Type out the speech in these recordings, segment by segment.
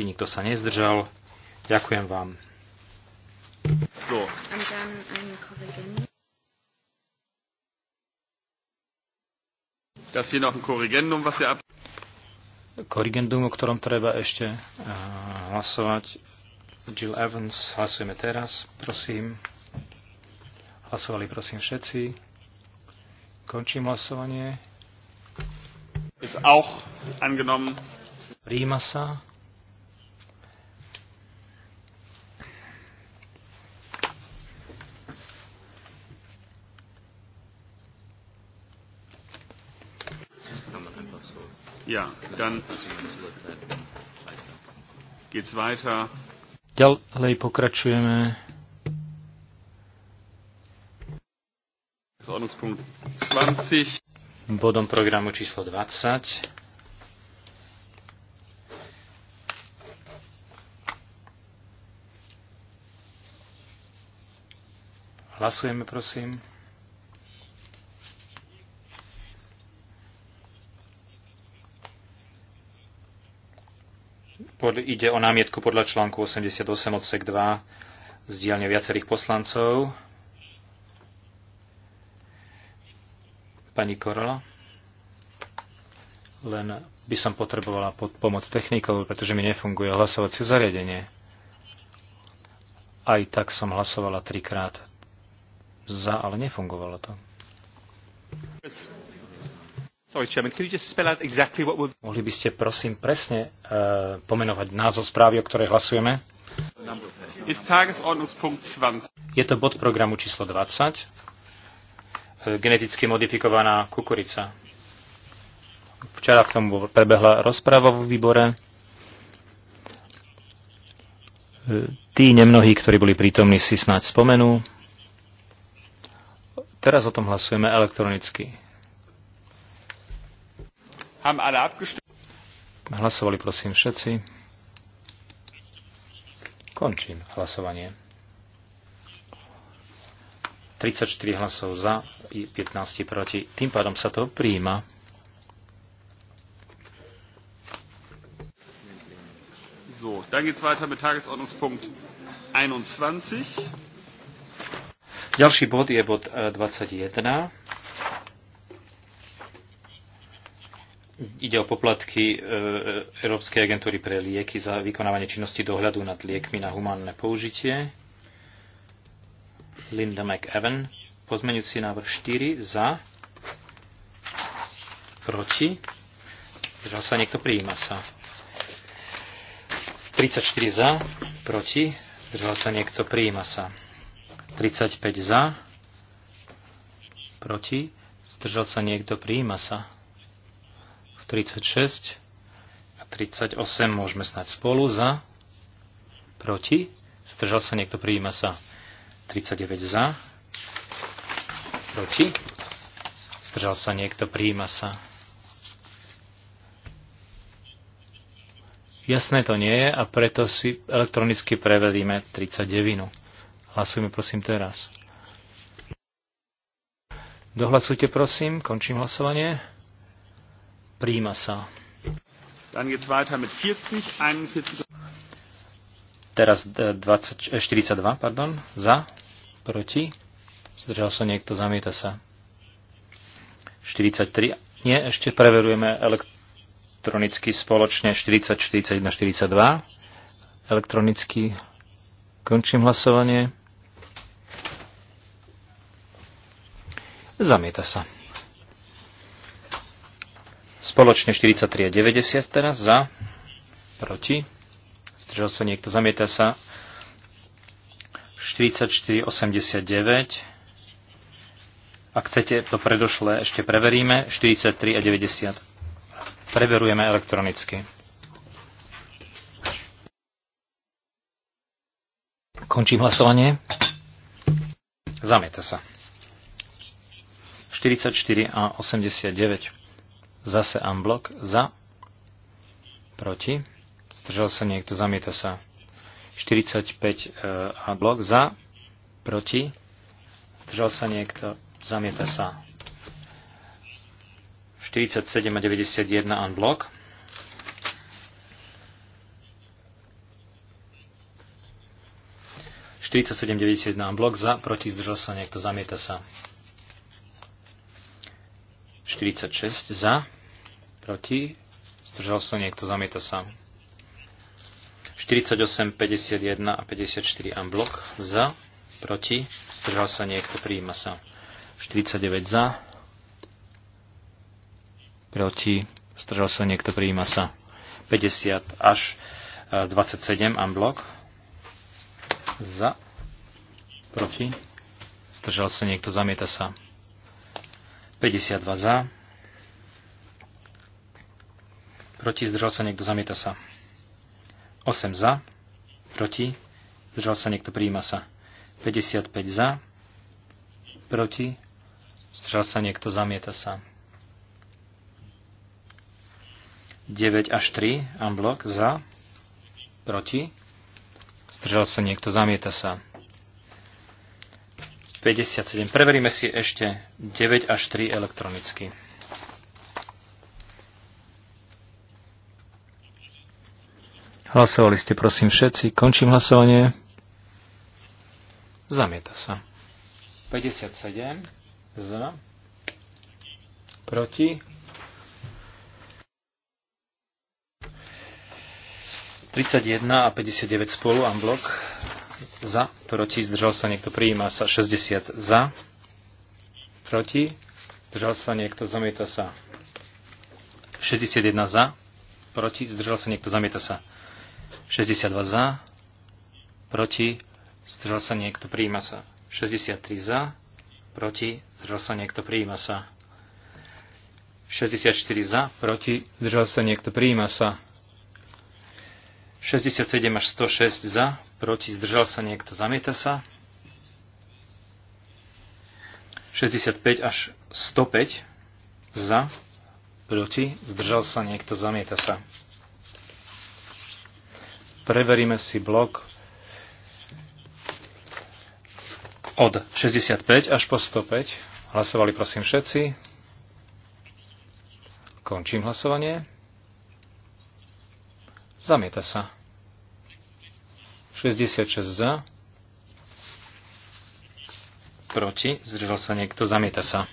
proti, nikto sa nezdržal. Ďakujem vám. So. Um, das hier noch ein Korrigendum, was ab Korrigendum, o ktorom treba ešte eh, hlasovať. Jill Evans, hlasujeme teraz, prosím. Hlasovali prosím všetci. Končím hlasovanie. Ist auch angenommen. Príjima sa. Ja, dann geht's weiter. Ďalej pokračujeme. Bodom programu číslo 20. Hlasujeme, prosím. ide o námietku podľa článku 88 odsek 2 z dielne viacerých poslancov. Pani Korola. Len by som potrebovala pod pomoc technikov, pretože mi nefunguje hlasovacie zariadenie. Aj tak som hlasovala trikrát za, ale nefungovalo to. Sorry, Chairman, could you just spell out exactly what we're... Mohli by ste prosím presne uh, pomenovať názov správy, o ktorej hlasujeme? Je to bod programu číslo 20. Eh, geneticky modifikovaná kukurica. Včera k tomu prebehla rozpráva v výbore. Eh, tí nemnohí, ktorí boli prítomní, si snáď spomenú. Teraz o tom hlasujeme elektronicky. Haben alle abgestimmt? Hlasovali prosím všetci. Končím hlasovanie. 34 hlasov za, 15 proti. Tým pádom sa to prijíma. So, dann geht's weiter mit Tagesordnungspunkt 21. Ďalší bod je bod 21. E, Ide o poplatky e, Európskej agentúry pre lieky za vykonávanie činnosti dohľadu nad liekmi na humánne použitie. Linda McEwen, pozmeňujúci návrh 4 za, proti, zdržal sa niekto, prijíma sa. 34 za, proti, zdržal sa niekto, prijíma sa. 35 za, proti, zdržal sa niekto, prijíma sa. 36 a 38 môžeme snať spolu za, proti, zdržal sa niekto, prijíma sa 39 za, proti, zdržal sa niekto, prijíma sa. Jasné to nie je a preto si elektronicky prevedíme 39. Hlasujme prosím teraz. Dohlasujte prosím, končím hlasovanie. Príjima sa. Dann geht's weiter mit 40, 41. Teraz 20, e, 42, e, pardon, za, proti, zdržal sa niekto, zamieta sa. 43, nie, ešte preverujeme elektronicky spoločne 40, 41, 42. Elektronicky končím hlasovanie. Zamieta sa. Spoločne 43 a 90 teraz za, proti, zdržal sa niekto, zamieta sa. 44, 89. Ak chcete, to predošle ešte preveríme. 43 a 90. Preverujeme elektronicky. Končím hlasovanie. Zamieta sa. 44 a 89. Zase unblock za. Proti. Zdržal sa niekto, zamieta sa. 45 e, unblock za. Proti. Zdržal sa niekto, zamieta sa. 47 a 91 unblock. na blok za, proti, zdržal sa niekto, zamieta sa. 46 za, proti, zdržal sa niekto, zamieta sa. 48, 51 a 54 unblock za, proti, zdržal sa niekto, prijíma sa. 49 za, proti, zdržal sa niekto, prijíma sa. 50 až 27 e, unblock za, proti, zdržal sa niekto, zamieta sa. 52 za. Proti zdržal sa niekto, zamieta sa. 8 za. Proti zdržal sa niekto, prijíma sa. 55 za. Proti zdržal sa niekto, zamieta sa. 9 až 3 unblock za. Proti zdržal sa niekto, zamieta sa. 57. Preveríme si ešte 9 až 3 elektronicky. Hlasovali ste, prosím, všetci. Končím hlasovanie. Zamieta sa. 57 za, proti. 31 a 59 spolu, unblock za, proti, zdržal sa niekto, prijíma sa 60 za, proti, zdržal sa niekto, zamieta sa 61 za, proti, zdržal sa niekto, zamieta sa 62 za, proti, zdržal sa niekto, prijíma sa 63 za, proti, zdržal sa niekto, prijíma sa 64 za, proti, zdržal sa niekto, prijíma sa 67 až 106 za, proti, zdržal sa niekto, zamieta sa. 65 až 105 za, proti, zdržal sa niekto, zamieta sa. Preveríme si blok od 65 až po 105. Hlasovali prosím všetci. Končím hlasovanie. Zamieta sa. 66 za. Proti. Zdržal sa niekto. Zamieta sa.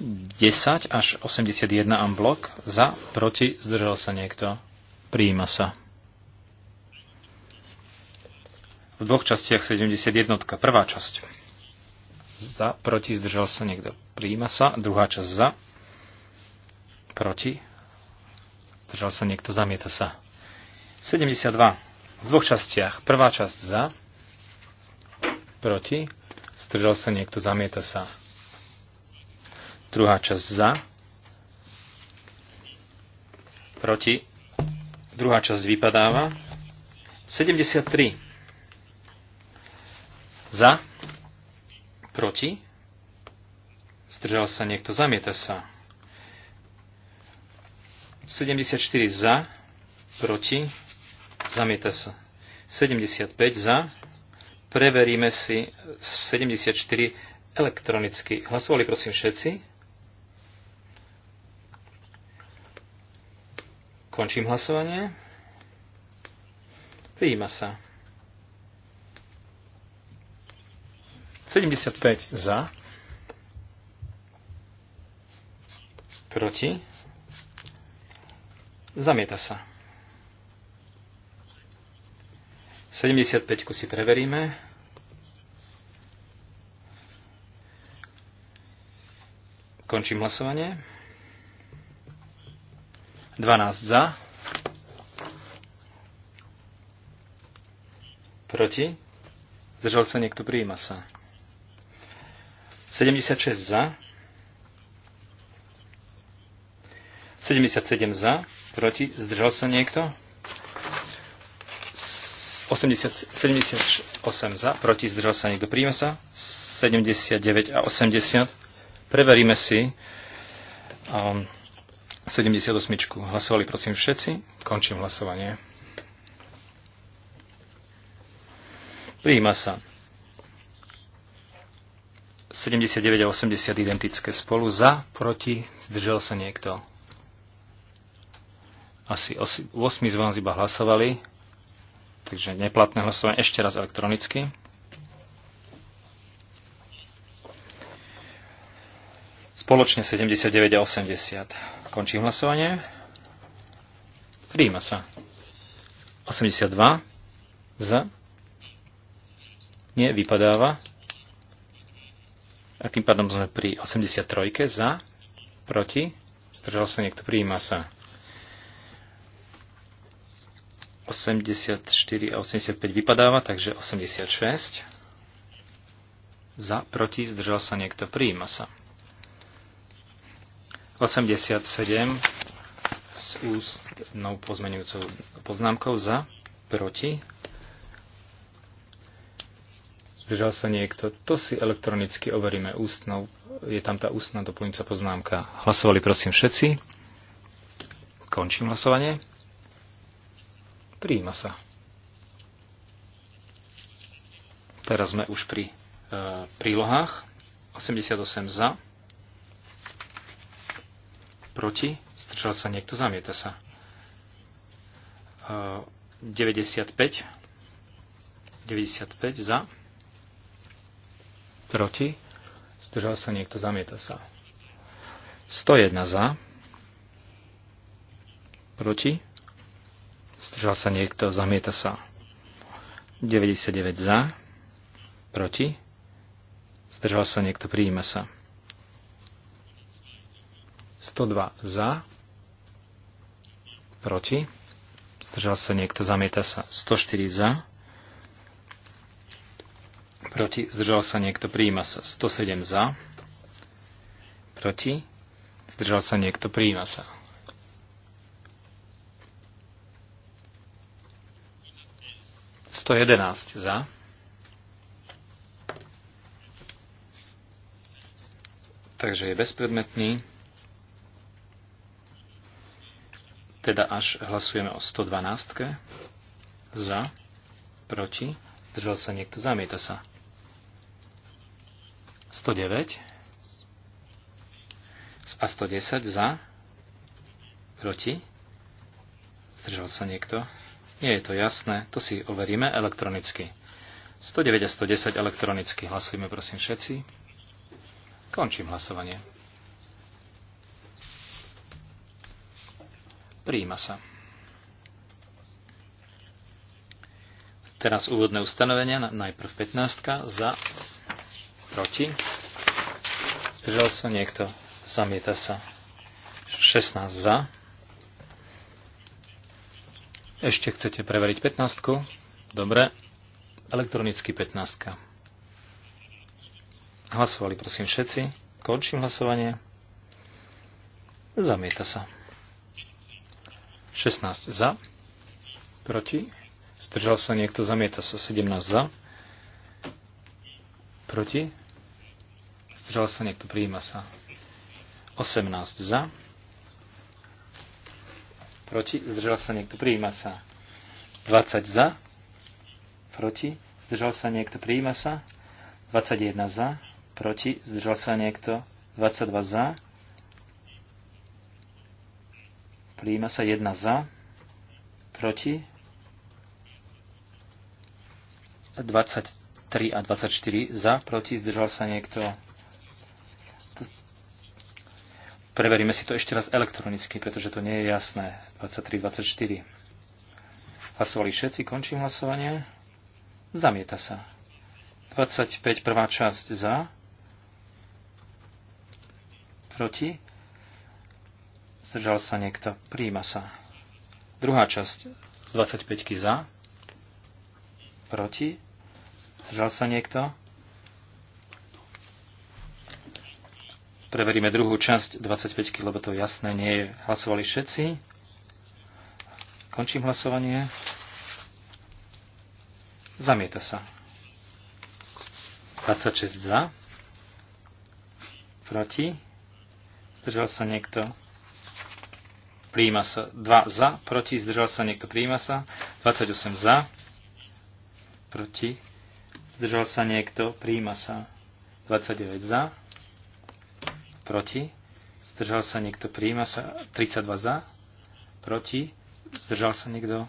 10 až 81 amblok. Za. Proti. Zdržal sa niekto. Prijíma sa. V dvoch častiach 71. Prvá časť. Za. Proti. Zdržal sa niekto. Prijíma sa. Druhá časť za. Proti. Zdržal sa niekto. Zamieta sa. 72 v dvoch častiach. Prvá časť za, proti, zdržal sa niekto, zamieta sa. Druhá časť za, proti, druhá časť vypadáva. 73 za, proti, zdržal sa niekto, zamieta sa. 74 za, proti, Zamieta sa. 75 za. Preveríme si 74 elektronicky. Hlasovali prosím všetci. Končím hlasovanie. Prijíma sa. 75 za. Proti. Zamieta sa. 75 si preveríme. Končím hlasovanie. 12 za. Proti. Zdržal sa niekto, prijíma sa. 76 za. 77 za. Proti. Zdržal sa niekto. 80, 78 za, proti zdržal sa niekto, príjme sa. 79 a 80. Preveríme si um, 78. Hlasovali prosím všetci. Končím hlasovanie. Príjma sa. 79 a 80 identické spolu. Za, proti, zdržal sa niekto. Asi 8 z vás iba hlasovali. Takže neplatné hlasovanie ešte raz elektronicky. Spoločne 79 a 80. Končím hlasovanie. Príjima sa. 82 za. Nie, vypadáva. A tým pádom sme pri 83 za. Proti. Zdržal sa niekto. Príjima sa. 84 a 85 vypadáva, takže 86. Za, proti, zdržal sa niekto, prijíma sa. 87 s ústnou pozmenujúcou poznámkou za, proti. Zdržal sa niekto. To si elektronicky overíme ústnou. Je tam tá ústna doplňujúca poznámka. Hlasovali prosím všetci. Končím hlasovanie. Príjima sa. Teraz sme už pri e, prílohách. 88 za. Proti. Strčal sa niekto, zamieta sa. E, 95. 95 za. Proti. Zdržal sa niekto, zamieta sa. 101 e, za. Proti. Zdržal sa niekto? Zamieta sa. 99 za. Proti. Zdržal sa niekto? Prijíma sa. 102 za. Proti. Zdržal sa niekto? Zamieta sa. 104 za. Proti. Zdržal sa niekto? Prijíma sa. 107 za. Proti. Zdržal sa niekto? Prijíma sa. 111 za. Takže je bezpredmetný. Teda až hlasujeme o 112. Za. Proti. Držal sa niekto. Zamieta sa. 109. A 110 za. Proti. Zdržal sa niekto. Nie je to jasné, to si overíme elektronicky. 109 a 110 elektronicky. Hlasujme prosím všetci. Končím hlasovanie. Príjima sa. Teraz úvodné ustanovenia, najprv 15 za, proti, zdržal sa niekto, zamieta sa, 16 za, ešte chcete preveriť 15? -ku? Dobre. Elektronicky 15. -ka. Hlasovali prosím všetci. Končím hlasovanie. Zamieta sa. 16 za. Proti. Zdržal sa niekto. Zamieta sa. 17 za. Proti. Zdržal sa niekto. Prijíma sa. 18 za proti, zdržal sa niekto, prijíma sa. 20 za, proti, zdržal sa niekto, prijíma sa. 21 za, proti, zdržal sa niekto, 22 za, prijíma sa 1 za, proti, 23 a 24 za, proti, zdržal sa niekto, Preveríme si to ešte raz elektronicky, pretože to nie je jasné. 23-24. Hlasovali všetci, končím hlasovanie. Zamieta sa. 25, prvá časť za. Proti. Zdržal sa niekto. príjma sa. Druhá časť z 25 za. Proti. Zdržal sa niekto. Preveríme druhú časť, 25 kg, to jasné nie je. Hlasovali všetci. Končím hlasovanie. Zamieta sa. 26 za. Proti. Zdržal sa niekto. Príjima sa. 2 za. Proti. Zdržal sa niekto. Príjima sa. 28 za. Proti. Zdržal sa niekto. Príjima sa. 29 za proti, zdržal sa niekto, príjma sa 32 za, proti, zdržal sa niekto.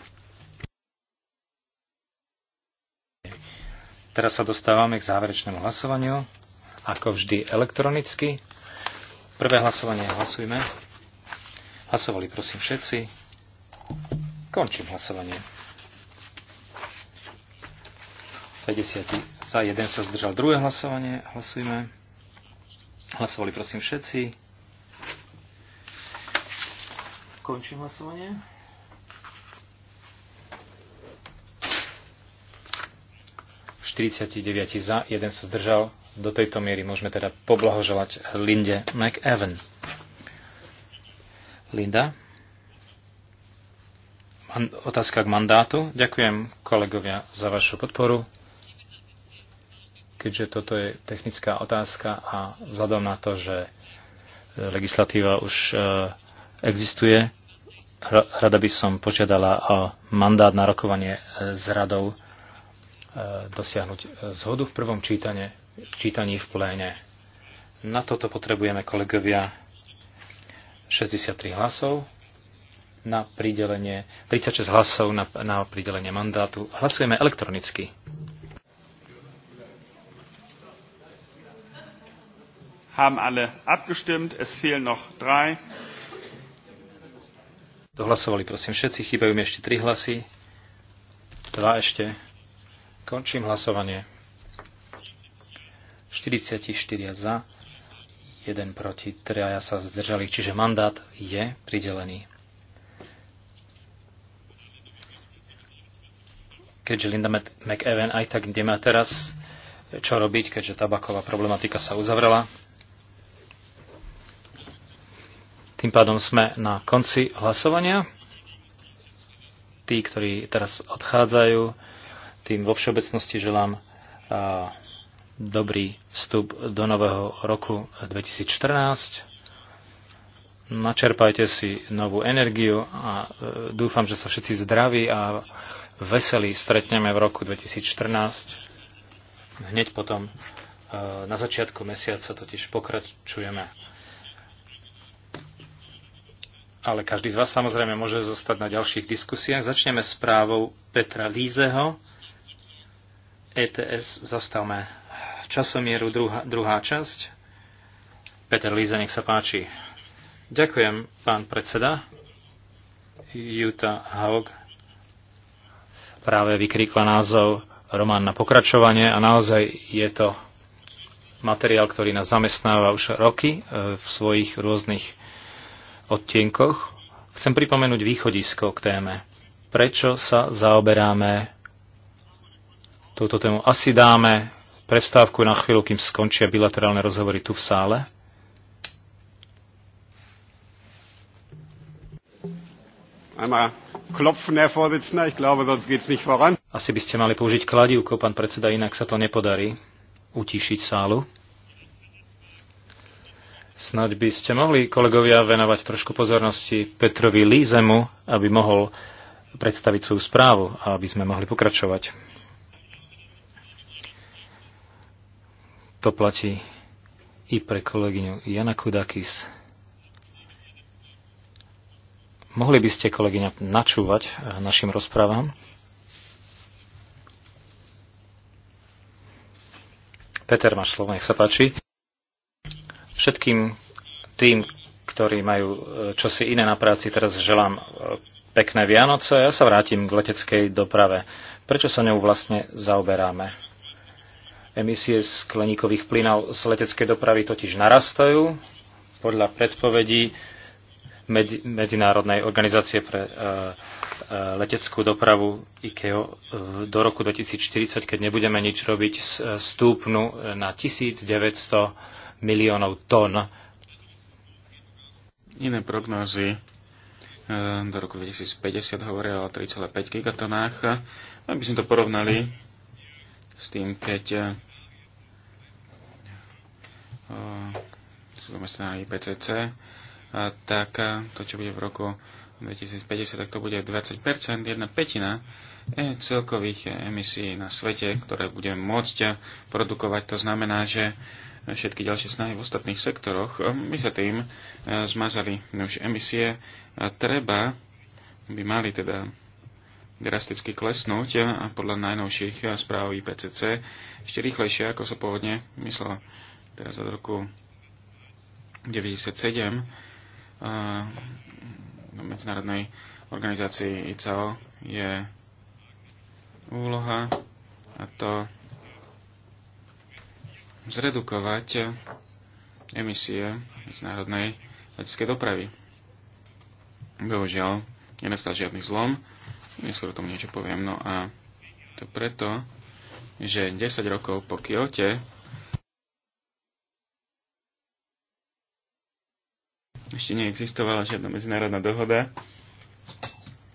Teraz sa dostávame k záverečnému hlasovaniu, ako vždy elektronicky. Prvé hlasovanie hlasujme. Hlasovali prosím všetci. Končím hlasovanie. 50 za, 1 sa zdržal druhé hlasovanie. Hlasujme. Hlasovali prosím všetci. Končím hlasovanie. ...49 za, jeden sa zdržal. Do tejto miery môžeme teda poblahoželať Linde McEwen. Linda? Otázka k mandátu. Ďakujem kolegovia za vašu podporu keďže toto je technická otázka a vzhľadom na to, že legislatíva už e, existuje, rada by som požiadala o mandát na rokovanie e, s radou e, dosiahnuť zhodu v prvom čítane, čítaní v pléne. Na toto potrebujeme, kolegovia, 63 hlasov na pridelenie, 36 hlasov na, na pridelenie mandátu. Hlasujeme elektronicky. haben alle abgestimmt. Es fehlen noch drei. Dohlasovali prosím všetci, chýbajú mi ešte tri hlasy. Dva ešte. Končím hlasovanie. 44 za, 1 proti, 3 ja sa zdržali, čiže mandát je pridelený. Keďže Linda McEwen aj tak nemá teraz čo robiť, keďže tabaková problematika sa uzavrela, Tým pádom sme na konci hlasovania. Tí, ktorí teraz odchádzajú, tým vo všeobecnosti želám dobrý vstup do nového roku 2014. Načerpajte si novú energiu a e, dúfam, že sa všetci zdraví a veselí stretneme v roku 2014. Hneď potom e, na začiatku mesiaca totiž pokračujeme ale každý z vás samozrejme môže zostať na ďalších diskusiách. Začneme správou Petra Lízeho. ETS zastavme časomieru, druhá, druhá časť. Peter Líze, nech sa páči. Ďakujem, pán predseda. Juta Haug práve vykríkla názov Román na pokračovanie a naozaj je to materiál, ktorý nás zamestnáva už roky e, v svojich rôznych odtienkoch, chcem pripomenúť východisko k téme. Prečo sa zaoberáme touto tému? Asi dáme prestávku na chvíľu, kým skončia bilaterálne rozhovory tu v sále. Asi by ste mali použiť kladivko, pán predseda, inak sa to nepodarí utišiť sálu. Snaď by ste mohli, kolegovia, venovať trošku pozornosti Petrovi Lízemu, aby mohol predstaviť svoju správu a aby sme mohli pokračovať. To platí i pre kolegyňu Jana Kudakis. Mohli by ste, kolegyňa, načúvať eh, našim rozprávam? Peter, máš slovo, nech sa páči. Všetkým tým, ktorí majú e, čosi iné na práci, teraz želám e, pekné Vianoce. Ja sa vrátim k leteckej doprave. Prečo sa ňou vlastne zaoberáme? Emisie skleníkových plynov z leteckej dopravy totiž narastajú. Podľa predpovedí medzi, Medzinárodnej organizácie pre e, e, leteckú dopravu IKEO e, do roku 2040, keď nebudeme nič robiť, stúpnu na 1900 miliónov tón. Iné prognózy e, do roku 2050 hovoria o 3,5 gigatonách. Aby sme to porovnali s tým, keď e, sú na IPCC, e, tak to, čo bude v roku 2050, tak to bude 20%, jedna petina celkových emisí na svete, ktoré budeme môcť produkovať. To znamená, že všetky ďalšie snahy v ostatných sektoroch my sa tým e, zmazali. Už emisie treba by mali teda drasticky klesnúť a podľa najnovších e, správ IPCC ešte rýchlejšie, ako sa pôvodne myslelo. Teraz od roku 1997. E, na no, medzinárodnej organizácii ICAO je úloha a to zredukovať emisie z národnej leteckej dopravy. Bohužiaľ, nenastal žiadny zlom. Neskôr o tom niečo poviem. No a to preto, že 10 rokov po Kyote ešte neexistovala žiadna medzinárodná dohoda.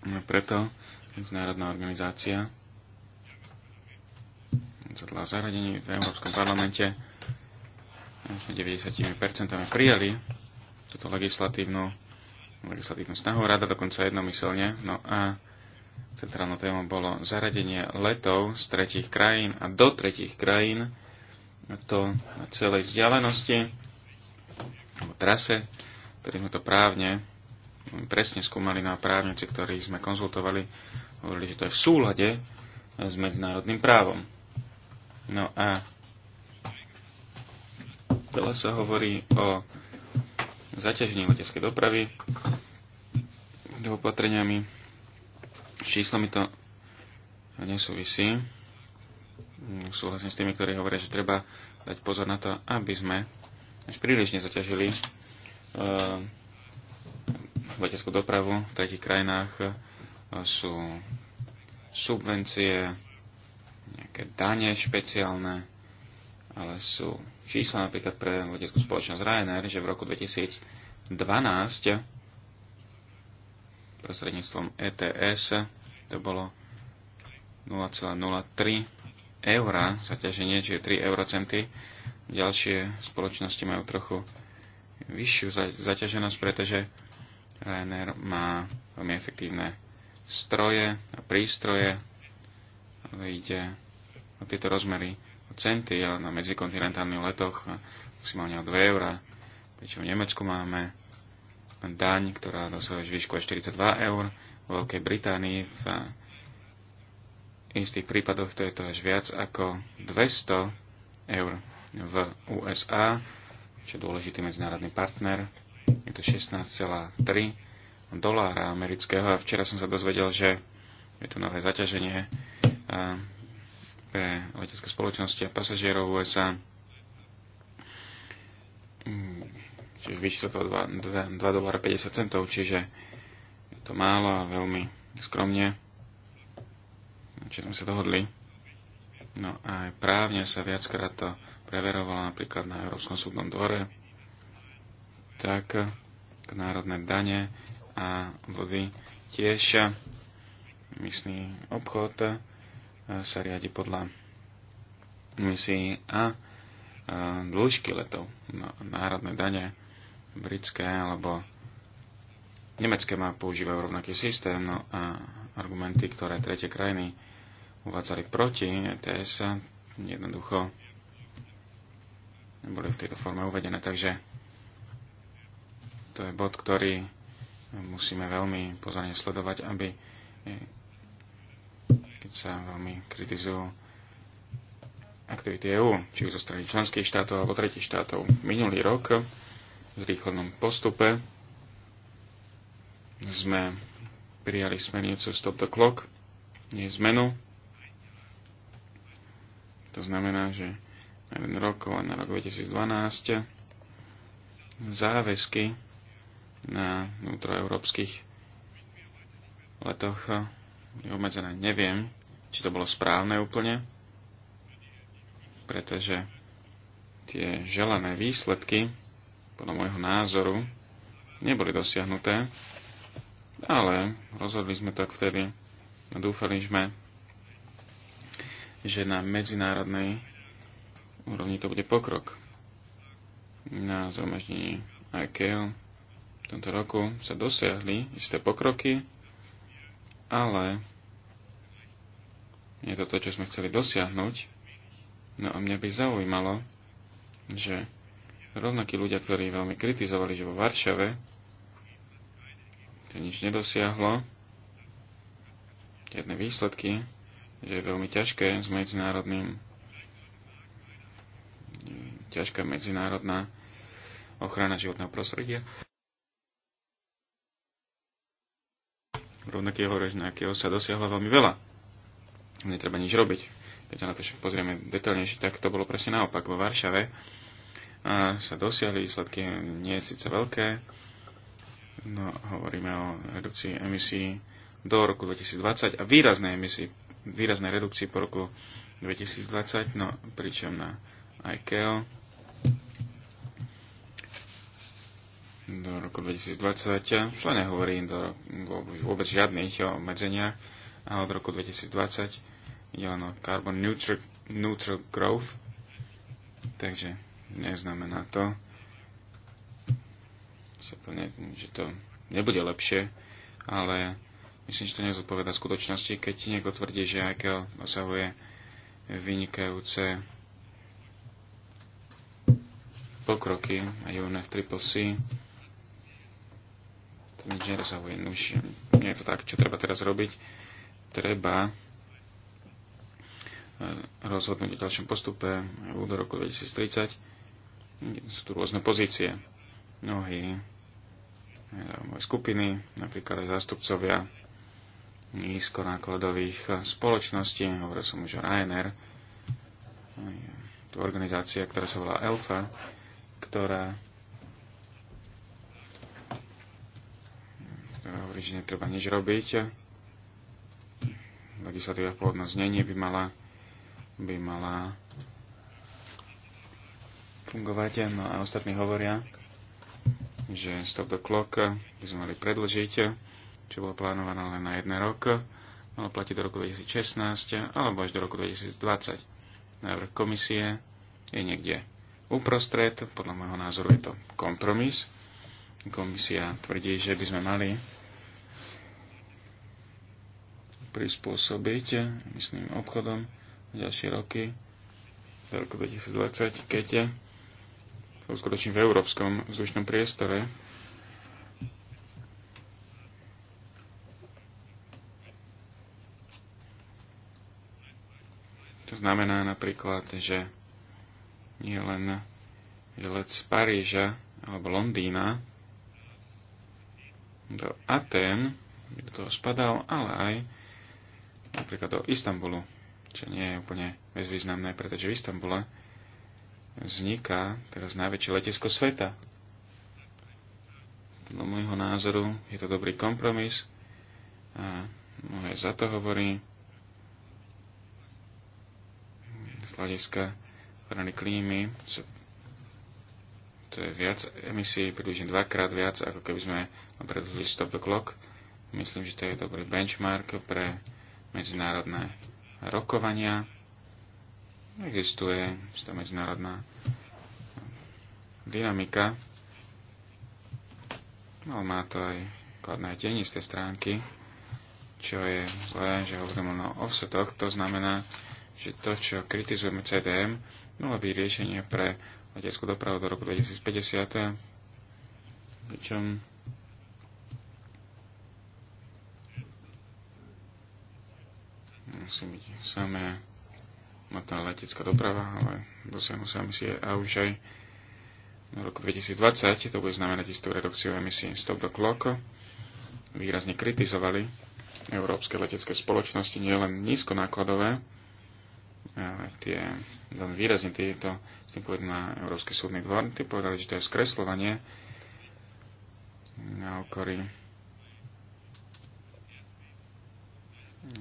No a preto medzinárodná organizácia zadla zaradení v Európskom parlamente. Sme 90% prijali túto legislatívnu, legislatívnu snahu. Rada dokonca jednomyselne. No a centrálnou témou bolo zaradenie letov z tretich krajín a do tretich krajín to na celej vzdialenosti alebo trase, ktorý sme to právne presne skúmali na právnici, ktorých sme konzultovali, hovorili, že to je v súlade s medzinárodným právom. No a veľa sa hovorí o zaťažení leteckej dopravy opatreniami. S číslami to nesúvisí. Súhlasím s tými, ktorí hovoria, že treba dať pozor na to, aby sme až príliš nezaťažili uh, leteckú dopravu. V tretich krajinách sú subvencie, nejaké dane špeciálne, ale sú čísla napríklad pre leteckú spoločnosť Ryanair, že v roku 2012 prostredníctvom ETS to bolo 0,03 eur zaťaženie, čiže 3 eurocenty. Ďalšie spoločnosti majú trochu vyššiu zaťaženosť, pretože Ryanair má veľmi efektívne stroje a prístroje, ide o tieto rozmery o centy, ale na medzikontinentálnych letoch eh, maximálne o 2 eurá. Pričom v Nemecku máme daň, ktorá dosahuje výšku 42 eur, vo Veľkej Británii v eh, istých prípadoch to je to až viac ako 200 eur v USA, čo je dôležitý medzinárodný partner. Je to 16,3 dolára amerického a včera som sa dozvedel, že je tu nové zaťaženie pre letecké spoločnosti a pasažierov USA. Mm, čiže vyšší sa to 2,50 dolára centov, čiže je to málo a veľmi skromne. Čiže sme sa dohodli. No a aj právne sa viackrát to preverovalo napríklad na Európskom súdnom dvore, tak k národné dane a vody tiež myslí obchod sa riadi podľa misií a dĺžky letov. No, národné dane britské alebo nemecké má používajú rovnaký systém no a argumenty, ktoré tretie krajiny uvádzali proti ETS, jednoducho neboli v tejto forme uvedené. Takže to je bod, ktorý musíme veľmi pozorne sledovať, aby keď sa veľmi kritizujú aktivity EÚ, či už zo strany členských štátov alebo tretich štátov. Minulý rok v rýchlenom postupe sme prijali smernicu Stop the Clock, nie zmenu. To znamená, že na jeden rok, len na rok 2012, záväzky na vnútroeurópskych letoch boli obmedzené. Neviem, či to bolo správne úplne, pretože tie želané výsledky, podľa môjho názoru, neboli dosiahnuté, ale rozhodli sme tak vtedy a dúfali sme, že na medzinárodnej úrovni to bude pokrok. Na zhromaždení IKEA v tomto roku sa dosiahli isté pokroky, ale je to to, čo sme chceli dosiahnuť. No a mňa by zaujímalo, že rovnakí ľudia, ktorí veľmi kritizovali, že vo Varšave to nič nedosiahlo, jedné výsledky, že je veľmi ťažké s medzinárodným ťažká medzinárodná ochrana životného prostredia. rovnakého režim, sa dosiahlo veľmi veľa. Netreba nič robiť. Keď sa na to však pozrieme detaľnejšie, tak to bolo presne naopak. Vo Varšave a sa dosiahli výsledky, nie je síce veľké, no hovoríme o redukcii emisí do roku 2020 a výraznej emisí, výraznej redukcii po roku 2020, no pričom na ICAO do roku 2020, čo nehovorím do, vôbec žiadnych o obmedzeniach, ale od roku 2020 je len o carbon neutral, neutral growth, takže neznamená to, že to, ne, že to nebude lepšie, ale myslím, že to nezodpoveda skutočnosti, keď niekto tvrdí, že IKEA dosahuje vynikajúce pokroky aj UNF Triple nič nedosahuje. No už nie je to tak, čo treba teraz robiť. Treba eh, rozhodnúť o ďalšom postupe do roku 2030. Sú tu rôzne pozície. Mnohí eh, moje skupiny, napríklad aj zástupcovia nízkonákladových eh, spoločností, hovoril som už o Ryanair, tu organizácia, ktorá sa volá Elfa, ktorá hovorí, že netreba nič robiť. Legislatíva v pôvodnom znení by mala, by mala fungovať. No a ostatní hovoria, že stop the clock by sme mali predlžiť, čo bolo plánované len na jeden rok. Malo platiť do roku 2016 alebo až do roku 2020. Návrh komisie je niekde uprostred. Podľa môjho názoru je to kompromis. Komisia tvrdí, že by sme mali prispôsobiť istným obchodom ďalšie roky, v roku 2020, keď sa v európskom vzdušnom priestore. To znamená napríklad, že nie len let z Paríža alebo Londýna do Aten, kde do toho spadal, ale aj napríklad do Istanbulu, čo nie je úplne bezvýznamné, pretože v Istambule vzniká teraz najväčšie letisko sveta. Podľa môjho názoru je to dobrý kompromis a mnohé za to hovorí z hľadiska ochrany klímy, to je viac emisí, približne dvakrát viac, ako keby sme predlžili stop the clock. Myslím, že to je dobrý benchmark pre medzinárodné rokovania. Existuje istá medzinárodná dynamika, ale no, má to aj kladné tenisté stránky, čo je zlé, že hovorím o offsetoch. To znamená, že to, čo kritizujeme CDM, malo byť riešenie pre leteckú dopravu do roku 2050, pričom musí byť samé motná letecká doprava, ale dosiahnu sa emisie a už aj v roku 2020 to bude znamenať istú redukciu emisí Stop the Clock. Výrazne kritizovali európske letecké spoločnosti nielen nízkonákladové, ale tie, výrazne tieto, s tým povedom na Európsky súdny dvor, tí povedali, že to je skreslovanie na okory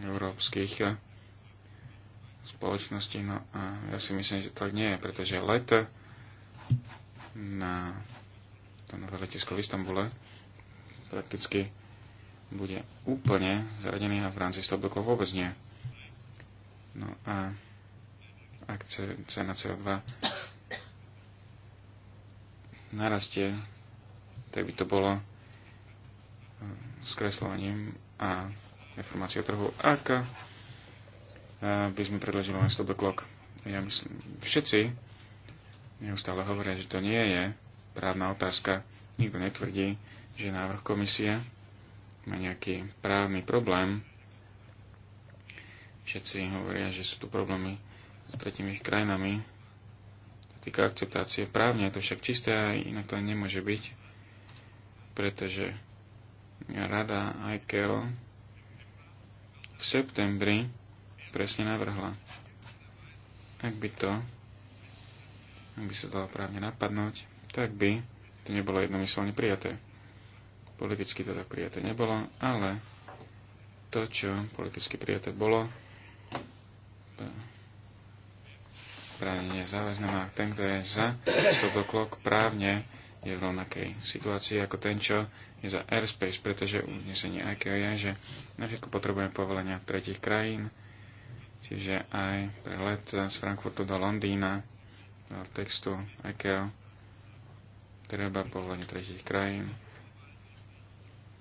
európskych eh, spoločností. No a ja si myslím, že tak nie je, pretože let na to nové letisko v Istambule prakticky bude úplne zaradený a v rámci Stobekov vôbec nie. No a ak cena CO2 narastie, tak by to bolo eh, skreslovaním a informácie o trhu, ak eh, by sme predložili len stop the clock. Ja myslím, všetci neustále hovoria, že to nie je právna otázka. Nikto netvrdí, že návrh komisie má nejaký právny problém. Všetci hovoria, že sú tu problémy s tretimi krajinami. To týka akceptácie právne, je to však čisté a inak to nemôže byť, pretože rada ICAO septembri presne navrhla. Ak by to, ak by sa dalo právne napadnúť, tak by to nebolo jednomyselne prijaté. Politicky to tak prijaté nebolo, ale to, čo politicky prijaté bolo, právne nie je záväzné no a ten, kto je za, to doklok právne je v rovnakej situácii ako ten, čo je za airspace, pretože uznesenie ICAO je, že na všetko potrebujeme povolenia tretich krajín, čiže aj pre let z Frankfurtu do Londýna, do textu ICAO, treba povolenie tretich krajín.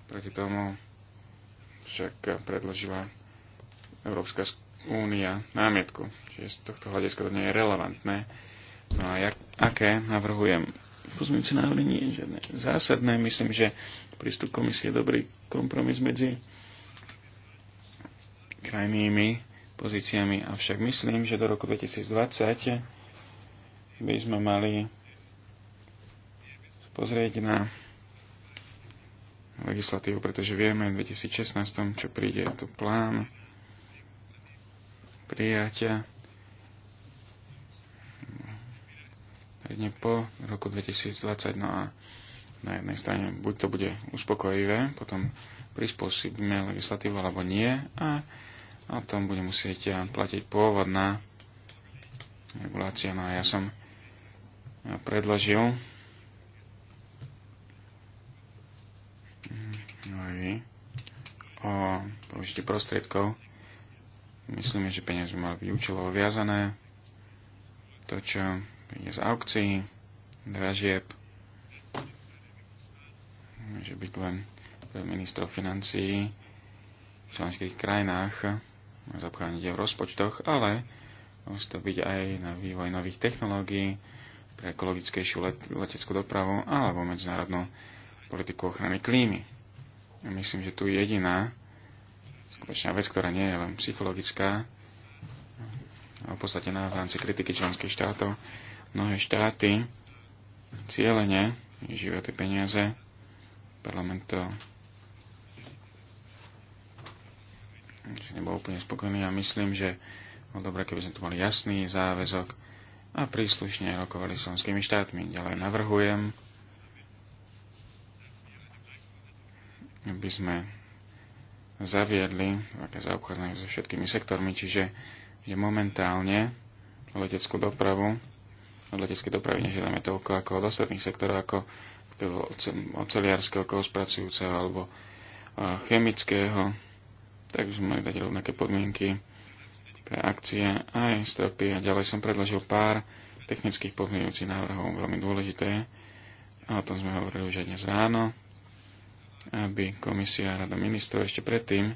Proti tomu však predložila Európska únia námietku, čiže z tohto hľadiska to nie je relevantné. No a jak, aké navrhujem pozmeňujúce návrhy nie je žiadne zásadné. Myslím, že prístup komisie je dobrý kompromis medzi krajnými pozíciami, avšak myslím, že do roku 2020 by sme mali pozrieť na legislatívu, pretože vieme v 2016, čo príde, je tu plán prijatia jedne po roku 2020. No a na jednej strane buď to bude uspokojivé, potom prispôsobíme legislatívu alebo nie a o tom bude musieť eh, platiť pôvodná regulácia. No a ja som eh, predložil o použití prostriedkov. Myslíme, že peniaze by mali byť účelovo viazané. To, čo je z aukcií, dražieb, môže byť len pre ministrov financií v členských krajinách, zapchániť v rozpočtoch, ale môže to byť aj na vývoj nových technológií, pre ekologickejšiu let, leteckú dopravu alebo medzinárodnú politiku ochrany klímy. Ja myslím, že tu jediná skutočná vec, ktorá nie je len psychologická, opodstatnená v rámci kritiky členských štátov, Mnohé štáty cieľene využívajú tie peniaze. Parlament to nebol úplne spokojný a ja myslím, že bolo dobré, keby sme tu mali jasný záväzok a príslušne rokovali s štátmi. Ďalej navrhujem, aby sme zaviedli také zaobchádzanie so všetkými sektormi, čiže je momentálne leteckú dopravu od leteckej dopravy nežiadame toľko ako od ostatných sektorov, ako od celiarského, spracujúceho alebo chemického. Tak by sme mali dať rovnaké podmienky pre akcie aj stropy. A ďalej som predložil pár technických pozmeňujúcich návrhov, veľmi dôležité. A o tom sme hovorili už aj dnes ráno, aby komisia a rada ministrov ešte predtým,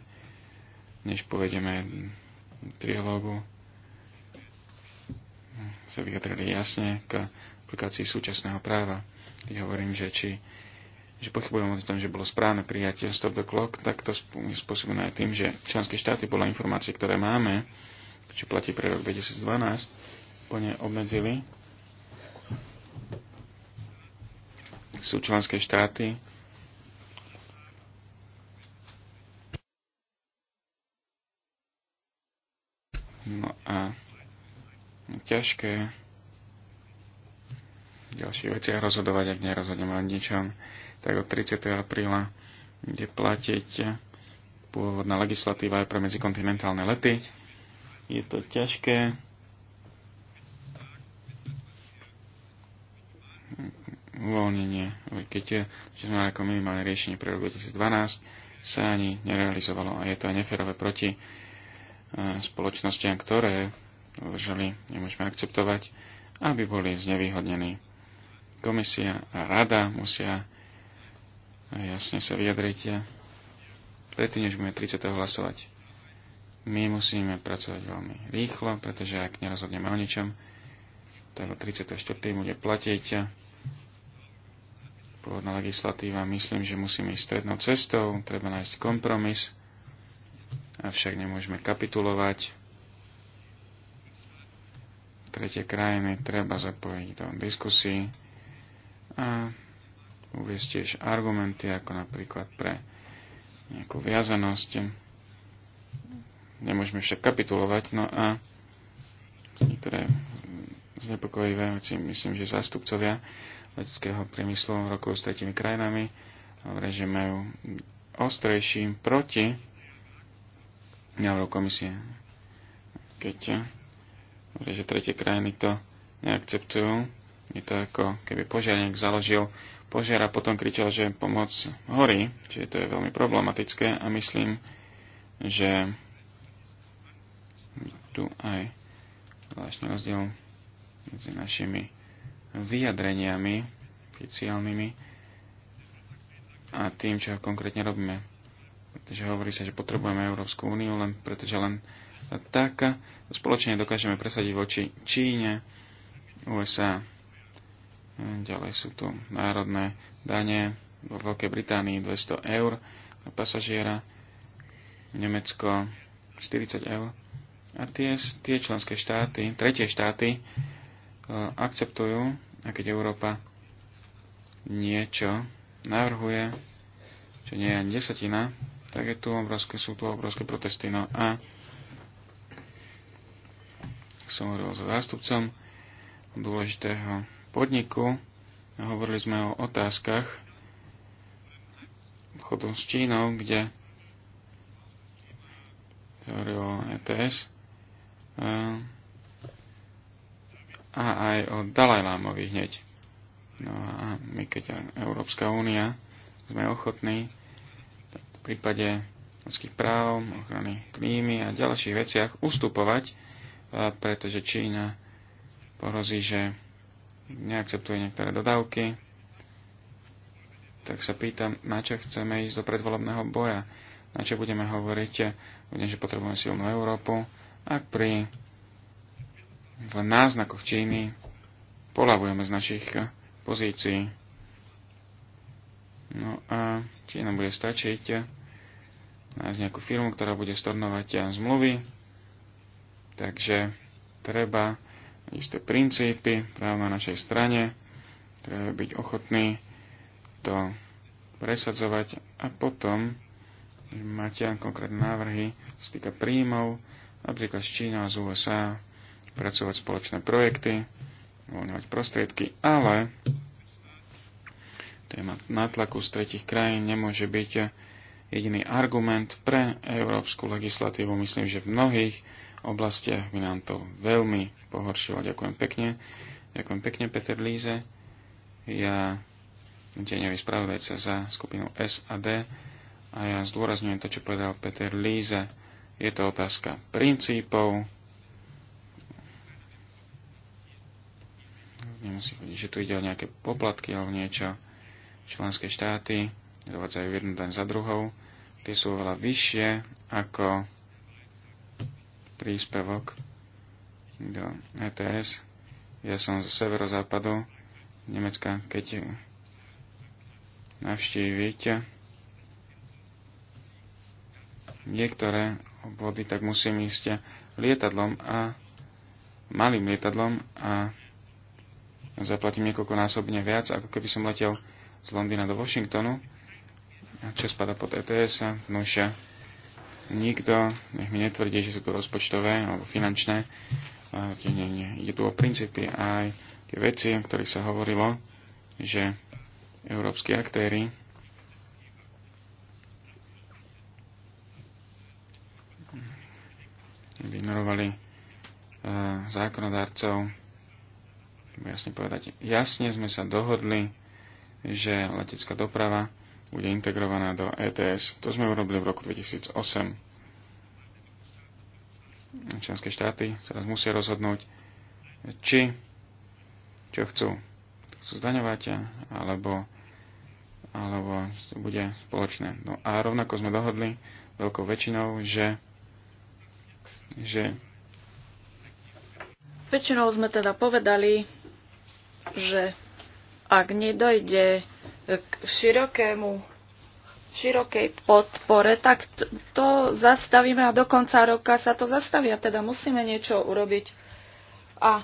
než povedeme trialógu, sa vyjadrili jasne k aplikácii súčasného práva. Keď hovorím, že či že pochybujem o tom, že bolo správne prijatie Stop the Clock, tak to je spôsobené aj tým, že členské štáty podľa informácie, ktoré máme, čo platí pre rok 2012, plne obmedzili. Sú členské štáty, ťažké ďalšie veci a rozhodovať, ak nerozhodneme o ničom, tak od 30. apríla bude platiť pôvodná legislatíva aj pre medzikontinentálne lety. Je to ťažké. Uvoľnenie, keď je, sme ako minimálne riešenie pre rok 2012, sa ani nerealizovalo a je to aj neférové proti eh, spoločnostiam, ktoré žili, nemôžeme akceptovať, aby boli znevýhodnení. Komisia a rada musia jasne sa vyjadriť a predtým, než budeme 30. hlasovať. My musíme pracovať veľmi rýchlo, pretože ak nerozhodneme o ničom, tak 34. bude platiť pôvodná legislatíva. Myslím, že musíme ísť strednou cestou, treba nájsť kompromis, avšak nemôžeme kapitulovať tretie krajiny treba zapojiť do diskusí a uviezť tiež argumenty, ako napríklad pre nejakú viazanosť. Nemôžeme však kapitulovať, no a niektoré znepokojivé veci, myslím, že zástupcovia leteckého priemyslu rokov s tretimi krajinami, hovoria, že majú ostrejším proti návrhu komisie. Keď že tretie krajiny to neakceptujú. Je to ako keby požiarník založil požiar a potom kričal, že pomoc horí, čiže to je veľmi problematické a myslím, že tu aj zvláštny rozdiel medzi našimi vyjadreniami oficiálnymi a tým, čo konkrétne robíme. Pretože hovorí sa, že potrebujeme Európsku úniu, len pretože len tak spoločne dokážeme presadiť voči Číne, USA. Ďalej sú tu národné dane vo Veľkej Británii 200 eur na pasažiera, Nemecko 40 eur. A tie, tie členské štáty, tretie štáty, e, akceptujú, a keď Európa niečo navrhuje, čo nie je ani desatina, tak je tu obrovské, sú tu obrovské protesty. No a som hovoril so zástupcom dôležitého podniku a hovorili sme o otázkach chodom s Čínou, kde hovoril o ETS a aj o Dalajlámovi hneď. No a my keď Európska únia sme ochotní v prípade ľudských práv, ochrany klímy a ďalších veciach ustupovať pretože Čína porozí, že neakceptuje niektoré dodávky, tak sa pýtam, na čo chceme ísť do predvolebného boja, na čo budeme hovoriť, budem, že potrebujeme silnú Európu, ak pri v náznakoch Číny polavujeme z našich pozícií. No a čína bude stačiť nájsť nejakú firmu, ktorá bude stornovať zmluvy, Takže treba isté princípy práve na našej strane, treba byť ochotný to presadzovať a potom máte konkrétne návrhy, z týka príjmov, napríklad z Čína a z USA, pracovať spoločné projekty, uvoľňovať prostriedky, ale téma nátlaku z tretich krajín nemôže byť jediný argument pre európsku legislatívu. Myslím, že v mnohých oblastiach by nám to veľmi pohoršilo. Ďakujem pekne. Ďakujem pekne, Peter Líze. Ja deňový spravodajca za skupinu S a D a ja zdôrazňujem to, čo povedal Peter Líze. Je to otázka princípov. Nemusí chodiť, že tu ide o nejaké poplatky alebo niečo. Členské štáty dovádzajú jednu daň za druhou. Tie sú oveľa vyššie ako príspevok do ETS. Ja som z severozápadu Nemecka, keď navštívite niektoré obvody, tak musím ísť lietadlom a malým lietadlom a zaplatím niekoľkonásobne viac, ako keby som letel z Londýna do Washingtonu, čo spada pod ETS a nuša nikto, nech mi netvrdí, že sú tu rozpočtové alebo finančné. Nie, nie, nie. Ide tu o princípy aj tie veci, o ktorých sa hovorilo, že európsky aktéry ignorovali e, zákonodárcov. Jasne povedať, jasne sme sa dohodli, že letecká doprava bude integrovaná do ETS. To sme urobili v roku 2008. Členské štáty sa raz musia rozhodnúť, či čo chcú. Chcú zdaňovať, alebo, alebo to bude spoločné. No a rovnako sme dohodli veľkou väčšinou, že, že Väčšinou sme teda povedali, že ak nedojde k širokému, širokej podpore, tak to zastavíme a do konca roka sa to zastavia. Teda musíme niečo urobiť. A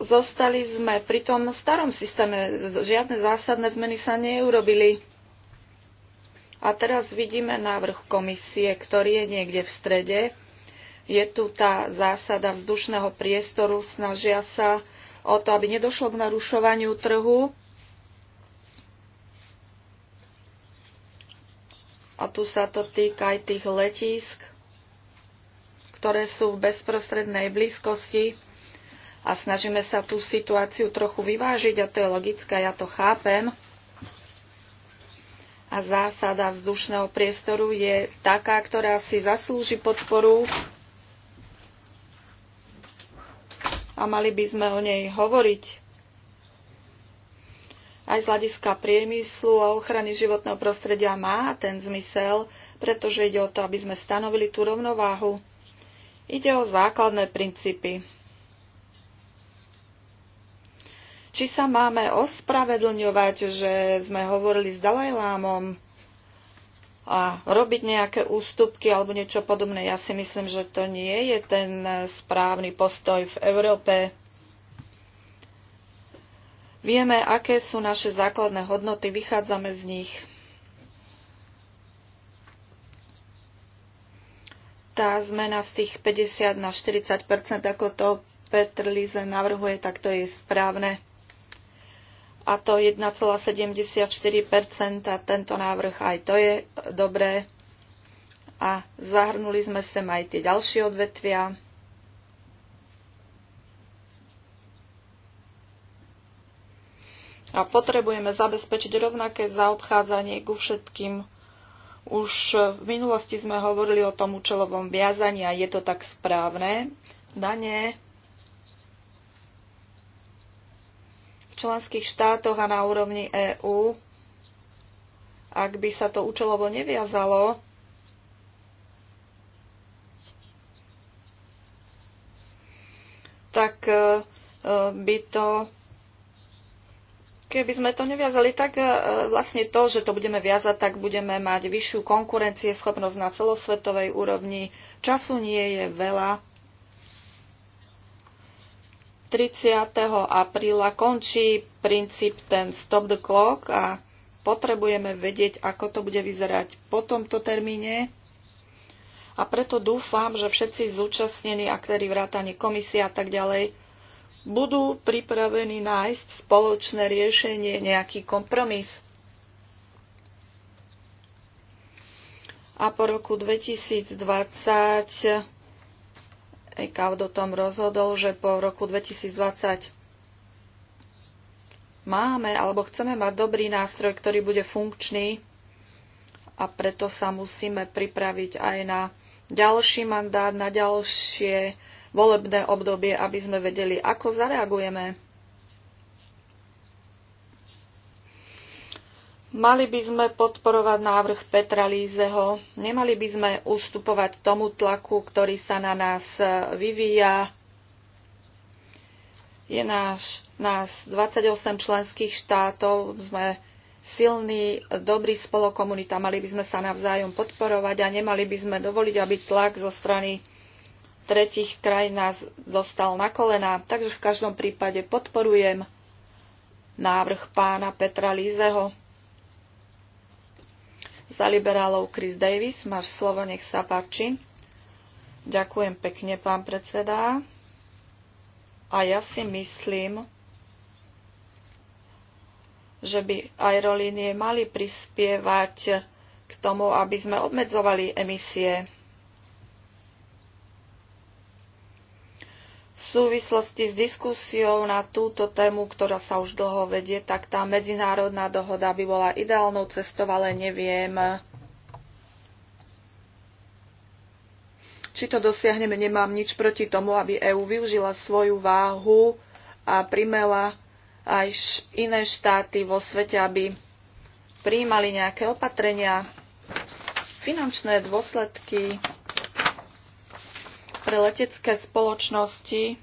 zostali sme pri tom starom systéme. Žiadne zásadné zmeny sa neurobili. A teraz vidíme návrh komisie, ktorý je niekde v strede. Je tu tá zásada vzdušného priestoru, snažia sa o to, aby nedošlo k narušovaniu trhu a tu sa to týka aj tých letísk, ktoré sú v bezprostrednej blízkosti a snažíme sa tú situáciu trochu vyvážiť a to je logické, ja to chápem. A zásada vzdušného priestoru je taká, ktorá si zaslúži podporu a mali by sme o nej hovoriť aj z hľadiska priemyslu a ochrany životného prostredia má ten zmysel, pretože ide o to, aby sme stanovili tú rovnováhu. Ide o základné princípy. Či sa máme ospravedlňovať, že sme hovorili s Dalajlámom a robiť nejaké ústupky alebo niečo podobné, ja si myslím, že to nie je ten správny postoj v Európe. Vieme, aké sú naše základné hodnoty, vychádzame z nich. Tá zmena z tých 50 na 40 ako to Petr Lize navrhuje, tak to je správne. A to 1,74 a tento návrh aj to je dobré. A zahrnuli sme sem aj tie ďalšie odvetvia. a potrebujeme zabezpečiť rovnaké zaobchádzanie ku všetkým. Už v minulosti sme hovorili o tom účelovom viazaní a je to tak správne. Dane v členských štátoch a na úrovni EÚ, ak by sa to účelovo neviazalo, tak eh, by to Keby sme to neviazali, tak e, vlastne to, že to budeme viazať, tak budeme mať vyššiu schopnosť na celosvetovej úrovni. Času nie je veľa. 30. apríla končí princíp ten stop the clock a potrebujeme vedieť, ako to bude vyzerať po tomto termíne. A preto dúfam, že všetci zúčastnení aktéry vrátanie komisia a tak ďalej budú pripravení nájsť spoločné riešenie, nejaký kompromis. A po roku 2020 EKAV o tom rozhodol, že po roku 2020 máme alebo chceme mať dobrý nástroj, ktorý bude funkčný a preto sa musíme pripraviť aj na ďalší mandát, na ďalšie volebné obdobie, aby sme vedeli, ako zareagujeme. Mali by sme podporovať návrh Petra Lízeho, nemali by sme ustupovať tomu tlaku, ktorý sa na nás e, vyvíja. Je náš, nás 28 členských štátov, sme silný, dobrý spolokomunita. Mali by sme sa navzájom podporovať a nemali by sme dovoliť, aby tlak zo strany tretich krajín nás dostal na kolená. Takže v každom prípade podporujem návrh pána Petra Lízeho. Za liberálov Chris Davis, máš slovo, nech sa páči. Ďakujem pekne, pán predseda. A ja si myslím, že by aerolínie mali prispievať k tomu, aby sme obmedzovali emisie V súvislosti s diskusiou na túto tému, ktorá sa už dlho vedie, tak tá medzinárodná dohoda by bola ideálnou cestou, ale neviem, či to dosiahneme. Nemám nič proti tomu, aby EÚ využila svoju váhu a primela aj iné štáty vo svete, aby prijímali nejaké opatrenia, finančné dôsledky pre letecké spoločnosti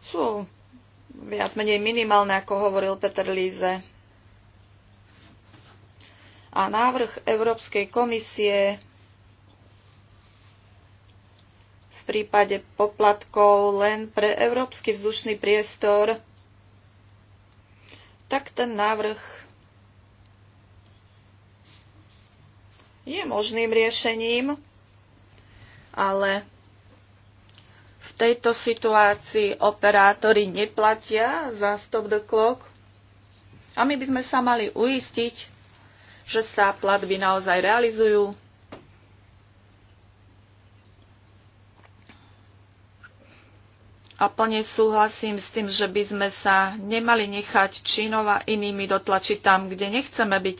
sú viac menej minimálne, ako hovoril Peter Líze. A návrh Európskej komisie v prípade poplatkov len pre európsky vzdušný priestor, tak ten návrh je možným riešením, ale v tejto situácii operátori neplatia za stop the clock a my by sme sa mali uistiť, že sa platby naozaj realizujú. A plne súhlasím s tým, že by sme sa nemali nechať Činova inými dotlačiť tam, kde nechceme byť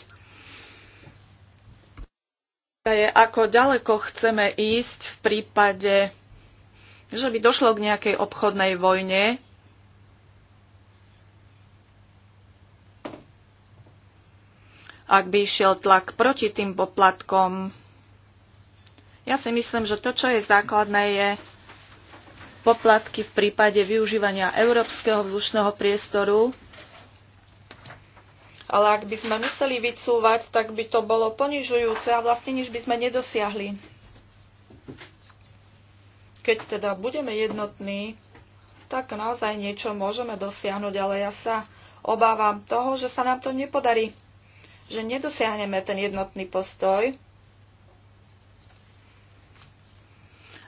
je, ako ďaleko chceme ísť v prípade, že by došlo k nejakej obchodnej vojne. Ak by išiel tlak proti tým poplatkom, ja si myslím, že to, čo je základné, je poplatky v prípade využívania európskeho vzdušného priestoru ale ak by sme museli vycúvať, tak by to bolo ponižujúce a vlastne nič by sme nedosiahli. Keď teda budeme jednotní, tak naozaj niečo môžeme dosiahnuť, ale ja sa obávam toho, že sa nám to nepodarí, že nedosiahneme ten jednotný postoj.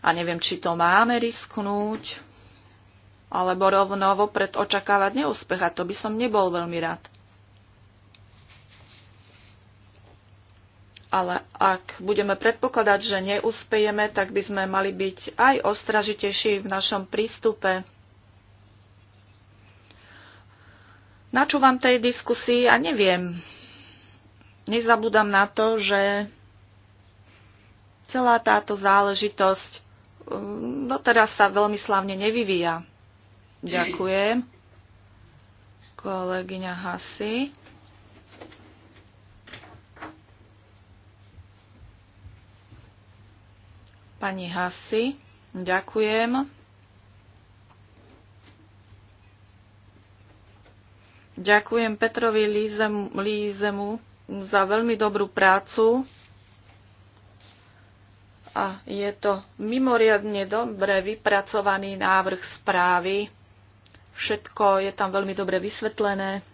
A neviem, či to máme risknúť, alebo rovno vopred očakávať neúspech. A to by som nebol veľmi rád. Ale ak budeme predpokladať, že neúspejeme, tak by sme mali byť aj ostražitejší v našom prístupe. Načúvam tej diskusii a neviem. Nezabúdam na to, že celá táto záležitosť mm, no teraz sa veľmi slavne nevyvíja. Ďakujem. Kolegyňa Hasi. Pani Hasi, ďakujem. Ďakujem Petrovi Lízemu, Lízemu za veľmi dobrú prácu a je to mimoriadne dobre vypracovaný návrh správy. Všetko je tam veľmi dobre vysvetlené.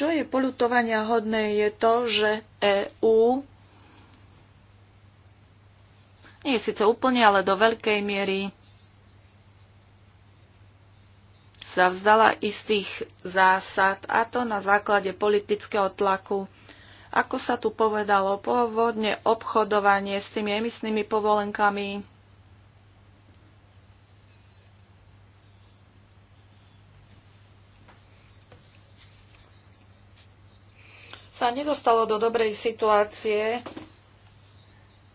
Čo je polutovania hodné je to, že EÚ nie je síce úplne, ale do veľkej miery sa vzdala istých zásad, a to na základe politického tlaku. Ako sa tu povedalo, pôvodne obchodovanie s tými emisnými povolenkami sa nedostalo do dobrej situácie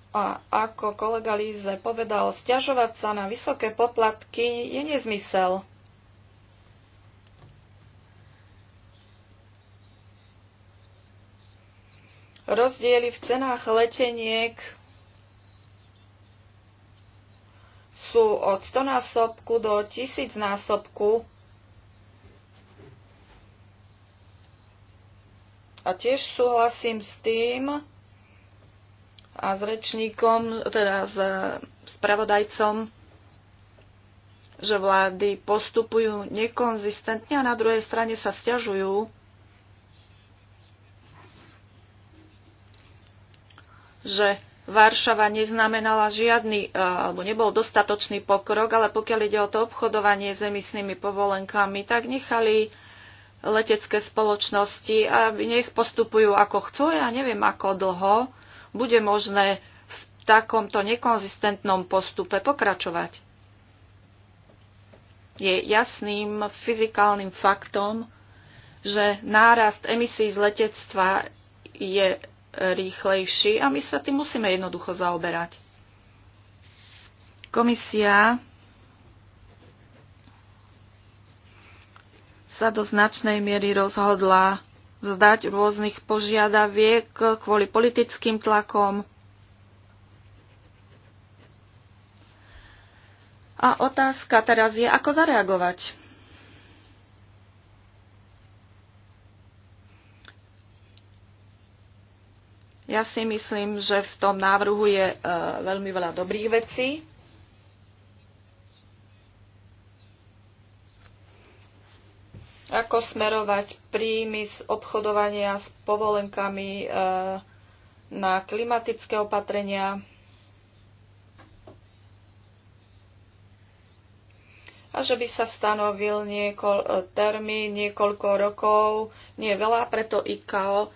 a ako kolega Líze povedal, stiažovať sa na vysoké poplatky je nezmysel. Rozdiely v cenách leteniek sú od 100 násobku do 1000 násobku A tiež súhlasím s tým a s rečníkom, teda s eh, spravodajcom, že vlády postupujú nekonzistentne a na druhej strane sa stiažujú, že Varšava neznamenala žiadny, eh, alebo nebol dostatočný pokrok, ale pokiaľ ide o to obchodovanie s emisnými povolenkami, tak nechali letecké spoločnosti a nech postupujú ako chcú. Ja neviem, ako dlho bude možné v takomto nekonzistentnom postupe pokračovať. Je jasným fyzikálnym faktom, že nárast emisí z letectva je rýchlejší a my sa tým musíme jednoducho zaoberať. Komisia sa do značnej miery rozhodla vzdať rôznych požiadaviek kvôli politickým tlakom. A otázka teraz je, ako zareagovať. Ja si myslím, že v tom návrhu je e, veľmi veľa dobrých vecí. ako smerovať príjmy z obchodovania s povolenkami e, na klimatické opatrenia. a že by sa stanovil niekoľ, e, termín niekoľko rokov, nie veľa, preto IKO,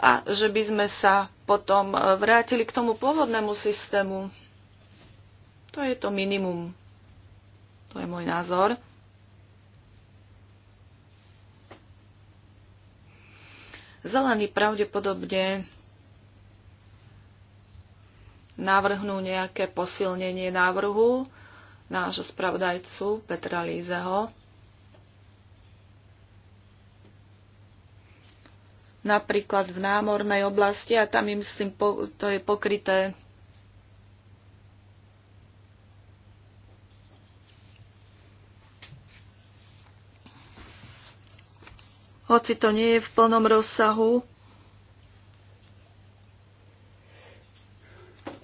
a že by sme sa potom e, vrátili k tomu pôvodnému systému. To je to minimum. To je môj názor. Zelení pravdepodobne navrhnú nejaké posilnenie návrhu nášho spravodajcu Petra Lízeho. Napríklad v námornej oblasti, a tam je, myslím, to je pokryté hoci to nie je v plnom rozsahu.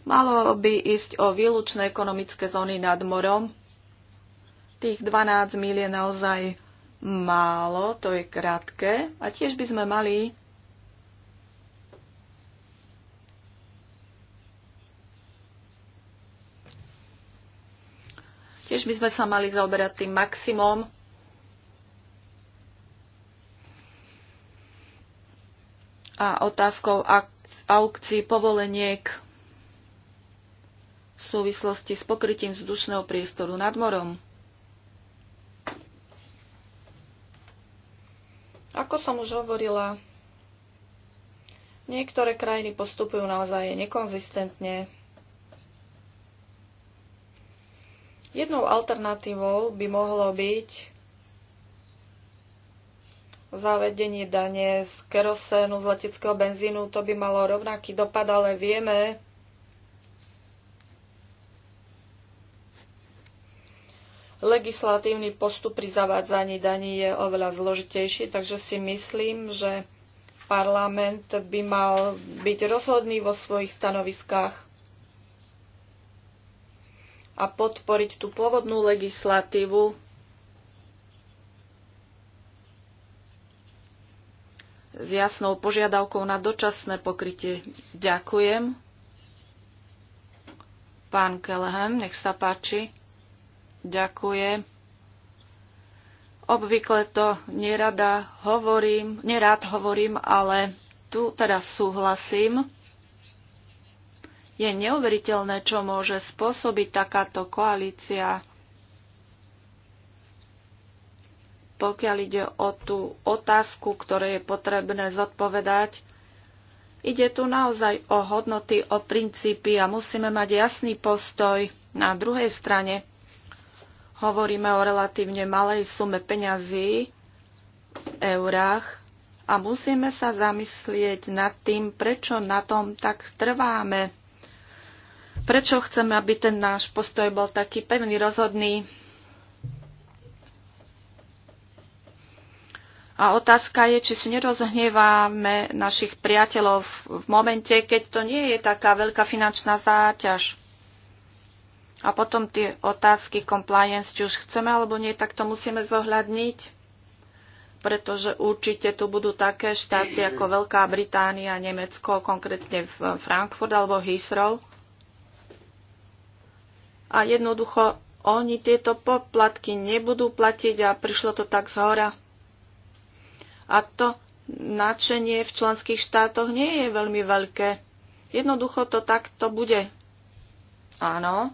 Malo by ísť o výlučné ekonomické zóny nad morom. Tých 12 mil je naozaj málo, to je krátke. A tiež by sme mali Tiež by sme sa mali zaoberať tým maximum a otázkou aukcií povoleniek v súvislosti s pokrytím vzdušného priestoru nad morom. Ako som už hovorila, niektoré krajiny postupujú naozaj nekonzistentne. Jednou alternatívou by mohlo byť zavedenie dane z kerosénu, z leteckého benzínu, to by malo rovnaký dopad, ale vieme, legislatívny postup pri zavádzaní daní je oveľa zložitejší, takže si myslím, že parlament by mal byť rozhodný vo svojich stanoviskách a podporiť tú pôvodnú legislatívu, s jasnou požiadavkou na dočasné pokrytie. Ďakujem. Pán Kelhem, nech sa páči. Ďakujem. Obvykle to nerada hovorím, nerád hovorím, ale tu teda súhlasím. Je neuveriteľné, čo môže spôsobiť takáto koalícia pokiaľ ide o tú otázku, ktoré je potrebné zodpovedať, ide tu naozaj o hodnoty, o princípy a musíme mať jasný postoj. Na druhej strane hovoríme o relatívne malej sume peňazí, v eurách a musíme sa zamyslieť nad tým, prečo na tom tak trváme. Prečo chceme, aby ten náš postoj bol taký pevný, rozhodný? A otázka je, či si nerozhnievame našich priateľov v momente, keď to nie je taká veľká finančná záťaž. A potom tie otázky compliance, či už chceme alebo nie, tak to musíme zohľadniť, pretože určite tu budú také štáty ako Veľká Británia, Nemecko, konkrétne Frankfurt alebo Heathrow. A jednoducho oni tieto poplatky nebudú platiť a prišlo to tak z hora. A to nadšenie v členských štátoch nie je veľmi veľké. Jednoducho to takto bude. Áno.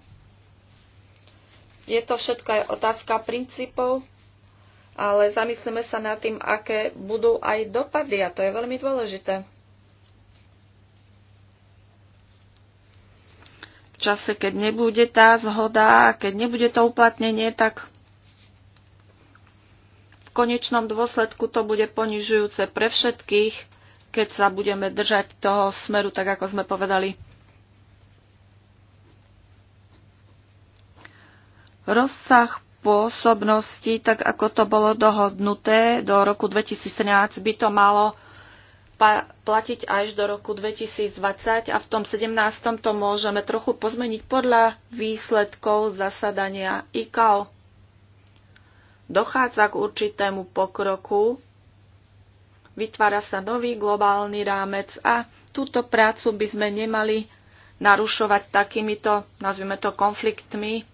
Je to všetko aj otázka princípov, ale zamyslíme sa nad tým, aké budú aj dopady a to je veľmi dôležité. V čase, keď nebude tá zhoda, keď nebude to uplatnenie, tak konečnom dôsledku to bude ponižujúce pre všetkých, keď sa budeme držať toho smeru, tak ako sme povedali. Rozsah pôsobnosti, tak ako to bolo dohodnuté do roku 2013, by to malo platiť až do roku 2020 a v tom 17. to môžeme trochu pozmeniť podľa výsledkov zasadania ICAO dochádza k určitému pokroku, vytvára sa nový globálny rámec a túto prácu by sme nemali narušovať takýmito, nazvime to, konfliktmi,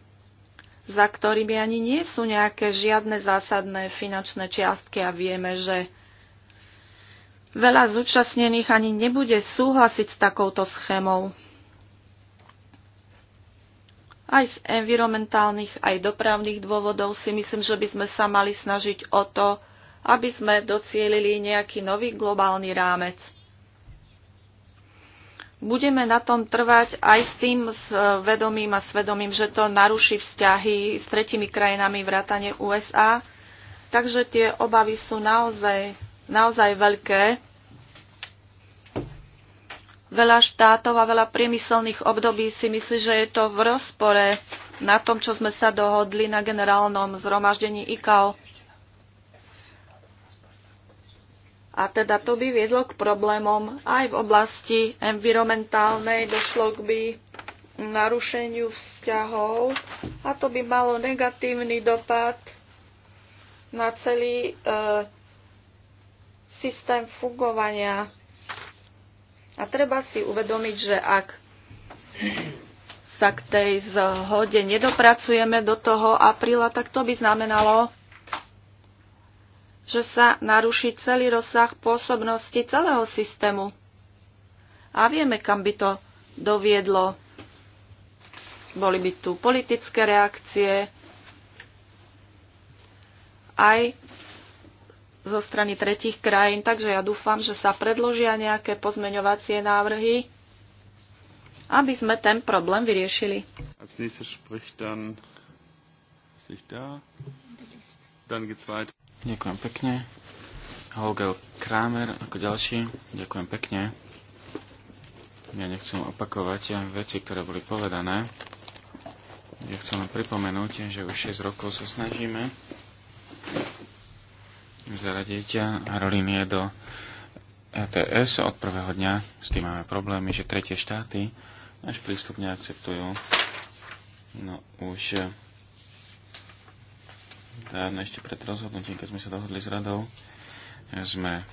za ktorými ani nie sú nejaké žiadne zásadné finančné čiastky a vieme, že veľa zúčastnených ani nebude súhlasiť s takouto schémou. Aj z environmentálnych, aj dopravných dôvodov si myslím, že by sme sa mali snažiť o to, aby sme docielili nejaký nový globálny rámec. Budeme na tom trvať aj s tým s e, vedomím a svedomím, že to naruší vzťahy s tretimi krajinami vrátane USA. Takže tie obavy sú naozaj, naozaj veľké Veľa štátov a veľa priemyselných období si myslí, že je to v rozpore na tom, čo sme sa dohodli na generálnom zhromaždení ICAO. A teda to by viedlo k problémom aj v oblasti environmentálnej, došlo k by narušeniu vzťahov a to by malo negatívny dopad na celý e, systém fungovania. A treba si uvedomiť, že ak sa k tej zhode nedopracujeme do toho apríla, tak to by znamenalo, že sa naruší celý rozsah pôsobnosti celého systému. A vieme, kam by to doviedlo. Boli by tu politické reakcie, aj zo strany tretich krajín, takže ja dúfam, že sa predložia nejaké pozmeňovacie návrhy, aby sme ten problém vyriešili. Ďakujem pekne. Holger Kramer ako ďalší. Ďakujem pekne. Ja nechcem opakovať veci, ktoré boli povedané. Ja chcem pripomenúť, že už 6 rokov sa snažíme zaradiť aerolínie do ETS. Od prvého dňa s tým máme problémy, že tretie štáty náš prístup neakceptujú. No už eh, dávno ešte pred rozhodnutím, keď sme sa dohodli s radou, sme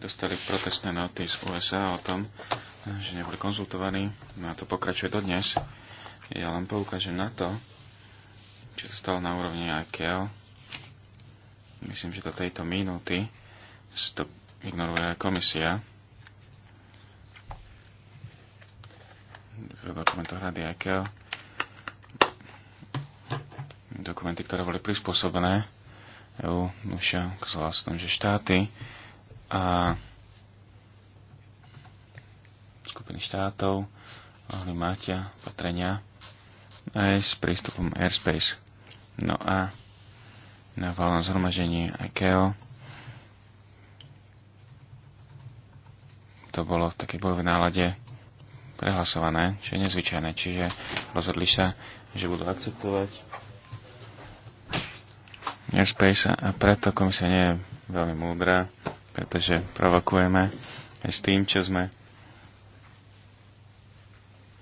dostali protestné noty z USA o tom, že neboli konzultovaní. No a to pokračuje dodnes. Ja len poukážem na to, čo sa stalo na úrovni ICAO Myslím, že do tejto minúty to ignoruje komisia. V dokumentoch Rady IKEA. dokumenty, ktoré boli prispôsobené EU, musia, k sa že štáty a skupiny štátov mohli mať opatrenia aj s prístupom airspace. No a na valnom zhromažení IKEO. To bolo v takej bojovej nálade prehlasované, čo je nezvyčajné. Čiže rozhodli sa, že budú akceptovať Airspace a preto komisia nie je veľmi múdra, pretože provokujeme aj s tým, čo sme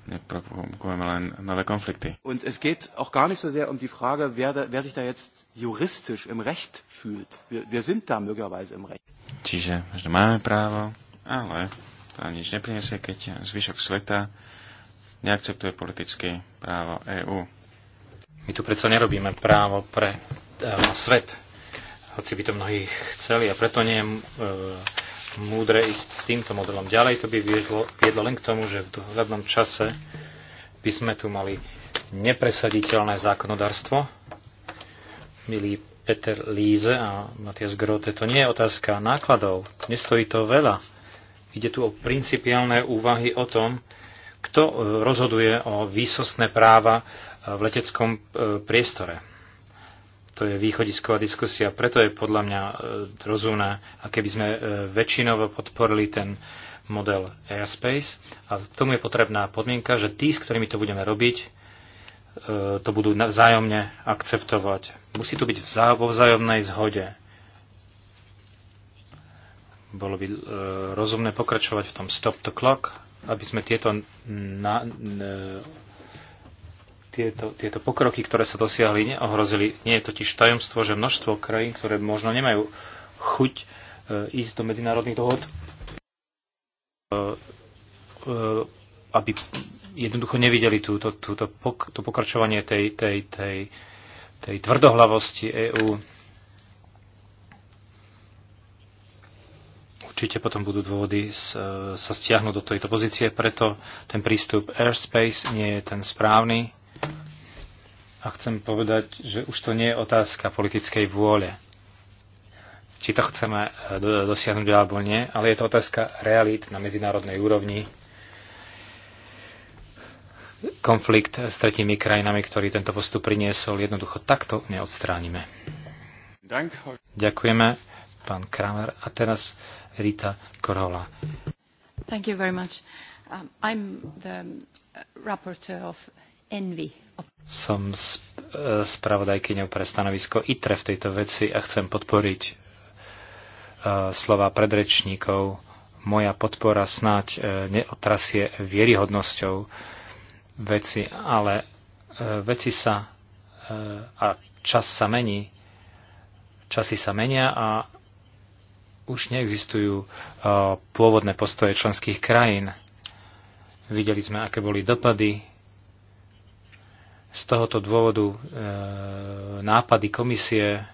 neprovokujeme len nové konflikty. Und es geht auch gar nicht so sehr um die Frage, wer, da, wer sich da jetzt juristisch im Recht fühlt. Wir, wir sind da möglicherweise im Recht. Čiže možno máme právo, ale to ani nič nepriniesie, keď zvyšok sveta neakceptuje politické právo EÚ. My tu predsa nerobíme právo pre e, svet, hoci by to mnohí chceli a preto nie je e, múdre ísť s týmto modelom ďalej. To by viedlo, viedlo len k tomu, že v dohľadnom čase by sme tu mali nepresaditeľné zákonodárstvo. Milí Peter Líze a Matias Grote, to nie je otázka nákladov. Nestojí to veľa. Ide tu o principiálne úvahy o tom, kto e, rozhoduje o výsostné práva e, v leteckom e, priestore to je východisková diskusia, preto je podľa mňa e, rozumné, a keby sme e, väčšinovo podporili ten model Airspace. A k tomu je potrebná podmienka, že tí, s ktorými to budeme robiť, e, to budú vzájomne akceptovať. Musí to byť vo vzájomnej zhode. Bolo by rozumné pokračovať v tom stop the clock, aby sme tieto na, tieto, tieto pokroky, ktoré sa dosiahli, neohrozili. Nie je totiž tajomstvo, že množstvo krajín, ktoré možno nemajú chuť e, ísť do medzinárodných dohod, e, e, aby jednoducho nevideli túto, túto pok, to pokračovanie tej, tej, tej, tej tvrdohlavosti EÚ. Určite potom budú dôvody s, e, sa stiahnuť do tejto pozície, preto ten prístup airspace nie je ten správny a chcem povedať, že už to nie je otázka politickej vôle, či to chceme eh, dosiahnuť alebo nie, ale je to otázka realít na medzinárodnej úrovni. Konflikt s tretími krajinami, ktorý tento postup priniesol, jednoducho takto neodstránime. Dank. Ďakujeme, pán Kramer. A teraz Rita Korola. Thank you very much. Um, I'm the uh, rapporteur of Envy. Som eh, spravodajkyňou pre stanovisko ITRE v tejto veci a chcem podporiť eh, slova predrečníkov. Moja podpora snáď eh, neotrasie vieryhodnosťou veci, ale veci sa a čas sa mení. Časy sa menia a už neexistujú pôvodné postoje členských krajín. Videli sme, aké boli dopady z tohoto dôvodu e, nápady komisie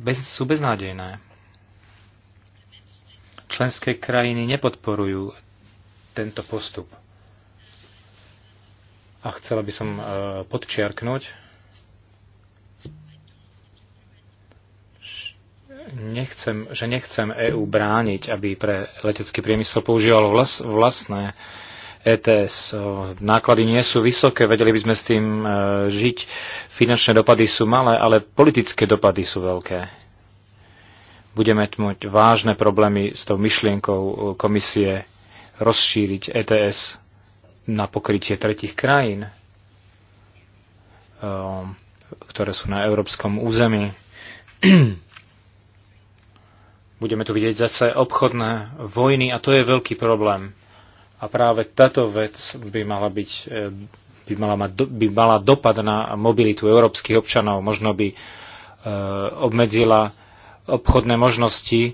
bez, sú beznádejné. Členské krajiny nepodporujú tento postup. A chcela by som e, podčiarknúť, nechcem, že nechcem EÚ brániť, aby pre letecký priemysel používalo vlas, vlastné ETS. Náklady nie sú vysoké, vedeli by sme s tým e, žiť. Finančné dopady sú malé, ale politické dopady sú veľké. Budeme mať vážne problémy s tou myšlienkou e, komisie rozšíriť ETS na pokrytie tretich krajín, e, ktoré sú na európskom území budeme tu vidieť zase obchodné vojny a to je veľký problém. A práve táto vec by mala, byť, e, by mala, mať, by mala dopad na mobilitu európskych občanov. Možno by e, obmedzila obchodné možnosti e,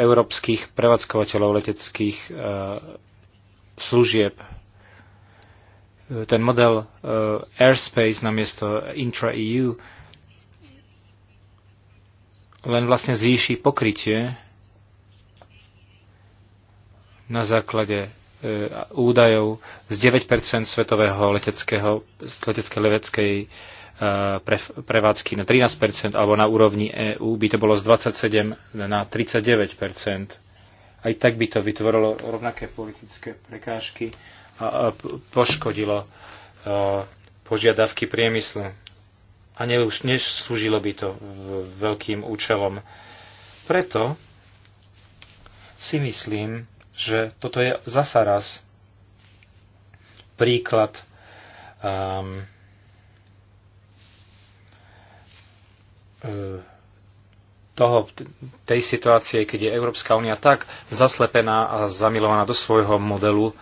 európskych prevádzkovateľov leteckých služieb. Ten model airspace namiesto intra-EU len vlastne zvýši pokrytie na základe E, údajov z 9 svetového leteckého, leteckej leveckej e, pre, prevádzky na 13 alebo na úrovni EÚ by to bolo z 27 na 39 Aj tak by to vytvorilo rovnaké politické prekážky a, a poškodilo a, e, požiadavky priemyslu. A ne, už neslúžilo by to veľkým účelom. Preto si myslím, že toto je zasa raz príklad um, e, toho, tej situácie, keď je Európska únia tak zaslepená a zamilovaná do svojho modelu,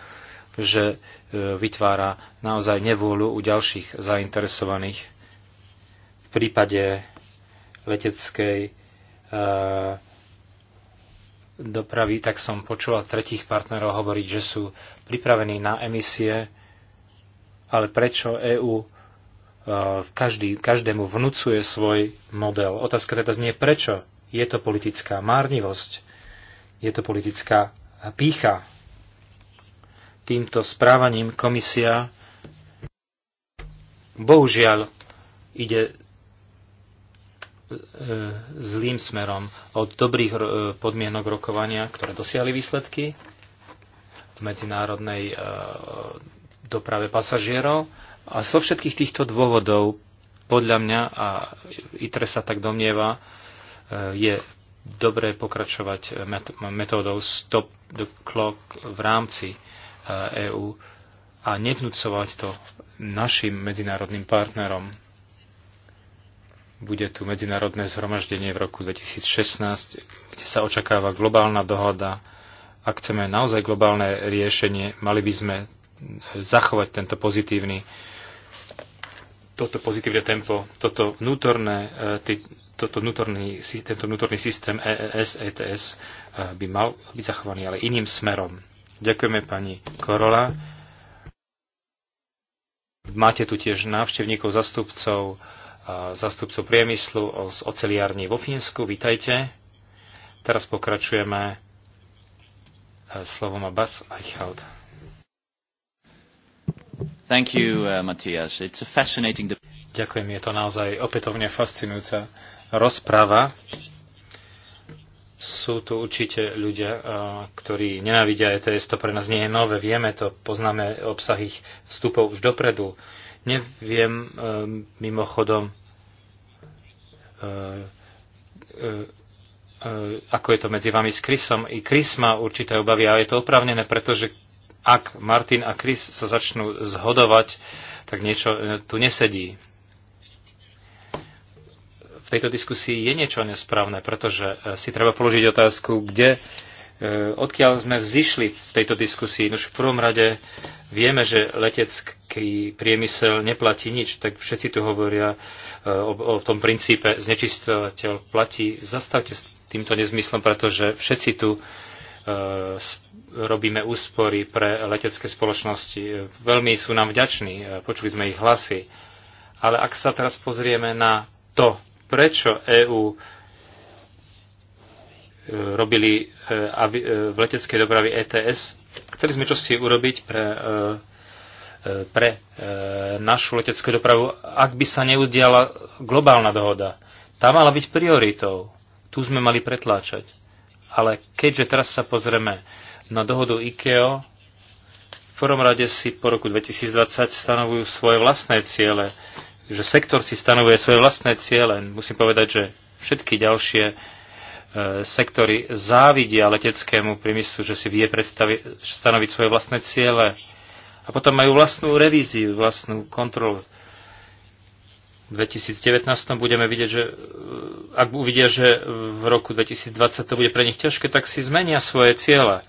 že e, vytvára naozaj nevôľu u ďalších zainteresovaných. V prípade leteckej uh, dopravy, tak som od tretích partnerov hovoriť, že sú pripravení na emisie, ale prečo EÚ e, každý, každému vnúcuje svoj model. Otázka teda znie prečo. Je to politická márnivosť, je to politická pícha. Týmto správaním komisia bohužiaľ ide E, zlým smerom od dobrých e, podmienok rokovania, ktoré dosiahli výsledky v medzinárodnej e, doprave pasažierov. A zo všetkých týchto dôvodov, podľa mňa, a ITRE sa tak domnieva, je dobré pokračovať metódou stop the clock v rámci EÚ a nevnúcovať to našim medzinárodným partnerom bude tu medzinárodné zhromaždenie v roku 2016, kde sa očakáva globálna dohoda. Ak chceme naozaj globálne riešenie, mali by sme zachovať tento pozitívny toto pozitívne tempo, toto vnútorné, e, tý, toto vnútorný, tento vnútorný systém EES, ETS e, by mal byť zachovaný, ale iným smerom. Ďakujeme pani Korola. Máte tu tiež návštevníkov, zastupcov zastupcu priemyslu z oceliárni vo Fínsku. Vítajte. Teraz pokračujeme e, slovom a Bas Eichhout. Thank you, uh, Matthias. It's a fascinating Ďakujem, je to naozaj opätovne fascinujúca rozprava. Sú tu určite ľudia, e, ktorí nenávidia ETS, to pre nás nie je nové, vieme to, poznáme obsah ich vstupov už dopredu. Neviem eh, mimochodom, eh, eh, ako je to medzi vami s Chrisom. I Chris má určité obavy a je to opravnené, pretože ak Martin a Chris sa začnú zhodovať, tak niečo tu nesedí. V tejto diskusii je niečo nesprávne, pretože si treba položiť otázku, kde uh, Eh, odkiaľ sme vzýšli v tejto diskusii. Už v prvom rade vieme, že letecký priemysel neplatí nič, tak všetci tu hovoria eh, o, o tom princípe znečistovateľ platí. Zastavte s týmto nezmyslom, pretože všetci tu eh, robíme úspory pre letecké spoločnosti. Veľmi sú nám vďační, počuli sme ich hlasy. Ale ak sa teraz pozrieme na to, prečo EÚ robili e, e, v leteckej dopravy ETS. Chceli sme čosi urobiť pre, e, pre našu leteckú dopravu, ak by sa neudiala globálna dohoda. Tá mala byť prioritou. Tu sme mali pretláčať. Ale keďže teraz sa pozrieme na dohodu IKEO, v prvom rade si po roku 2020 stanovujú svoje vlastné ciele, že sektor si stanovuje svoje vlastné ciele. Musím povedať, že všetky ďalšie sektory závidia leteckému priemyslu, že si vie stanoviť svoje vlastné ciele a potom majú vlastnú revíziu, vlastnú kontrolu. V 2019 budeme vidieť, že ak uvidia, že v roku 2020 to bude pre nich ťažké, tak si zmenia svoje ciele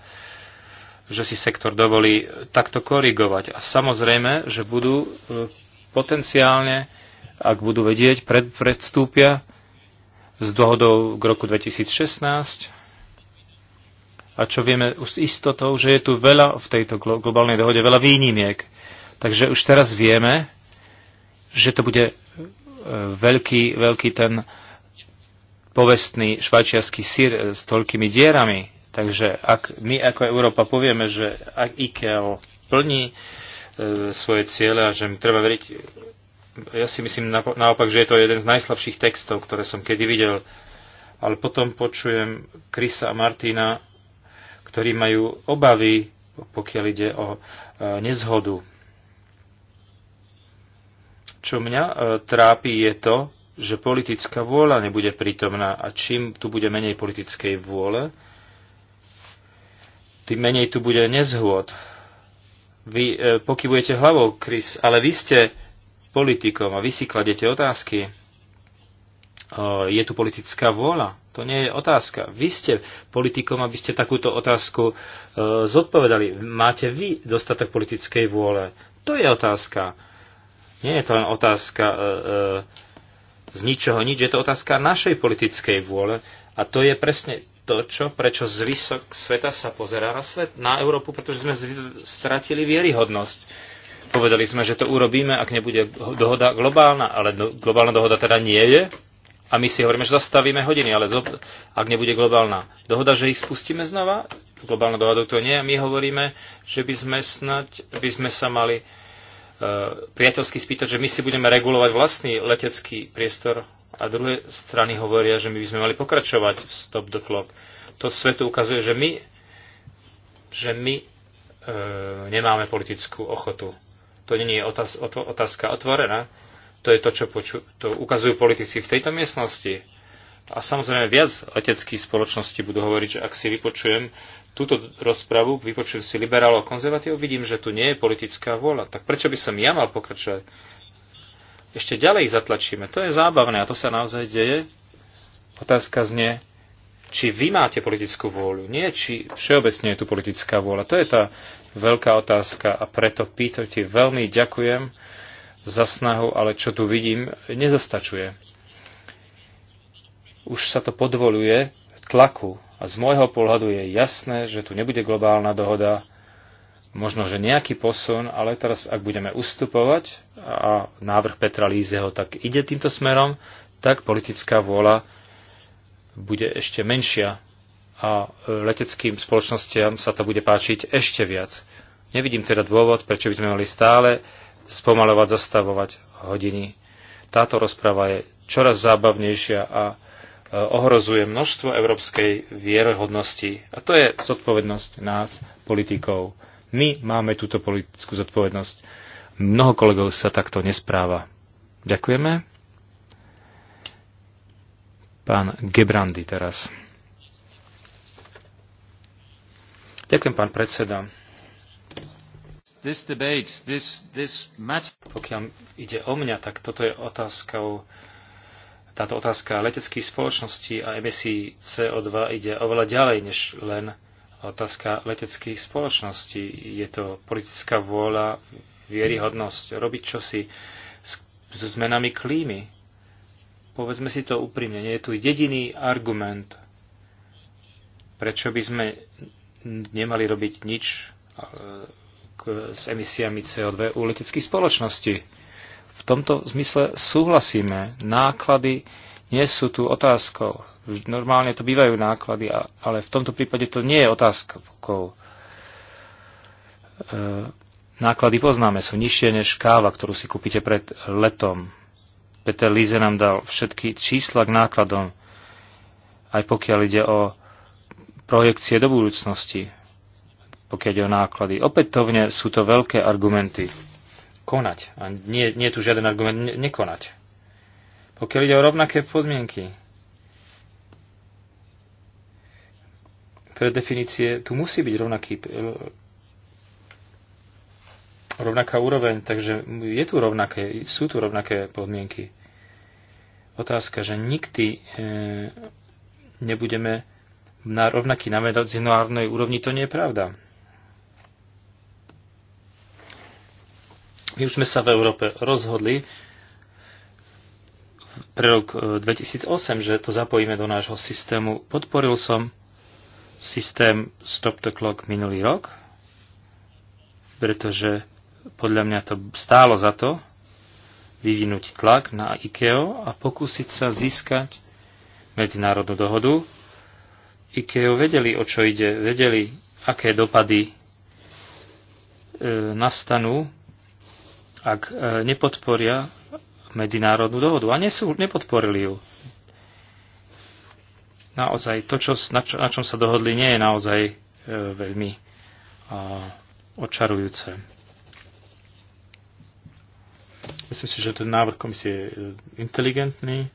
že si sektor dovolí takto korigovať. A samozrejme, že budú eh, potenciálne, ak budú vedieť, pred, predstúpia s dohodou k roku 2016 a čo vieme s istotou, že je tu veľa v tejto globálnej dohode, veľa výnimiek. Takže už teraz vieme, že to bude e, veľký, veľký ten povestný švajčiarsky sír e, s toľkými dierami. Takže ak my ako Európa povieme, že ak IKEA plní e, svoje ciele a že mi treba veriť ja si myslím naopak, že je to jeden z najslabších textov, ktoré som kedy videl. Ale potom počujem Krisa a Martina, ktorí majú obavy, pokiaľ ide o e, nezhodu. Čo mňa e, trápi je to, že politická vôľa nebude prítomná a čím tu bude menej politickej vôle, tým menej tu bude nezhôd. Vy e, pokybujete hlavou, Chris, ale vy ste politikom a vy si kladete otázky. Je tu politická vôľa? To nie je otázka. Vy ste politikom, aby ste takúto otázku e, zodpovedali. Máte vy dostatok politickej vôle? To je otázka. Nie je to len otázka e, e, z ničoho nič, je to otázka našej politickej vôle a to je presne to, čo, prečo zvysok sveta sa pozerá na svet, na Európu, pretože sme stratili vieryhodnosť Povedali sme, že to urobíme, ak nebude dohoda globálna, ale globálna dohoda teda nie je. A my si hovoríme, že zastavíme hodiny, ale ak nebude globálna dohoda, že ich spustíme znova, globálna dohoda to nie. A my hovoríme, že by sme snať, by sme sa mali e, priateľsky spýtať, že my si budeme regulovať vlastný letecký priestor a druhé strany hovoria, že my by sme mali pokračovať v stop the clock. To svetu ukazuje, že my, že my e, nemáme politickú ochotu to nie je otázka otvorená. To je to, čo poču- to ukazujú politici v tejto miestnosti. A samozrejme viac leteckých spoločností budú hovoriť, že ak si vypočujem túto rozpravu, vypočujem si liberálov a konzervatívov, vidím, že tu nie je politická vôľa. Tak prečo by som ja mal pokračovať? Ešte ďalej zatlačíme. To je zábavné a to sa naozaj deje. Otázka znie, či vy máte politickú vôľu. Nie, či všeobecne je tu politická vôľa. To je tá veľká otázka a preto Peter, ti veľmi ďakujem za snahu, ale čo tu vidím, nezastačuje. Už sa to podvoluje tlaku a z môjho pohľadu je jasné, že tu nebude globálna dohoda, možno, že nejaký posun, ale teraz, ak budeme ustupovať a návrh Petra Lízeho tak ide týmto smerom, tak politická vôľa bude ešte menšia a e, leteckým spoločnostiam sa to bude páčiť ešte viac. Nevidím teda dôvod, prečo by sme mali stále spomalovať, zastavovať hodiny. Táto rozprava je čoraz zábavnejšia a e, ohrozuje množstvo európskej vierohodnosti. A to je zodpovednosť nás, politikov. My máme túto politickú zodpovednosť. Mnoho kolegov sa takto nespráva. Ďakujeme. Pán Gebrandy teraz. Ďakujem, pán predseda. Pokiaľ ide o mňa, tak toto je otázkou táto otázka leteckých spoločností a emisí CO2 ide oveľa ďalej než len otázka leteckých spoločností. Je to politická vôľa, vieryhodnosť, robiť čosi s, s zmenami klímy. Povedzme si to úprimne, nie je tu jediný argument, prečo by sme nemali robiť nič e, s emisiami CO2 u leteckých spoločností. V tomto zmysle súhlasíme. Náklady nie sú tu otázkou. Normálne to bývajú náklady, ale v tomto prípade to nie je otázkou. E, náklady poznáme, sú nižšie než káva, ktorú si kúpite pred letom. Peter Líze nám dal všetky čísla k nákladom, aj pokiaľ ide o projekcie do budúcnosti, pokiaľ ide o náklady. Opätovne sú to veľké argumenty. Konať. A nie, nie je tu žiaden argument ne- nekonať. Pokiaľ ide o rovnaké podmienky, pre definície tu musí byť rovnaký, rovnaká úroveň, takže je tu rovnaké, sú tu rovnaké podmienky. Otázka, že nikdy e, nebudeme na rovnaký na medzinárodnej úrovni, to nie je pravda. My už sme sa v Európe rozhodli pre rok 2008, e, že to zapojíme do nášho systému. Podporil som systém Stop the Clock minulý rok, pretože podľa mňa to stálo za to vyvinúť tlak na IKEO a pokúsiť sa získať medzinárodnú dohodu, IKEA vedeli, o čo ide, vedeli, aké dopady e, nastanú, ak e, nepodporia medzinárodnú dohodu. A nesú, nepodporili ju. Naozaj to, čo, na, čo, na čom sa dohodli, nie je naozaj e, veľmi e, očarujúce. Myslím si, že ten návrh komisie je inteligentný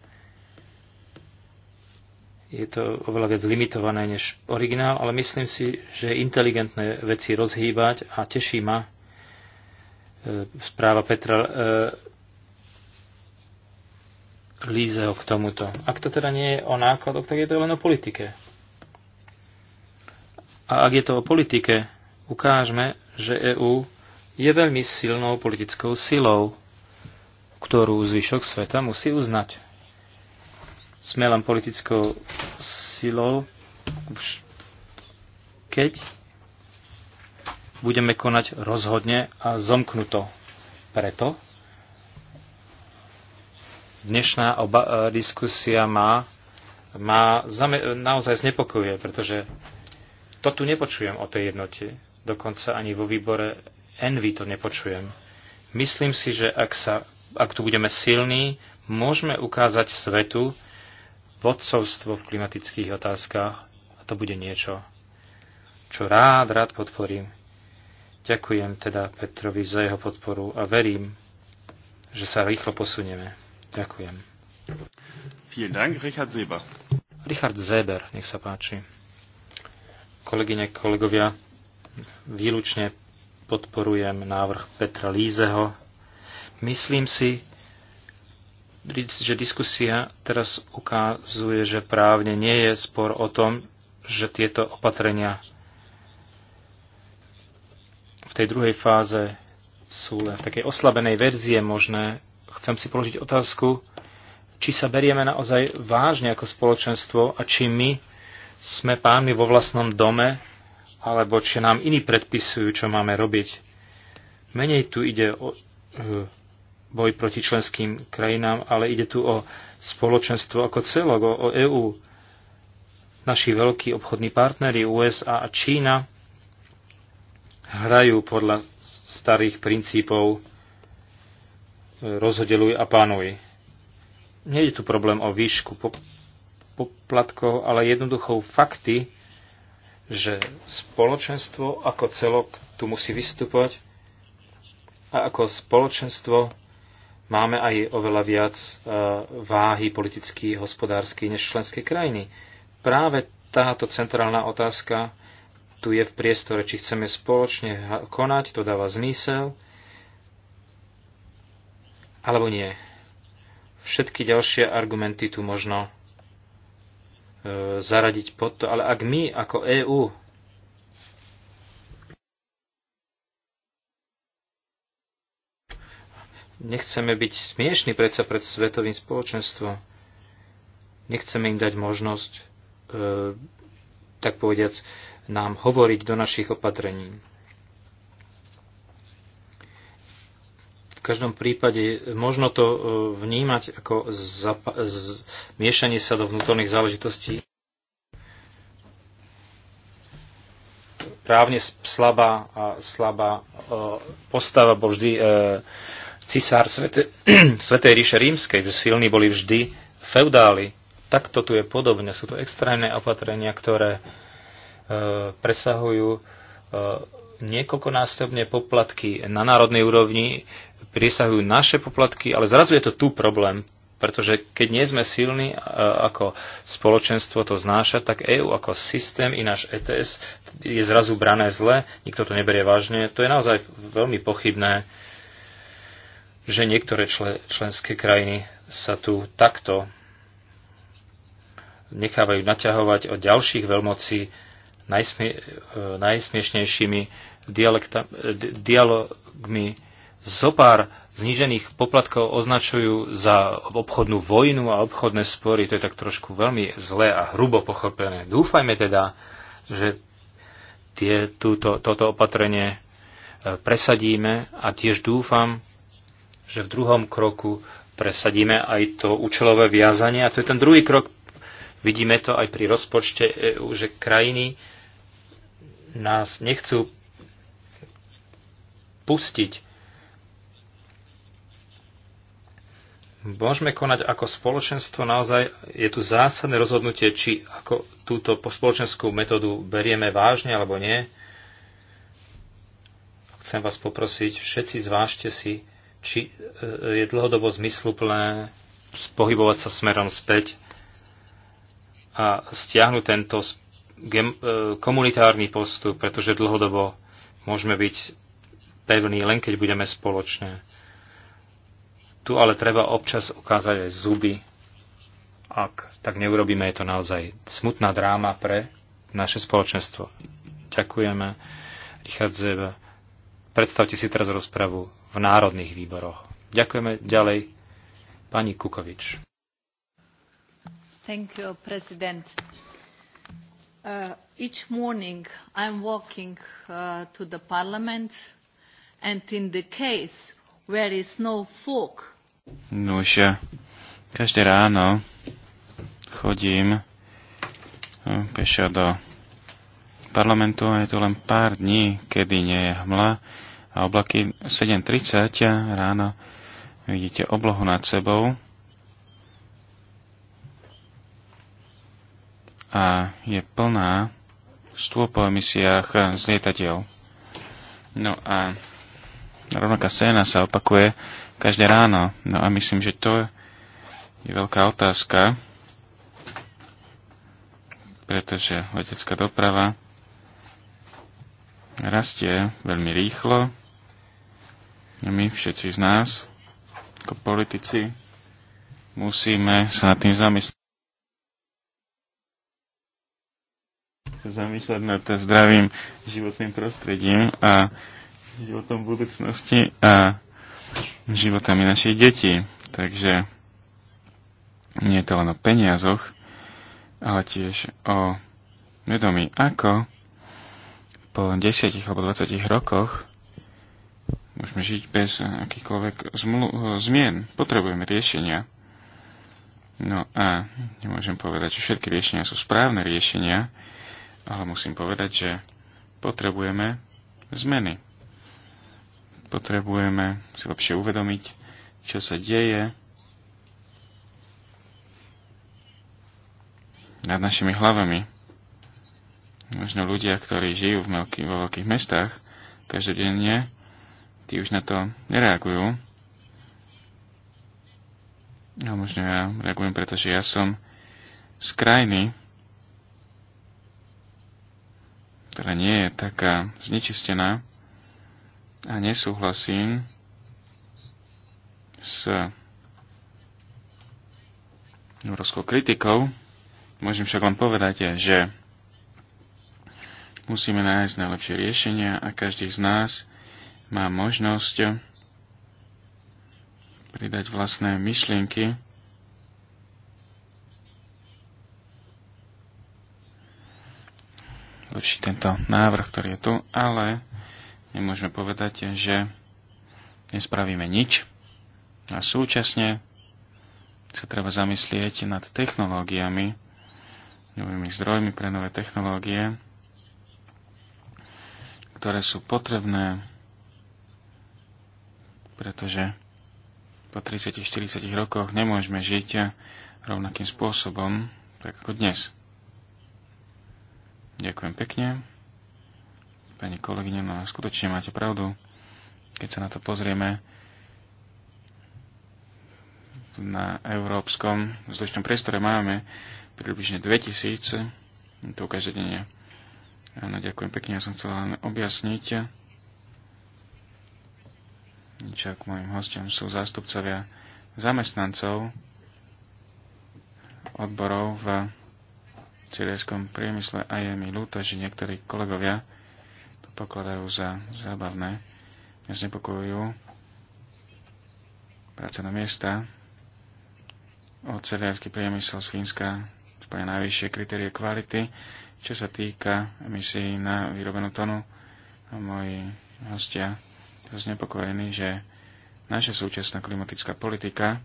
je to oveľa viac limitované než originál, ale myslím si, že je inteligentné veci rozhýbať a teší ma e, správa Petra e, Lízeho k tomuto. Ak to teda nie je o nákladoch, tak je to len o politike. A ak je to o politike, ukážme, že EÚ je veľmi silnou politickou silou, ktorú zvyšok sveta musí uznať. Sme len politickou silou. Už keď budeme konať rozhodne a zomknuto. Preto dnešná oba, e, diskusia má, má zame, naozaj znepokojuje, pretože to tu nepočujem o tej jednote. Dokonca ani vo výbore Envy to nepočujem. Myslím si, že ak, sa, ak tu budeme silní, môžeme ukázať svetu, vodcovstvo v klimatických otázkach a to bude niečo, čo rád, rád podporím. Ďakujem teda Petrovi za jeho podporu a verím, že sa rýchlo posunieme. Ďakujem. Vielen Dank, Richard Seber. Richard Seber, nech sa páči. Kolegyne, kolegovia, výlučne podporujem návrh Petra Lízeho. Myslím si, že diskusia teraz ukazuje, že právne nie je spor o tom, že tieto opatrenia v tej druhej fáze sú len v takej oslabenej verzie možné. Chcem si položiť otázku, či sa berieme naozaj vážne ako spoločenstvo a či my sme pánmi vo vlastnom dome, alebo či nám iní predpisujú, čo máme robiť. Menej tu ide o e, boj proti členským krajinám, ale ide tu o spoločenstvo ako celok, o, o EÚ. Naši veľkí obchodní partnery USA a Čína hrajú podľa starých princípov e, rozhodeluj a pánuj. Nie je tu problém o výšku poplatkov, ale jednoducho fakty, že spoločenstvo ako celok tu musí vystupovať a ako spoločenstvo máme aj oveľa viac e, váhy politicky, hospodársky než členské krajiny. Práve táto centrálna otázka tu je v priestore, či chceme spoločne konať, to dáva zmysel, alebo nie. Všetky ďalšie argumenty tu možno e, zaradiť pod to, ale ak my ako EÚ Nechceme byť smiešni predsa pred svetovým spoločenstvom. Nechceme im dať možnosť, e, tak povediac, nám hovoriť do našich opatrení. V každom prípade možno to e, vnímať ako miešanie sa do vnútorných záležitostí. právne slabá a slabá e, postava bol vždy e, cisár Svete, Svetej ríše rímskej, že silní boli vždy feudáli. Takto tu je podobne. Sú to extrémne opatrenia, ktoré e, presahujú e, niekoľkonásobne poplatky na národnej úrovni, priesahujú naše poplatky, ale zrazu je to tu problém, pretože keď nie sme silní e, ako spoločenstvo to znáša, tak EÚ ako systém i náš ETS je zrazu brané zle, nikto to neberie vážne. To je naozaj veľmi pochybné. E, že niektoré členské krajiny sa tu takto nechávajú naťahovať od ďalších veľmocí najsmie, e, najsmiešnejšími dialekta, dialogmi. Zopár znížených poplatkov označujú za obchodnú vojnu a obchodné spory. To je tak trošku veľmi zlé a hrubo pochopené. Dúfajme teda, že tie, túto, toto opatrenie e, presadíme a tiež dúfam, že v druhom kroku presadíme aj to účelové viazanie. A to je ten druhý krok. Vidíme to aj pri rozpočte EU, že krajiny nás nechcú pustiť. Môžeme konať ako spoločenstvo, naozaj je tu zásadné rozhodnutie, či ako túto spoločenskú metódu berieme vážne alebo nie. Chcem vás poprosiť, všetci zvážte si, či e, je dlhodobo zmysluplné pohybovať sa smerom späť a stiahnuť tento e, komunitárny postup, pretože dlhodobo môžeme byť pevní len keď budeme spoločné. Tu ale treba občas ukázať aj zuby. Ak tak neurobíme, je to naozaj smutná dráma pre naše spoločenstvo. Ďakujeme. Richard Zeba. Predstavte si teraz rozpravu v národných výboroch. Ďakujeme ďalej pani Kukovič. Thank you, President. Uh, each morning I'm walking uh, to the Parliament and in the case where is no fog. Nuž, každé ráno chodím hm, pešo do parlamentu a je tu len pár dní, kedy nie je hmla a oblaky 7.30 ráno vidíte oblohu nad sebou a je plná stôl po emisiách z lietadiel. No a rovnaká scéna sa opakuje každé ráno. No a myslím, že to je veľká otázka, pretože letecká doprava rastie veľmi rýchlo my všetci z nás, ako politici, musíme sa nad tým zamyslieť. zamýšľať nad zdravým životným prostredím a životom budúcnosti a životami našich detí. Takže nie je to len o peniazoch, ale tiež o vedomí, ako po 10 alebo 20 rokoch Môžeme žiť bez akýchkoľvek eh, zmien. Potrebujeme riešenia. No a nemôžem povedať, že všetky riešenia sú správne riešenia, ale musím povedať, že potrebujeme zmeny. Potrebujeme si lepšie uvedomiť, čo sa deje nad našimi hlavami. Možno ľudia, ktorí žijú v veľkých, vo veľkých mestách, každodenne tí už na to nereagujú. No možno ja reagujem, pretože ja som z krajiny, ktorá nie je taká znečistená a nesúhlasím s európskou kritikou. Môžem však len povedať, že musíme nájsť najlepšie riešenia a každý z nás má možnosť pridať vlastné myšlienky lepší tento návrh, ktorý je tu, ale nemôžeme povedať, že nespravíme nič. A súčasne sa treba zamyslieť nad technológiami, novými zdrojmi pre nové technológie, ktoré sú potrebné pretože po 30-40 rokoch nemôžeme žiť rovnakým spôsobom, tak ako dnes. Ďakujem pekne. Pani kolegyne, no skutočne máte pravdu. Keď sa na to pozrieme na európskom vzdušnom priestore máme približne 2000, to každodenne. Áno, ďakujem pekne, ja som chcel len objasniť Čak mojim hostom sú zástupcovia zamestnancov odborov v cirieskom priemysle a je mi ľúto, že niektorí kolegovia to pokladajú za zábavné. Mňa znepokojujú na miesta, oceliarský priemysel z Fínska splňa najvyššie kritérie kvality, čo sa týka emisí na vyrobenú tonu. A moji hostia znepokojení, že naša súčasná klimatická politika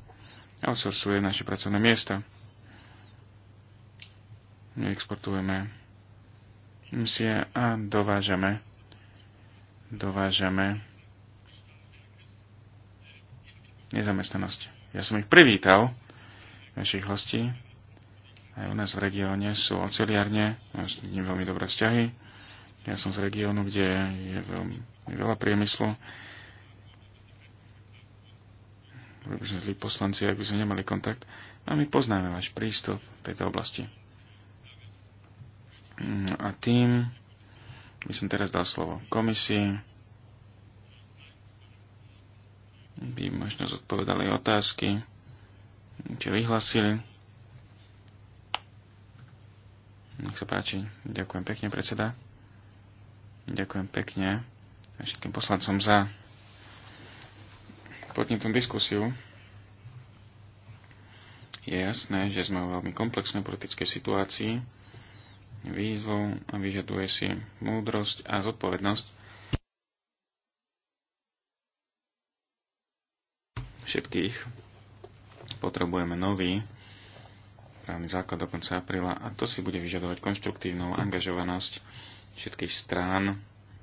outsourcuje naše pracovné miesta. My exportujeme misie a dovážame dovážame nezamestnanosť. Ja som ich privítal, našich hostí. Aj u nás v regióne sú oceliárne, máme veľmi dobré vzťahy ja som z regiónu, kde je veľmi veľa priemyslu. Boli by sme zlí poslanci, ak by sme nemali kontakt. A my poznáme váš prístup v tejto oblasti. No a tým by som teraz dal slovo komisii. By možno zodpovedali otázky, čo vyhlasili. Nech sa páči. Ďakujem pekne, predseda. Ďakujem pekne a všetkým poslancom za podnetnú diskusiu. Je jasné, že sme v veľmi komplexnej politickej situácii, výzvou a vyžaduje si múdrosť a zodpovednosť všetkých. Potrebujeme nový právny základ do konca apríla a to si bude vyžadovať konštruktívnu angažovanosť všetkých strán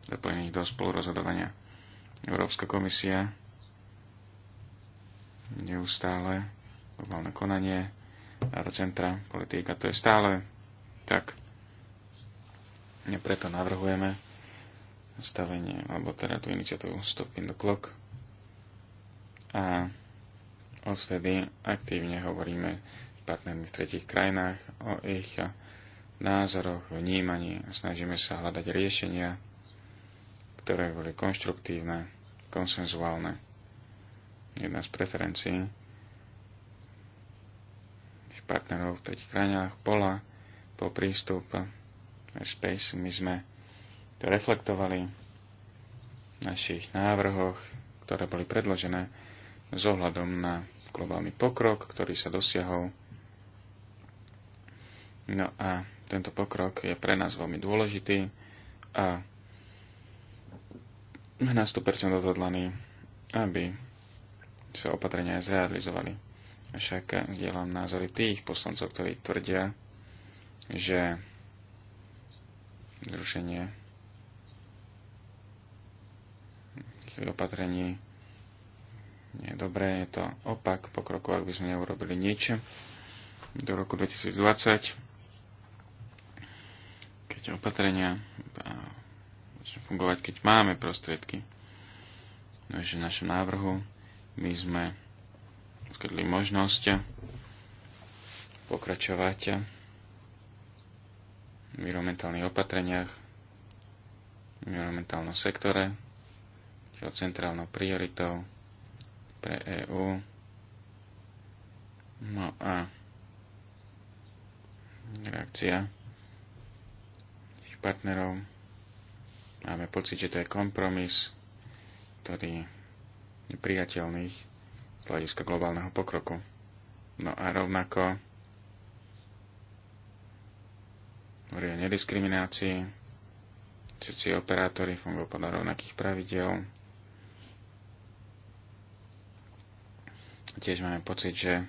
zapojených do spolurozhodovania. Európska komisia neustále globálne konanie a do centra politika. To je stále tak. A preto navrhujeme stavenie, alebo teda tú iniciatívu Stop in the Clock. A odtedy aktívne hovoríme s partnermi v tretich krajinách o ich názoroch, vnímaní a snažíme sa hľadať riešenia, ktoré boli konštruktívne, konsenzuálne. Jedna z preferencií partnerov v tretich krajinách bola po prístup Airspace. My sme to reflektovali v našich návrhoch, ktoré boli predložené s ohľadom na globálny pokrok, ktorý sa dosiahol. No a tento pokrok je pre nás veľmi dôležitý a sme na 100% odhodlaný, aby sa opatrenia zrealizovali. Však zdieľam názory tých poslancov, ktorí tvrdia, že zrušenie tých opatrení nie je dobré, je to opak pokroku, ak by sme neurobili nič do roku 2020 tie opatrenia začne fungovať, keď máme prostriedky. No že v našom návrhu my sme poskytli možnosť pokračovať v environmentálnych opatreniach, v environmentálnom sektore, čo centrálnou prioritou pre EÚ. No a reakcia partnerov. Máme pocit, že to je kompromis, ktorý je priateľný z hľadiska globálneho pokroku. No a rovnako hovorí o nediskriminácii, všetci operátori fungujú podľa rovnakých pravidel. Tiež máme pocit, že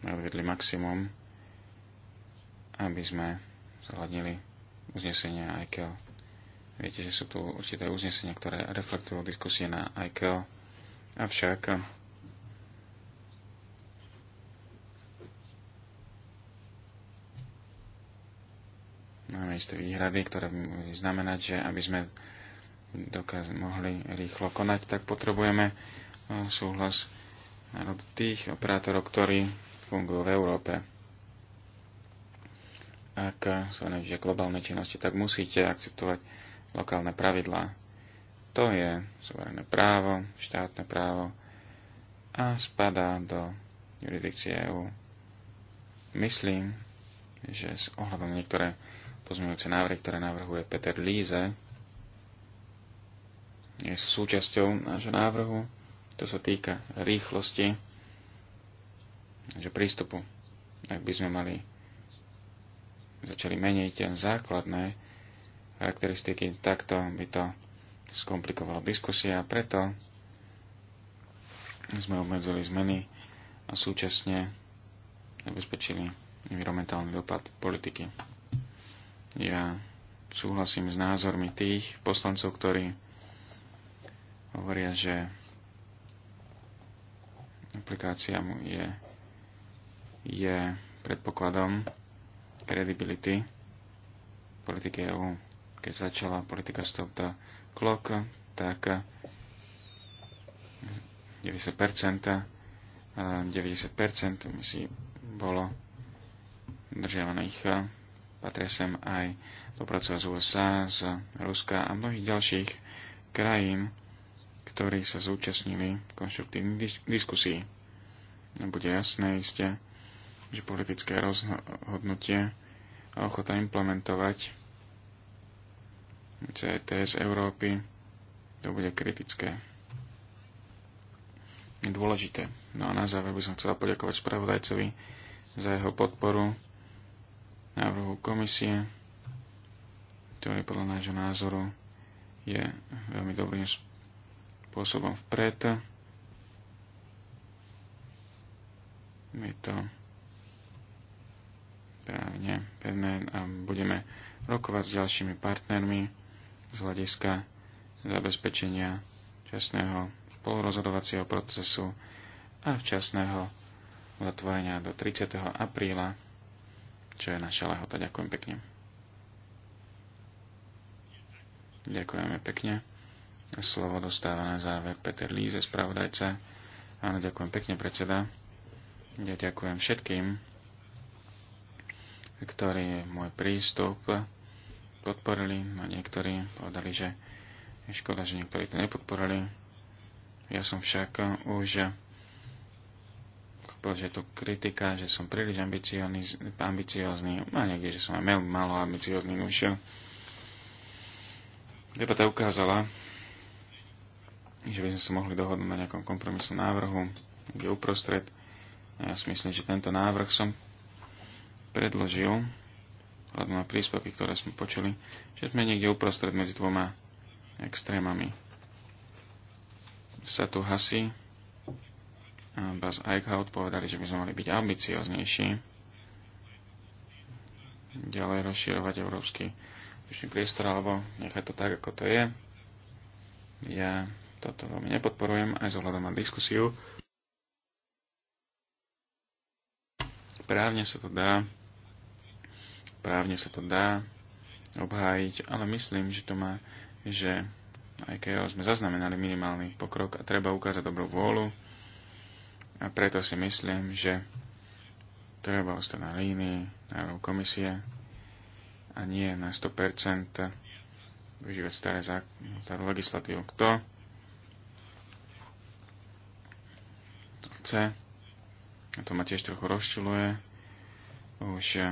sme uvedli maximum, aby sme zhľadnili uznesenia ICAO. Viete, že sú tu určité uznesenia, ktoré reflektujú diskusie na ICAO. Avšak máme isté výhrady, ktoré by znamenať, že aby sme dokaz mohli rýchlo konať, tak potrebujeme e, súhlas tých operátorov, ktorí fungujú v Európe ak sa nevíte globálne činnosti, tak musíte akceptovať lokálne pravidlá. To je súverené právo, štátne právo a spadá do jurisdikcie EU. Myslím, že s ohľadom niektoré pozmeňujúce návrhy, ktoré navrhuje Peter Líze, Je sú súčasťou nášho návrhu. To sa týka rýchlosti, že prístupu. Ak by sme mali začali meniť základné charakteristiky, takto by to skomplikovalo diskusia a preto sme obmedzili zmeny a súčasne zabezpečili environmentálny dopad politiky. Ja súhlasím s názormi tých poslancov, ktorí hovoria, že aplikácia je, je predpokladom kredibility politiky EU. Keď začala politika Stop the Clock, tak 90%, 90% misií bolo držiavaných. Patria sem aj dopracovať z USA, z Ruska a mnohých ďalších krajín, ktorí sa zúčastnili konštruktívnych diskusí. Bude jasné isté, že politické rozhodnutie a ochota implementovať CETS Európy, to bude kritické. Je dôležité. No a na záver by som chcela poďakovať spravodajcovi za jeho podporu návrhu komisie, ktorý podľa nášho názoru je veľmi dobrým spôsobom vpred. Je to právne pevné a budeme rokovať s ďalšími partnermi z hľadiska zabezpečenia časného spolurozhodovacieho procesu a včasného zatvorenia do 30. apríla, čo je naša lehota. Ďakujem pekne. Ďakujeme pekne. Slovo dostáva na záver Peter Líze, spravodajca. Áno, ďakujem pekne, predseda. Ja ďakujem všetkým je môj prístup podporili a niektorí povedali, že je škoda, že niektorí to nepodporili. Ja som však už že je tu kritika, že som príliš ambiciózny, a niekde, že som aj malo ambiciózny už. Debata ukázala, že by sme sa mohli dohodnúť na nejakom kompromisnom návrhu, kde uprostred. Ja si myslím, že tento návrh som predložil, alebo na príspevky, ktoré sme počuli, že sme niekde uprostred medzi dvoma extrémami. Sa tu Hasi a Bas Eichhout povedali, že by sme mali byť ambicioznejší, ďalej rozširovať európsky priestor, alebo nechať to tak, ako to je. Ja toto veľmi nepodporujem aj zohľadom na diskusiu. Právne sa to dá Právne sa to dá obhájiť, ale myslím, že to má, že aj keď sme zaznamenali minimálny pokrok a treba ukázať dobrú vôľu a preto si myslím, že treba ostať na línii návrhu komisie a nie na 100% využívať staré zá... starú legislatívu. Kto to chce, a to ma tiež trochu rozčuluje, už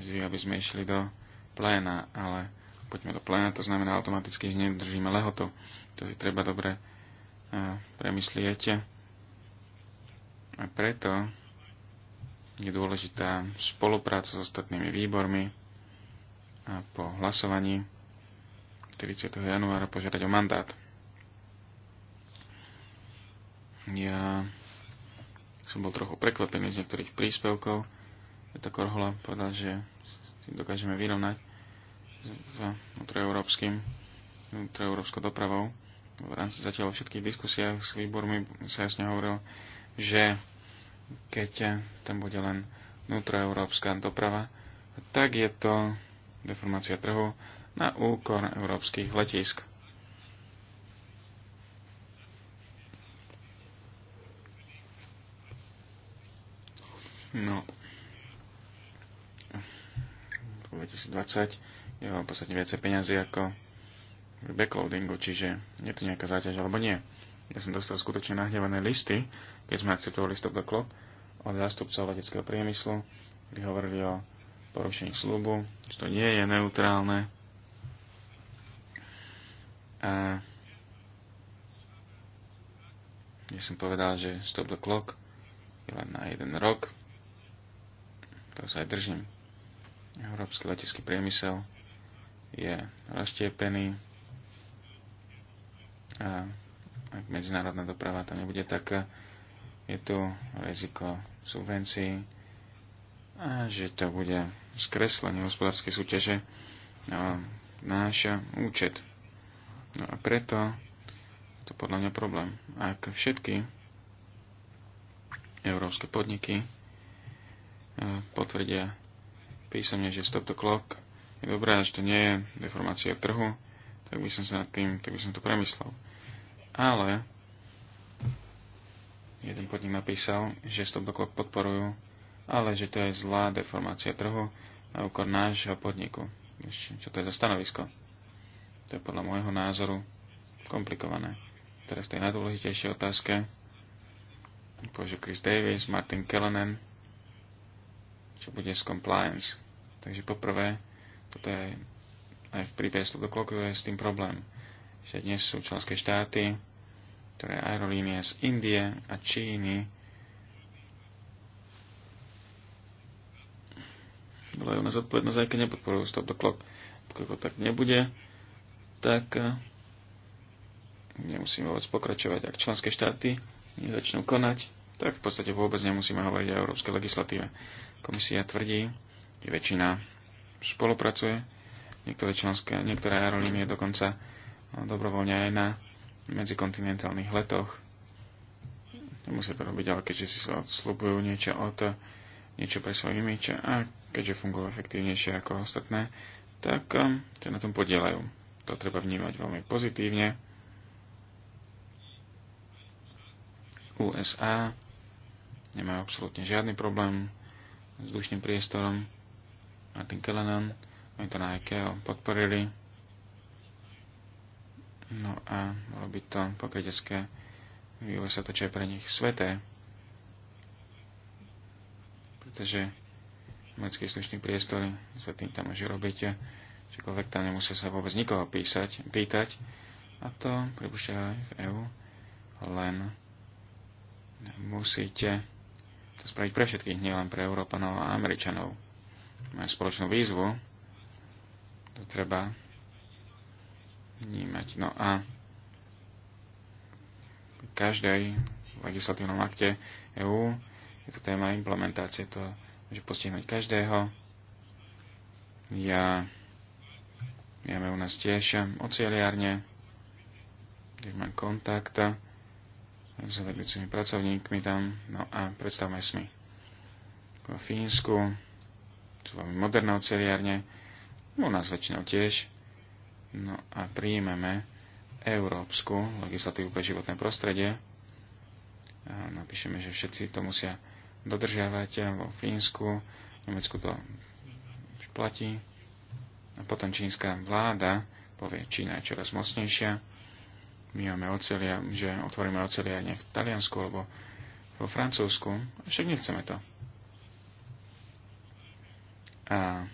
vždy, aby sme išli do pléna, ale poďme do pléna, to znamená automaticky hneď držíme lehotu. To si treba dobre e, premyslieť. A preto je dôležitá spolupráca s ostatnými výbormi a po hlasovaní 30. januára požiadať o mandát. Ja som bol trochu prekvapený z niektorých príspevkov, Peter Korhola povedal, že si dokážeme vyrovnať s vnútroeurópskym vnútroeurópskou dopravou. V rámci zatiaľ všetkých diskusiách s výbormi sa jasne hovoril, že keď tam bude len vnútroeurópska doprava, tak je to deformácia trhu na úkor európskych letisk. No, 2020 je v podstate viacej peniazy ako v backloadingu, čiže je to nejaká záťaž alebo nie. Ja som dostal skutočne nahnevané listy, keď sme akceptovali stop the od zástupcov leteckého priemyslu, kde hovorili o porušení slubu, že to nie je neutrálne. A ja som povedal, že stop the clock je len na jeden rok. To sa aj držím. Európsky letecký priemysel je rozštiepený a ak medzinárodná doprava tam nebude, tak je tu riziko subvencií a že to bude skreslenie hospodárskej súťaže na náš účet. No a preto je to podľa mňa problém. Ak všetky európske podniky eh, potvrdia písomne, že stop the clock je dobré, až to nie je deformácia trhu, tak by som sa nad tým, tak by som to premyslel. Ale jeden podnik napísal, že stop the clock podporujú, ale že to je zlá deformácia trhu na úkor nášho podniku. Čo to je za stanovisko? To je podľa môjho názoru komplikované. Teraz tej najdôležitejšie otázke Pože Chris Davis, Martin Kellenen, čo bude s compliance. Takže poprvé, toto je aj v prípade Slodoklokov je s tým problém, že dnes sú členské štáty, ktoré aerolínie z Indie a Číny u nás odpovednosť, aj keď nepodporujú stop the clock. Pokiaľ tak nebude, tak eh, nemusíme vôbec pokračovať. Ak členské štáty nezačnú konať, tak v podstate vôbec nemusíme hovoriť o európskej legislatíve. Komisia tvrdí, väčšina spolupracuje. Niektoré, členské, niektoré aerolínie dokonca no, dobrovoľne aj na medzikontinentálnych letoch. Nemusia to robiť, ale keďže si sa niečo od niečo pre svoj imič a keďže fungujú efektívnejšie ako ostatné, tak um, sa na tom podielajú. To treba vnímať veľmi pozitívne. USA nemajú absolútne žiadny problém s dušným priestorom. Martin Kellenen, oni to na IKEA podporili. No a bolo by to pokrytecké, vývoj sa to, čo je pre nich sveté. Pretože americký slušný priestor, svetým tam už robiť, čokoľvek tam nemusia sa vôbec nikoho písať, pýtať. A to pripúšťa aj v EU, len musíte to spraviť pre všetkých, nielen pre Európanov a Američanov máme spoločnú výzvu, to treba vnímať. No a v každej legislatívnom akte EÚ je to téma implementácie, to môže postihnúť každého. Ja vieme u nás tiež oceliárne, kde mám kontakt s vedúcimi pracovníkmi tam, no a predstavme si v Fínsku tu máme moderné oceliárne, no u nás väčšinou tiež. No a príjmeme európsku legislatívu pre životné prostredie. A napíšeme, že všetci to musia dodržiavať vo Fínsku, v Nemecku to platí. A potom čínska vláda povie, Čína je čoraz mocnejšia. My máme ocelia, že otvoríme oceliárne v Taliansku alebo vo Francúzsku. Však nechceme to. A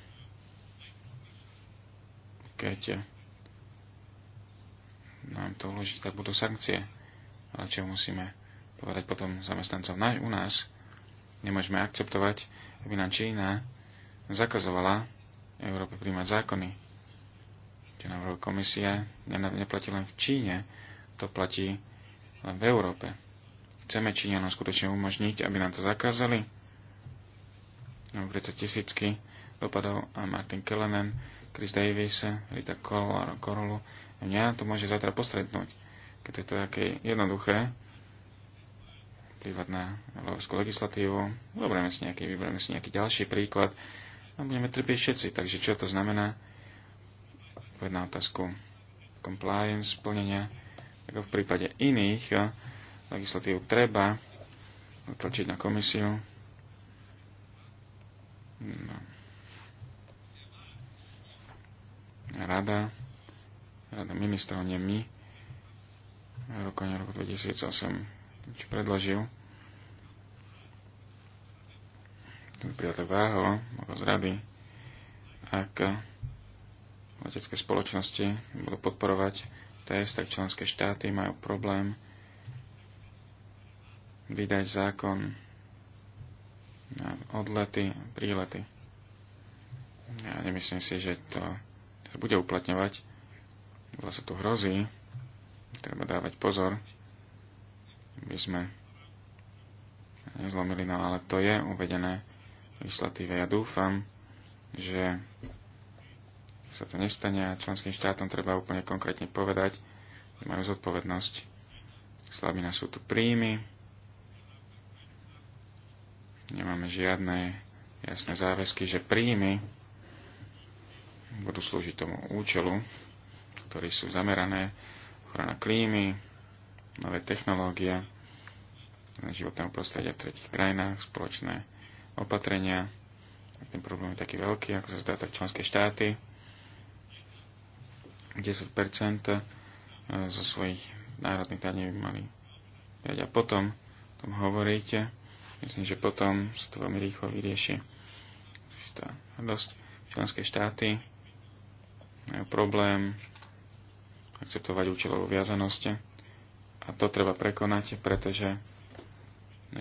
keď nám to uloží, tak budú sankcie. Ale čo musíme povedať potom zamestnancov naj u nás, nemôžeme akceptovať, aby nám Čína zakazovala Európe príjmať zákony. Čo návrhu Komisia neplatí len v Číne, to platí len v Európe. Chceme Číňanom skutočne umožniť, aby nám to zakázali? No, predsa tisícky dopadov a Martin Kellenen, Chris Davis, Rita Korolu. Mňa to môže zajtra postretnúť, keď je to také jednoduché vplyvať na lovskú legislatívu. Vyberieme si nejaký, vyberieme si nejaký ďalší príklad a budeme trpieť všetci. Takže čo to znamená? Poved na otázku compliance, plnenia, ako v prípade iných eh, legislatív treba tlačiť na komisiu. No rada, rada ministrov, nie my, rokovania roku 2008, čo predložil, prijaté váho, ako z rady, ak letecké spoločnosti budú podporovať test, tak členské štáty majú problém vydať zákon na odlety, prílety. Ja nemyslím si, že to sa bude uplatňovať. lebo sa tu hrozí. Treba dávať pozor, aby sme nezlomili, no ale to je uvedené v legislatíve. Ja dúfam, že sa to nestane a členským štátom treba úplne konkrétne povedať, že majú zodpovednosť. Slabina sú tu príjmy, nemáme žiadne jasné záväzky, že príjmy budú slúžiť tomu účelu, ktorí sú zamerané, ochrana klímy, nové technológie, životného prostredia v tretich krajinách, spoločné opatrenia. Ten problém je taký veľký, ako sa zdá, tak členské štáty 10% e, zo svojich národných daní by mali dať a potom o tom hovoríte. Myslím, že potom sa to veľmi rýchlo vyrieši. Tá dosť členské štáty problém akceptovať účelovú viazanosť a to treba prekonať, pretože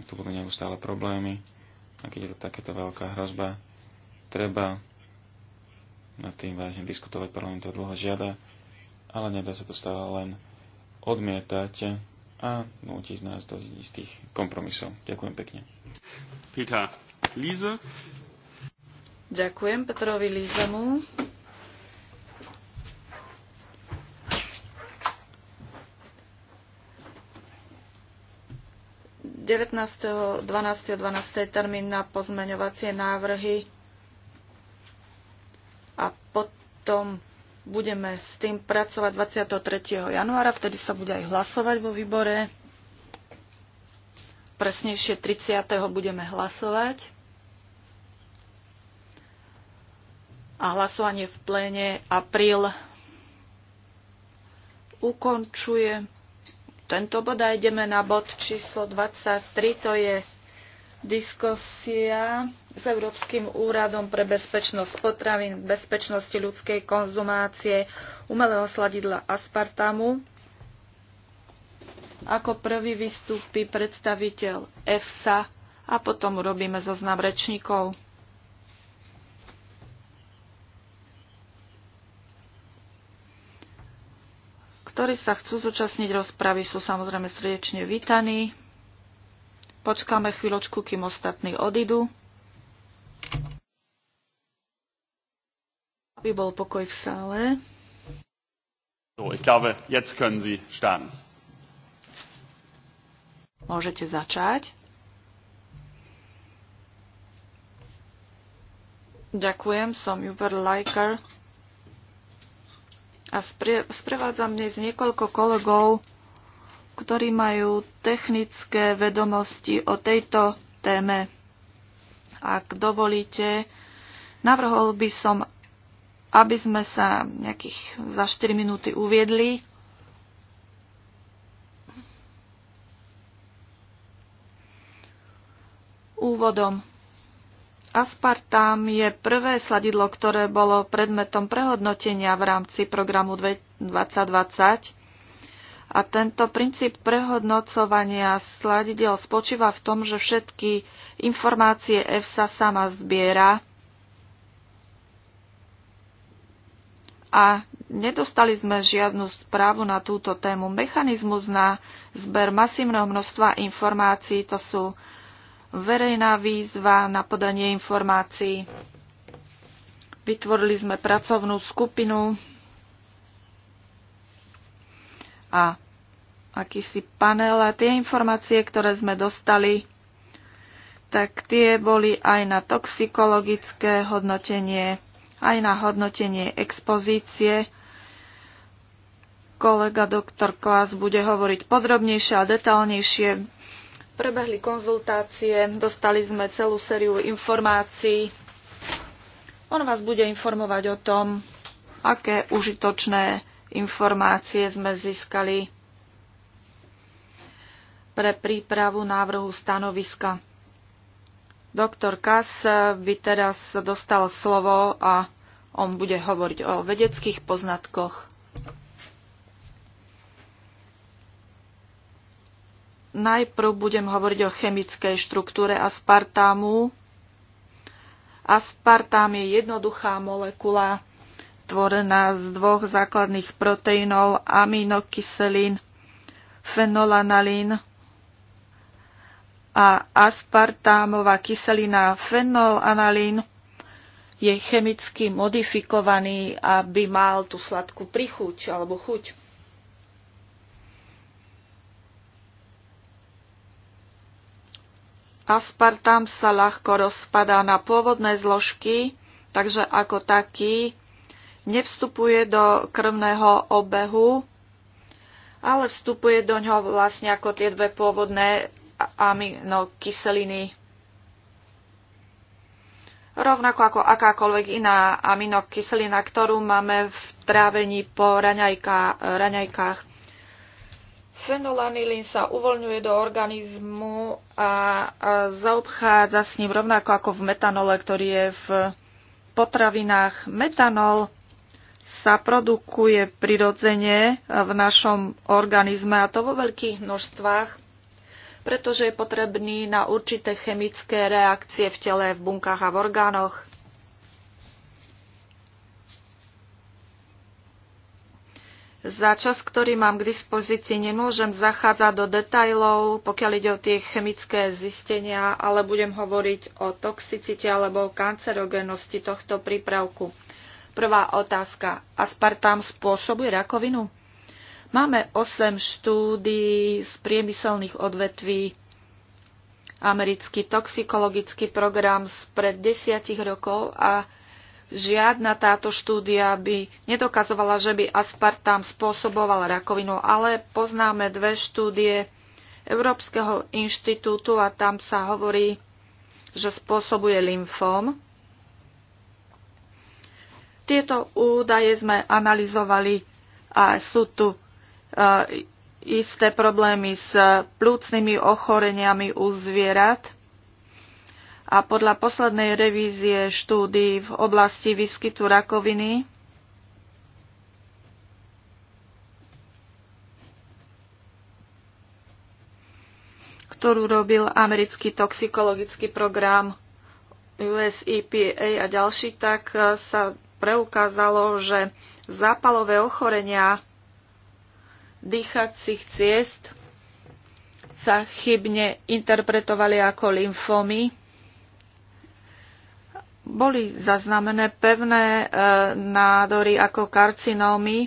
tu budú neustále problémy a keď je to takéto veľká hrozba, treba nad tým vážne diskutovať, parlament to dlho žiada, ale nedá sa to stále len odmietať a nútiť nás do istých kompromisov. Ďakujem pekne. Peter Líze. Ďakujem Petrovi Lízemu. 19. 12. termín na pozmeňovacie návrhy a potom budeme s tým pracovať 23. januára, vtedy sa bude aj hlasovať vo výbore. Presnejšie 30. budeme hlasovať. A hlasovanie v pléne apríl ukončuje tento bod a ideme na bod číslo 23. To je diskusia s Európskym úradom pre bezpečnosť potravín, bezpečnosti ľudskej konzumácie umelého sladidla aspartamu. Ako prvý vystúpi predstaviteľ EFSA a potom urobíme zoznam rečníkov. ktorí sa chcú zúčastniť rozpravy, sú samozrejme srdečne vítaní. Počkáme chvíľočku, kým ostatní odídu. Aby bol pokoj v sále. So, ich glaube, jetzt können Sie starten. Môžete začať. Ďakujem, som Uber Liker a sprevádza mne z niekoľko kolegov, ktorí majú technické vedomosti o tejto téme. Ak dovolíte, navrhol by som, aby sme sa nejakých za 4 minúty uviedli. Úvodom Aspartám je prvé sladidlo, ktoré bolo predmetom prehodnotenia v rámci programu 2020 a tento princíp prehodnocovania sladidel spočíva v tom, že všetky informácie EFSA sama zbiera a nedostali sme žiadnu správu na túto tému. Mechanizmus na zber masívneho množstva informácií to sú verejná výzva na podanie informácií. Vytvorili sme pracovnú skupinu a akýsi panel a tie informácie, ktoré sme dostali, tak tie boli aj na toxikologické hodnotenie, aj na hodnotenie expozície. Kolega doktor Klas bude hovoriť podrobnejšie a detálnejšie Prebehli konzultácie, dostali sme celú sériu informácií. On vás bude informovať o tom, aké užitočné informácie sme získali pre prípravu návrhu stanoviska. Doktor Kas by teraz dostal slovo a on bude hovoriť o vedeckých poznatkoch. Najprv budem hovoriť o chemickej štruktúre aspartámu. Aspartám je jednoduchá molekula tvorená z dvoch základných proteínov aminokyselín, fenolanalín a aspartámová kyselina fenolanalín je chemicky modifikovaný, aby mal tú sladkú prichuť alebo chuť. aspartam sa ľahko rozpadá na pôvodné zložky, takže ako taký nevstupuje do krvného obehu, ale vstupuje do ňoho vlastne ako tie dve pôvodné aminokyseliny. Rovnako ako akákoľvek iná aminokyselina, ktorú máme v trávení po raňajkách. Fenolanilín sa uvoľňuje do organizmu a, a zaobchádza s ním rovnako ako v metanole, ktorý je v potravinách. Metanol sa produkuje prirodzene v našom organizme a to vo veľkých množstvách, pretože je potrebný na určité chemické reakcie v tele, v bunkách a v orgánoch. Za čas, ktorý mám k dispozícii, nemôžem zachádzať do detajlov, pokiaľ ide o tie chemické zistenia, ale budem hovoriť o toxicite alebo kancerogenosti tohto prípravku. Prvá otázka. Aspartám spôsobuje rakovinu? Máme 8 štúdií z priemyselných odvetví. Americký toxikologický program spred desiatich rokov a Žiadna táto štúdia by nedokazovala, že by aspartám spôsoboval rakovinu, ale poznáme dve štúdie Európskeho inštitútu a tam sa hovorí, že spôsobuje lymfóm. Tieto údaje sme analyzovali a sú tu e, isté problémy s plúcnymi ochoreniami u zvierat – a podľa poslednej revízie štúdií v oblasti výskytu rakoviny ktorú robil americký toxikologický program US EPA a ďalší, tak e, sa preukázalo, že zápalové ochorenia dýchacích ciest sa chybne interpretovali ako lymfómy boli zaznamené pevné e, nádory ako karcinómy,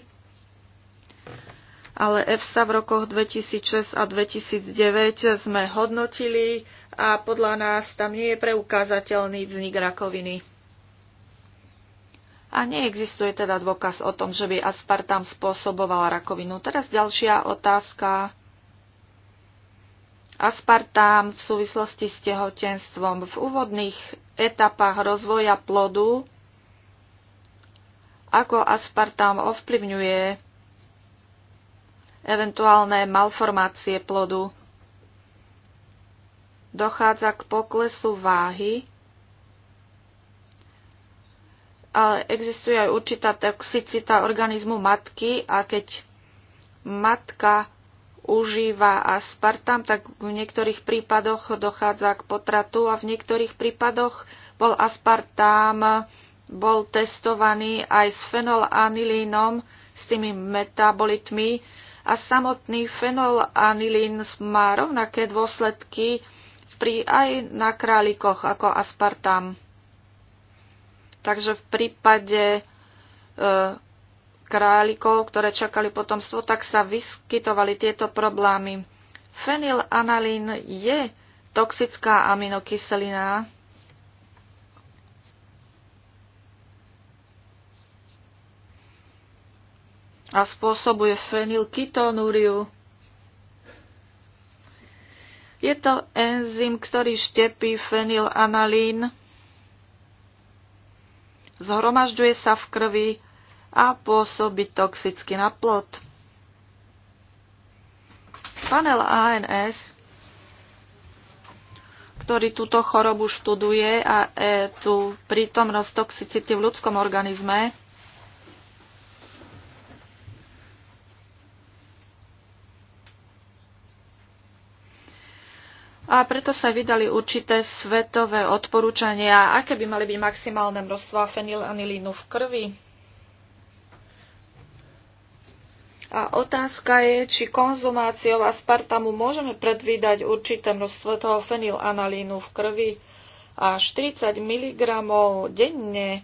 ale EFSA v rokoch 2006 a 2009 sme hodnotili a podľa nás tam nie je preukázateľný vznik rakoviny. A neexistuje teda dôkaz o tom, že by aspartam spôsoboval rakovinu. Teraz ďalšia otázka aspartám v súvislosti s tehotenstvom. V úvodných etapách rozvoja plodu, ako aspartám ovplyvňuje eventuálne malformácie plodu. Dochádza k poklesu váhy, ale existuje aj určitá toxicita organizmu matky a keď matka užíva aspartam, tak v niektorých prípadoch dochádza k potratu a v niektorých prípadoch bol aspartám, bol testovaný aj s fenolanilínom, s tými metabolitmi a samotný fenolanilín má rovnaké dôsledky pri aj na králikoch ako aspartam. Takže v prípade e, králikov, ktoré čakali potomstvo, tak sa vyskytovali tieto problémy. Fenylanalín je toxická aminokyselina, a spôsobuje fenylketonúriu. Je to enzym, ktorý štepí fenylanalín. Zhromažďuje sa v krvi a pôsobí toxicky na plod. Panel ANS, ktorý túto chorobu študuje a e, tú prítomnosť toxicity v ľudskom organizme, a preto sa vydali určité svetové odporúčania, aké by mali byť maximálne množstvo fenylanilínu v krvi. A otázka je, či konzumáciou aspartamu môžeme predvídať určité množstvo toho fenylanalínu v krvi a 40 mg denne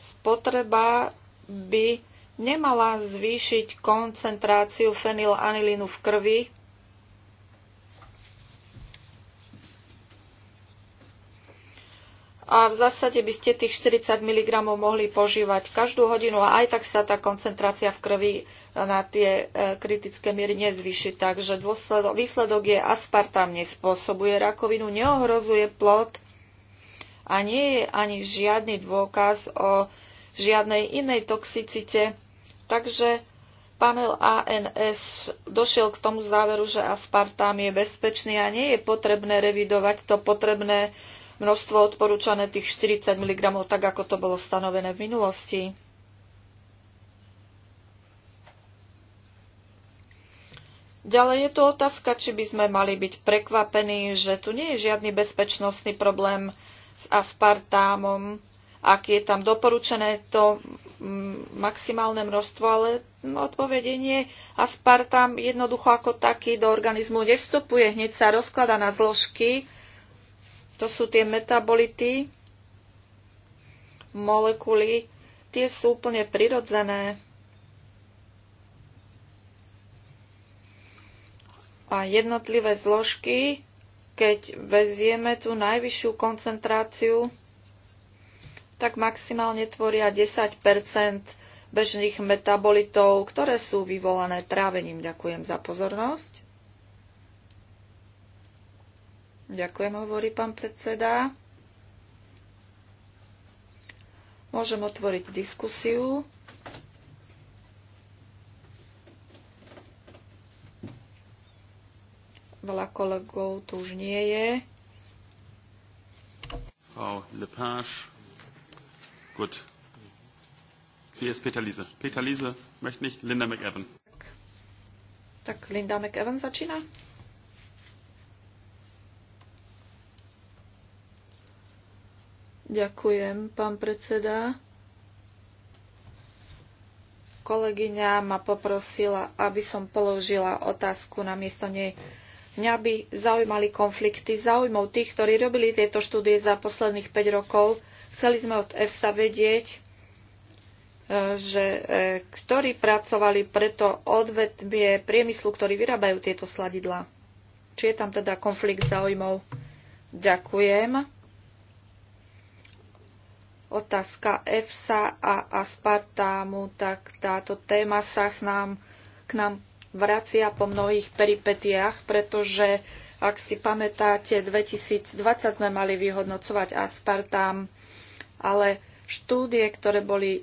spotreba by nemala zvýšiť koncentráciu fenylanilínu v krvi a v zásade by ste tých 40 mg mohli požívať každú hodinu a aj tak sa tá koncentrácia v krvi e, na tie e, kritické miery nezvyši. Takže dôsledok, výsledok je aspartam nespôsobuje rakovinu, neohrozuje plod a nie je ani žiadny dôkaz o žiadnej inej toxicite. Takže panel ANS došiel k tomu záveru, že aspartám je bezpečný a nie je potrebné revidovať to potrebné množstvo odporúčané tých 40 mg, tak ako to bolo stanovené v minulosti. Ďalej je tu otázka, či by sme mali byť prekvapení, že tu nie je žiadny bezpečnostný problém s aspartámom, ak je tam doporučené to mm, maximálne množstvo, ale odpovedenie aspartám jednoducho ako taký do organizmu nevstupuje, hneď sa rozklada na zložky to sú tie metabolity, molekuly, tie sú úplne prirodzené. A jednotlivé zložky, keď vezieme tú najvyššiu koncentráciu, tak maximálne tvoria 10 bežných metabolitov, ktoré sú vyvolané trávením. Ďakujem za pozornosť. Ďakujem, hovorí pán predseda. Môžem otvoriť diskusiu. Veľa kolegov tu už nie je. Frau Lepage. Gut. Sie ist Peter Liese. Peter Liese möchte nicht. Linda McEwan. Tak, tak Linda McEwan začína. Ďakujem, pán predseda. Kolegyňa ma poprosila, aby som položila otázku na miesto nej. Mňa by zaujímali konflikty záujmov tých, ktorí robili tieto štúdie za posledných 5 rokov. Chceli sme od EFSA vedieť, e, že e, ktorí pracovali preto odvetvie priemyslu, ktorí vyrábajú tieto sladidlá. Či je tam teda konflikt záujmov? Ďakujem otázka EFSA a Aspartámu, tak táto téma sa k nám, k nám vracia po mnohých peripetiách, pretože ak si pamätáte, 2020 sme mali vyhodnocovať Aspartám, ale štúdie, ktoré boli e,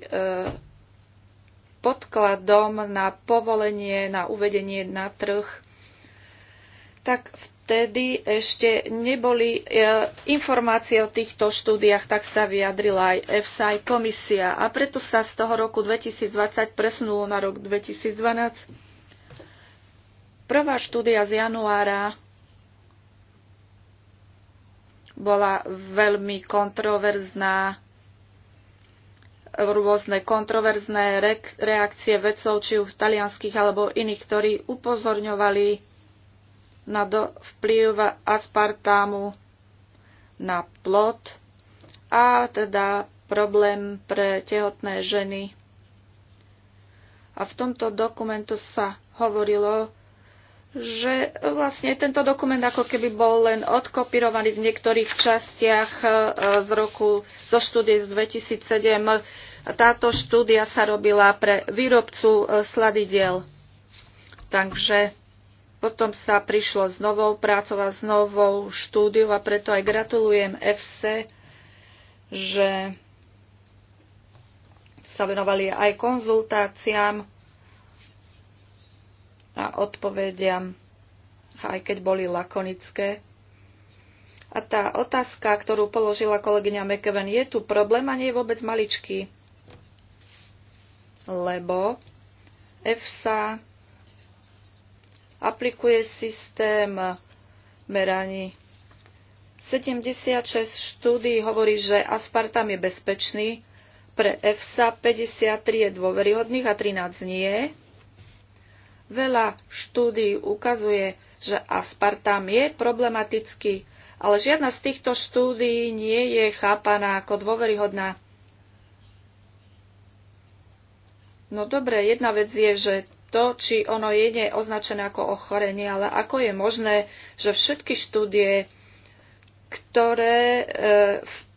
podkladom na povolenie, na uvedenie na trh, tak v vtedy ešte neboli e, informácie o týchto štúdiách, tak sa vyjadrila aj EFSA, aj komisia. A preto sa z toho roku 2020 presunulo na rok 2012. Prvá štúdia z januára bola veľmi kontroverzná. Rôzne kontroverzné reakcie vedcov, či už talianských alebo iných, ktorí upozorňovali na do, vplyv aspartámu na plod a teda problém pre tehotné ženy. A v tomto dokumentu sa hovorilo, že vlastne tento dokument ako keby bol len odkopirovaný v niektorých častiach e, z roku, zo štúdie z 2007. Táto štúdia sa robila pre výrobcu e, sladidiel. Takže potom sa prišlo s novou prácou a s novou štúdiou a preto aj gratulujem FC, že sa venovali aj konzultáciám a odpovediam, aj keď boli lakonické. A tá otázka, ktorú položila kolegyňa McEwen, je tu problém a nie je vôbec maličký. Lebo EFSA aplikuje systém meraní. 76 štúdí hovorí, že aspartam je bezpečný, pre EFSA 53 je dôveryhodných a 13 nie. Veľa štúdí ukazuje, že aspartam je problematický, ale žiadna z týchto štúdií nie je chápaná ako dôveryhodná. No dobre, jedna vec je, že to, či ono je nie označené ako ochorenie, ale ako je možné, že všetky štúdie, ktoré, e,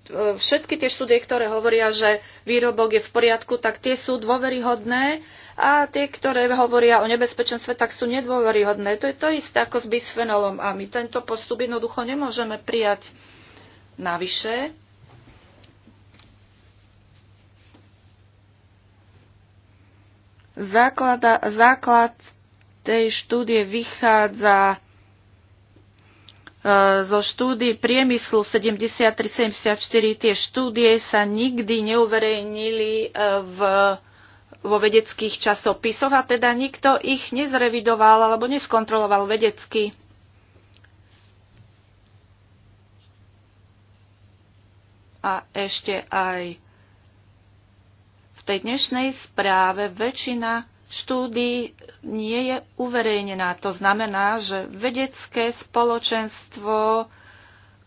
e, všetky tie štúdie, ktoré hovoria, že výrobok je v poriadku, tak tie sú dôveryhodné a tie, ktoré hovoria o nebezpečenstve, tak sú nedôveryhodné. To je to isté ako s bisfenolom a my tento postup jednoducho nemôžeme prijať. Navyše, Základa, základ tej štúdie vychádza e, zo štúdie priemyslu 73-74. Tie štúdie sa nikdy neuverejnili e, v, vo vedeckých časopisoch a teda nikto ich nezrevidoval alebo neskontroloval vedecky. A ešte aj tej dnešnej správe väčšina štúdií nie je uverejnená. To znamená, že vedecké spoločenstvo,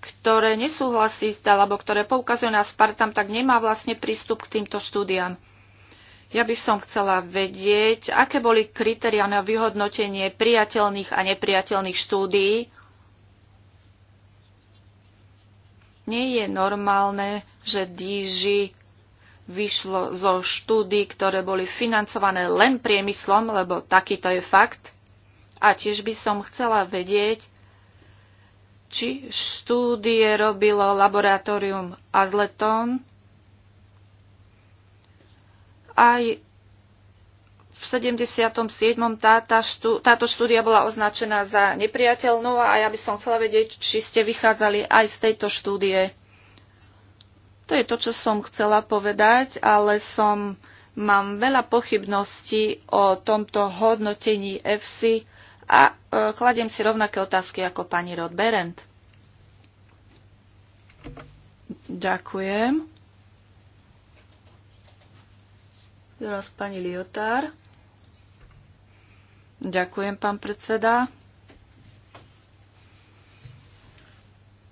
ktoré nesúhlasí alebo ktoré poukazuje na Spartam, tak nemá vlastne prístup k týmto štúdiám. Ja by som chcela vedieť, aké boli kritéria na vyhodnotenie priateľných a nepriateľných štúdií. Nie je normálne, že dýži vyšlo zo štúdí, ktoré boli financované len priemyslom, lebo takýto je fakt. A tiež by som chcela vedieť, či štúdie robilo laboratórium Azleton aj v 77. Štú, táto štúdia bola označená za nepriateľnú a ja by som chcela vedieť, či ste vychádzali aj z tejto štúdie. To je to, čo som chcela povedať, ale som, mám veľa pochybností o tomto hodnotení FC a e, kladiem si rovnaké otázky ako pani Rod Berend. Ďakujem. Teraz pani Liotár. Ďakujem, pán predseda.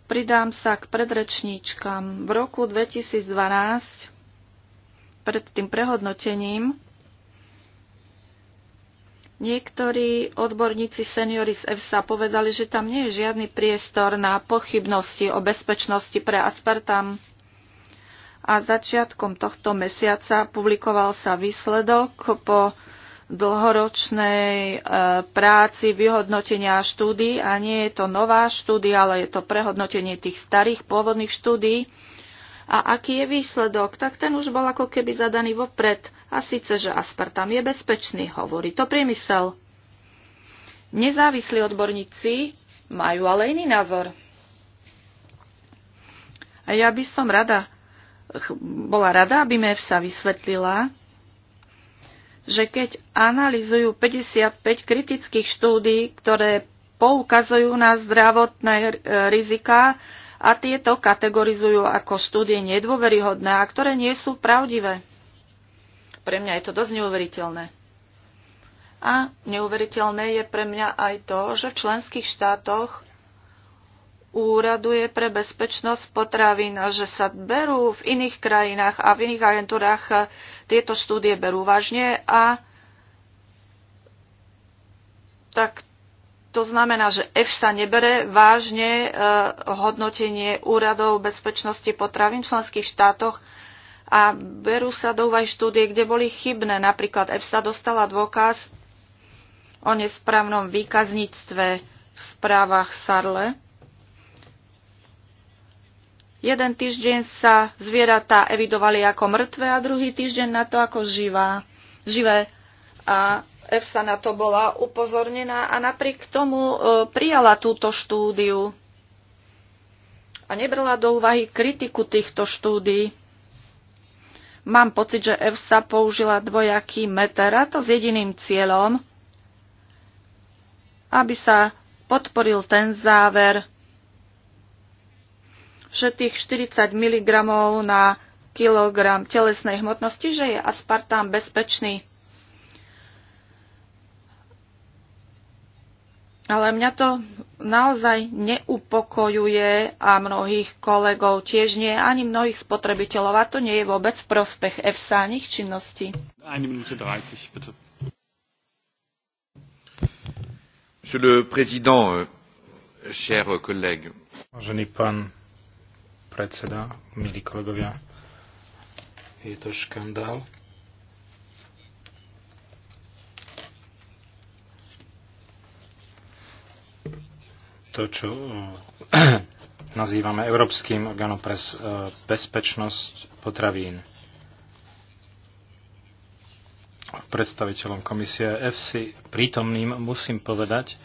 Pridám sa k predrečníčkam. V roku 2012, pred tým prehodnotením, Niektorí odborníci seniory z EFSA povedali, že tam nie je žiadny priestor na pochybnosti o bezpečnosti pre aspartam. A začiatkom tohto mesiaca publikoval sa výsledok po dlhoročnej e, práci, vyhodnotenia a štúdí a nie je to nová štúdia, ale je to prehodnotenie tých starých pôvodných štúdí. A aký je výsledok, tak ten už bol ako keby zadaný vopred. A síce, že aspartam je bezpečný, hovorí to priemysel. Nezávislí odborníci majú ale iný názor. A ja by som rada, bola rada, aby MEF sa vysvetlila, že keď analizujú 55 kritických štúdí, ktoré poukazujú na zdravotné e, riziká a tieto kategorizujú ako štúdie nedôveryhodné a ktoré nie sú pravdivé. Pre mňa je to dosť neuveriteľné. A neuveriteľné je pre mňa aj to, že v členských štátoch úradu je pre bezpečnosť potravín, že sa berú v iných krajinách a v iných agentúrach e, tieto štúdie berú vážne a tak to znamená, že EFSA nebere vážne e, hodnotenie úradov bezpečnosti potravín v členských štátoch a berú sa do úvahy štúdie, kde boli chybné. Napríklad EFSA dostala dôkaz o nesprávnom výkazníctve v správach Sarle Jeden týždeň sa zvieratá evidovali ako mŕtve a druhý týždeň na to ako živá, živé. A EFSA na to bola upozornená a napriek tomu e, prijala túto štúdiu a nebrala do úvahy kritiku týchto štúdií. Mám pocit, že EFSA použila dvojaký meter a to s jediným cieľom, aby sa podporil ten záver, že tých 40 mg na kilogram telesnej hmotnosti, že je aspartám bezpečný. Ale mňa to naozaj neupokojuje a mnohých kolegov tiež nie, ani mnohých spotrebiteľov a to nie je vôbec v prospech EFSA ani činností. činnosti. Monsieur le Président, euh, chers collègues. Vážený pán predseda, milí kolegovia. Je to škandál. To, čo eh, nazývame Európskym orgánom pre eh, bezpečnosť potravín. Predstaviteľom komisie EFSI prítomným musím povedať,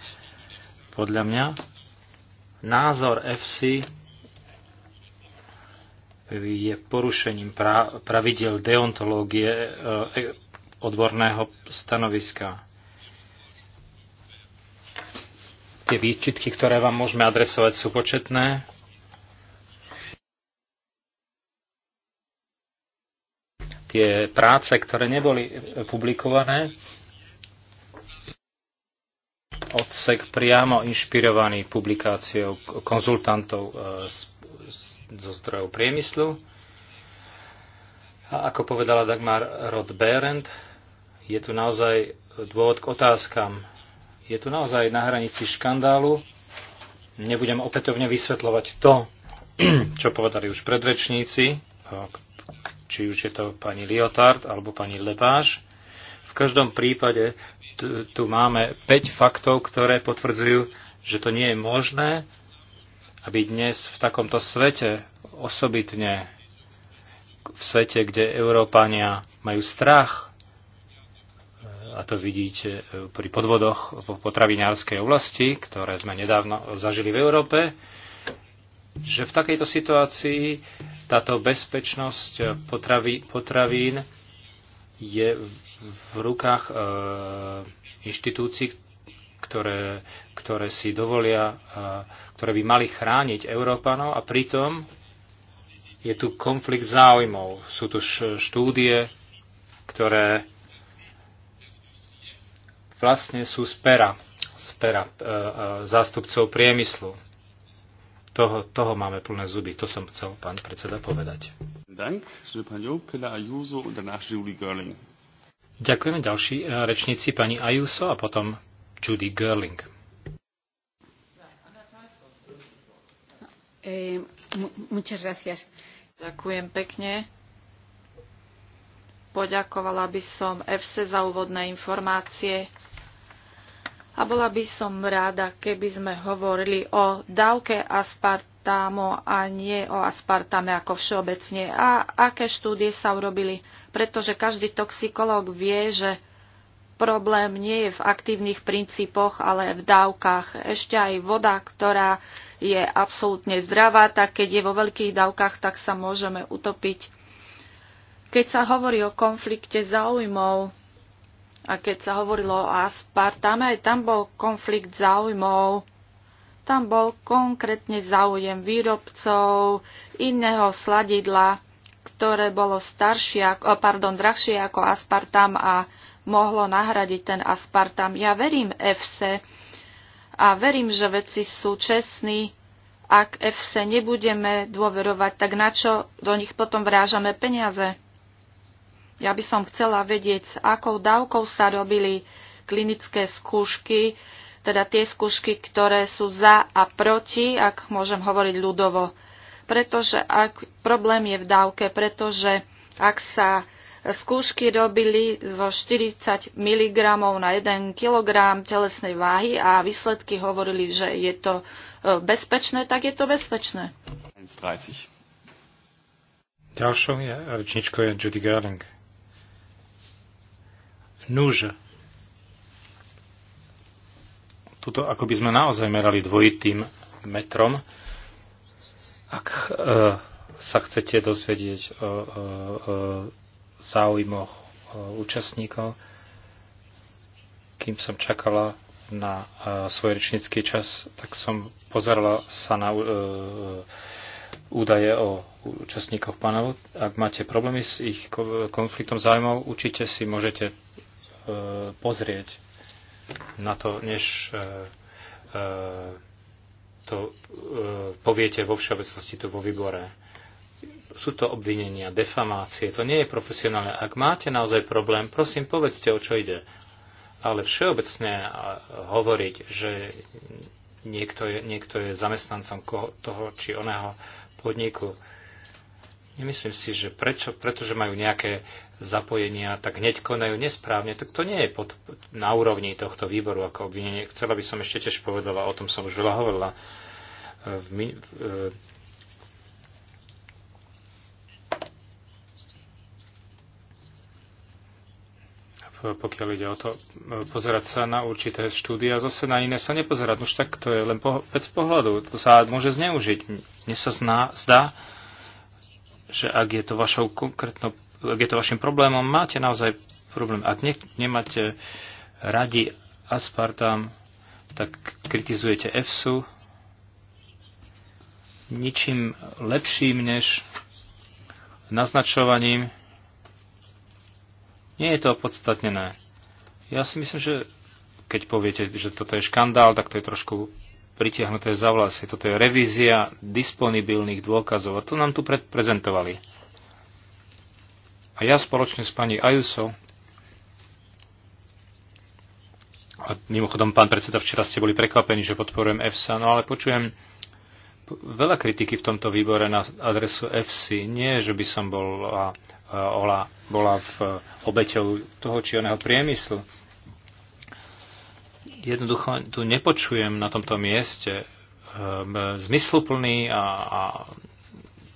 podľa mňa názor EFSI je porušením pravidel deontológie e, e, odborného stanoviska. Tie výčitky, ktoré vám môžeme adresovať, sú početné. Tie práce, ktoré neboli publikované, odsek priamo inšpirovaný publikáciou konzultantov z, e, z zo zdrojov priemyslu. A ako povedala Dagmar Rod Berend, je tu naozaj dôvod k otázkam. Je tu naozaj na hranici škandálu. Nebudem opätovne vysvetľovať to, čo povedali už predrečníci, či už je to pani Liotard alebo pani Lepáš. V každom prípade tu máme 5 faktov, ktoré potvrdzujú, že to nie je možné aby dnes v takomto svete, osobitne v svete, kde Európania majú strach, a to vidíte e, pri podvodoch v potravinárskej oblasti, ktoré sme nedávno zažili v Európe, že v takejto situácii táto bezpečnosť potravi, potravín je v, rukách e, inštitúcií, ktoré, ktoré si dovolia, ktoré by mali chrániť Európanov a pritom je tu konflikt záujmov. Sú tu štúdie, ktoré vlastne sú z pera, z pera e, e, zástupcov priemyslu. Toho, toho máme plné zuby. To som chcel, pán predseda, povedať. Ďakujeme ďalší e, rečníci, pani Ajuso a potom Judy Gerling. Eh, Ďakujem pekne. Poďakovala by som FC za úvodné informácie a bola by som rada, keby sme hovorili o dávke aspartámo a nie o aspartame ako všeobecne a aké štúdie sa urobili, pretože každý toxikológ vie, že problém nie je v aktívnych princípoch, ale v dávkach. Ešte aj voda, ktorá je absolútne zdravá, tak keď je vo veľkých dávkach, tak sa môžeme utopiť. Keď sa hovorí o konflikte záujmov a keď sa hovorilo o aspartame, aj tam bol konflikt záujmov. Tam bol konkrétne záujem výrobcov iného sladidla, ktoré bolo staršie, pardon, drahšie ako aspartam a mohlo nahradiť ten aspartam. Ja verím EFSE a verím, že veci sú čestní. Ak EFSE nebudeme dôverovať, tak na čo do nich potom vrážame peniaze? Ja by som chcela vedieť, s akou dávkou sa robili klinické skúšky, teda tie skúšky, ktoré sú za a proti, ak môžem hovoriť ľudovo. Pretože ak problém je v dávke, pretože ak sa skúšky robili zo 40 mg na 1 kg telesnej váhy a výsledky hovorili, že je to e, bezpečné, tak je to bezpečné. 30. Ďalšou je, rečničkou je Judy Garling. Núž. Tuto ako by sme naozaj merali dvojitým metrom. Ak e, sa chcete dozvedieť o, o, o záujmoch eh, účastníkov. Kým som čakala na eh, svoj rečnícky čas, tak som pozerala sa na eh, údaje o účastníkoch panelu. Ak máte problémy s ich konfliktom zájmov, určite si môžete pozrieť na to, než to poviete vo všeobecnosti tu vo výbore sú to obvinenia, defamácie, to nie je profesionálne. Ak máte naozaj problém, prosím, povedzte, o čo ide. Ale všeobecne hovoriť, že niekto je, niekto je zamestnancom koho, toho či oného podniku, nemyslím si, že prečo, pretože majú nejaké zapojenia, tak hneď konajú nesprávne, tak to nie je pod, na úrovni tohto výboru ako obvinenie. Chcela by som ešte tiež povedala, o tom som už veľa hovorila, v, v, pokiaľ ide o to e, pozerať sa na určité štúdie a zase na iné sa nepozerať. No už tak to je len po, vec pohľadu. To sa môže zneužiť. Mne sa zná, zdá, že ak je to vašou konkrétno, ak je to vašim problémom, máte naozaj problém. Ak ne, nemáte radi aspartam, tak kritizujete EFSU ničím lepším než naznačovaním nie je to opodstatnené. Ja si myslím, že keď poviete, že toto je škandál, tak to je trošku pritiahnuté za vlasy. Toto je revízia disponibilných dôkazov. A to nám tu prezentovali. A ja spoločne s pani Ajuso, a mimochodom, pán predseda, včera ste boli prekvapení, že podporujem EFSA, no ale počujem veľa kritiky v tomto výbore na adresu EFSI. Nie, že by som bol Ola bola v obeťou toho či oného priemyslu. Jednoducho tu nepočujem na tomto mieste ehm, zmysluplný a, a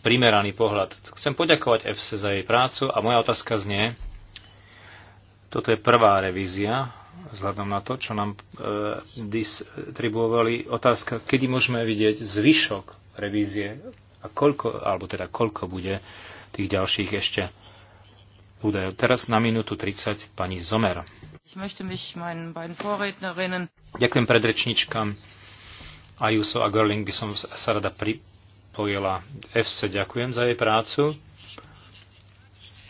primeraný pohľad. Chcem poďakovať FC za jej prácu a moja otázka znie, toto je prvá revízia, vzhľadom na to, čo nám e, distribuovali, otázka, kedy môžeme vidieť zvyšok revízie a koľko, alebo teda koľko bude tých ďalších ešte údajov. Teraz na minútu 30 pani Zomer. Ďakujem predrečničkám. Ajuso a Gerling, by som sa rada pripojila. FC ďakujem za jej prácu.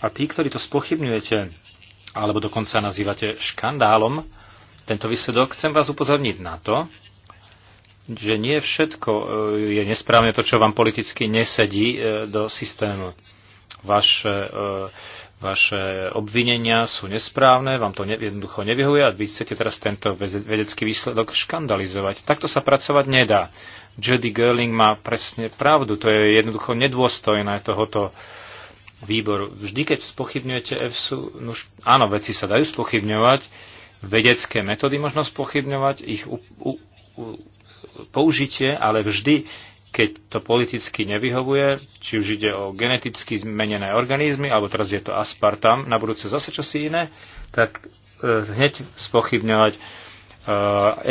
A tí, ktorí to spochybňujete, alebo dokonca nazývate škandálom, tento výsledok, chcem vás upozorniť na to, že nie všetko e, je nesprávne, to, čo vám politicky nesedí e, do systému. Vaše e, vaše obvinenia sú nesprávne, vám to ne, jednoducho nevyhovuje a vy chcete teraz tento vedecký výsledok škandalizovať. Takto sa pracovať nedá. Judy Girling má presne pravdu, to je jednoducho nedôstojné tohoto výboru. Vždy, keď spochybňujete EFSU, no už, áno, veci sa dajú spochybňovať, vedecké metódy možno spochybňovať, ich u, u, u, použitie, ale vždy keď to politicky nevyhovuje, či už ide o geneticky zmenené organizmy, alebo teraz je to aspartam, na budúce zase čosi iné, tak e, hneď spochybňovať e,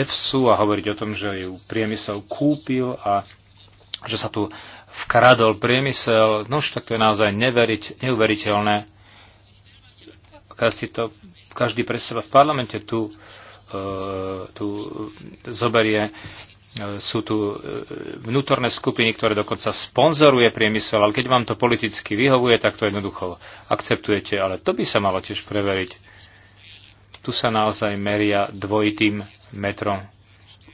EFSU a hovoriť o tom, že ju priemysel kúpil a že sa tu vkradol priemysel, no už tak to je naozaj neveriť, neuveriteľné. si to, každý pre seba v parlamente tu, e, tu zoberie E, sú tu e, vnútorné skupiny, ktoré dokonca sponzoruje priemysel, ale keď vám to politicky vyhovuje, tak to jednoducho akceptujete. Ale to by sa malo tiež preveriť. Tu sa naozaj meria dvojitým metrom.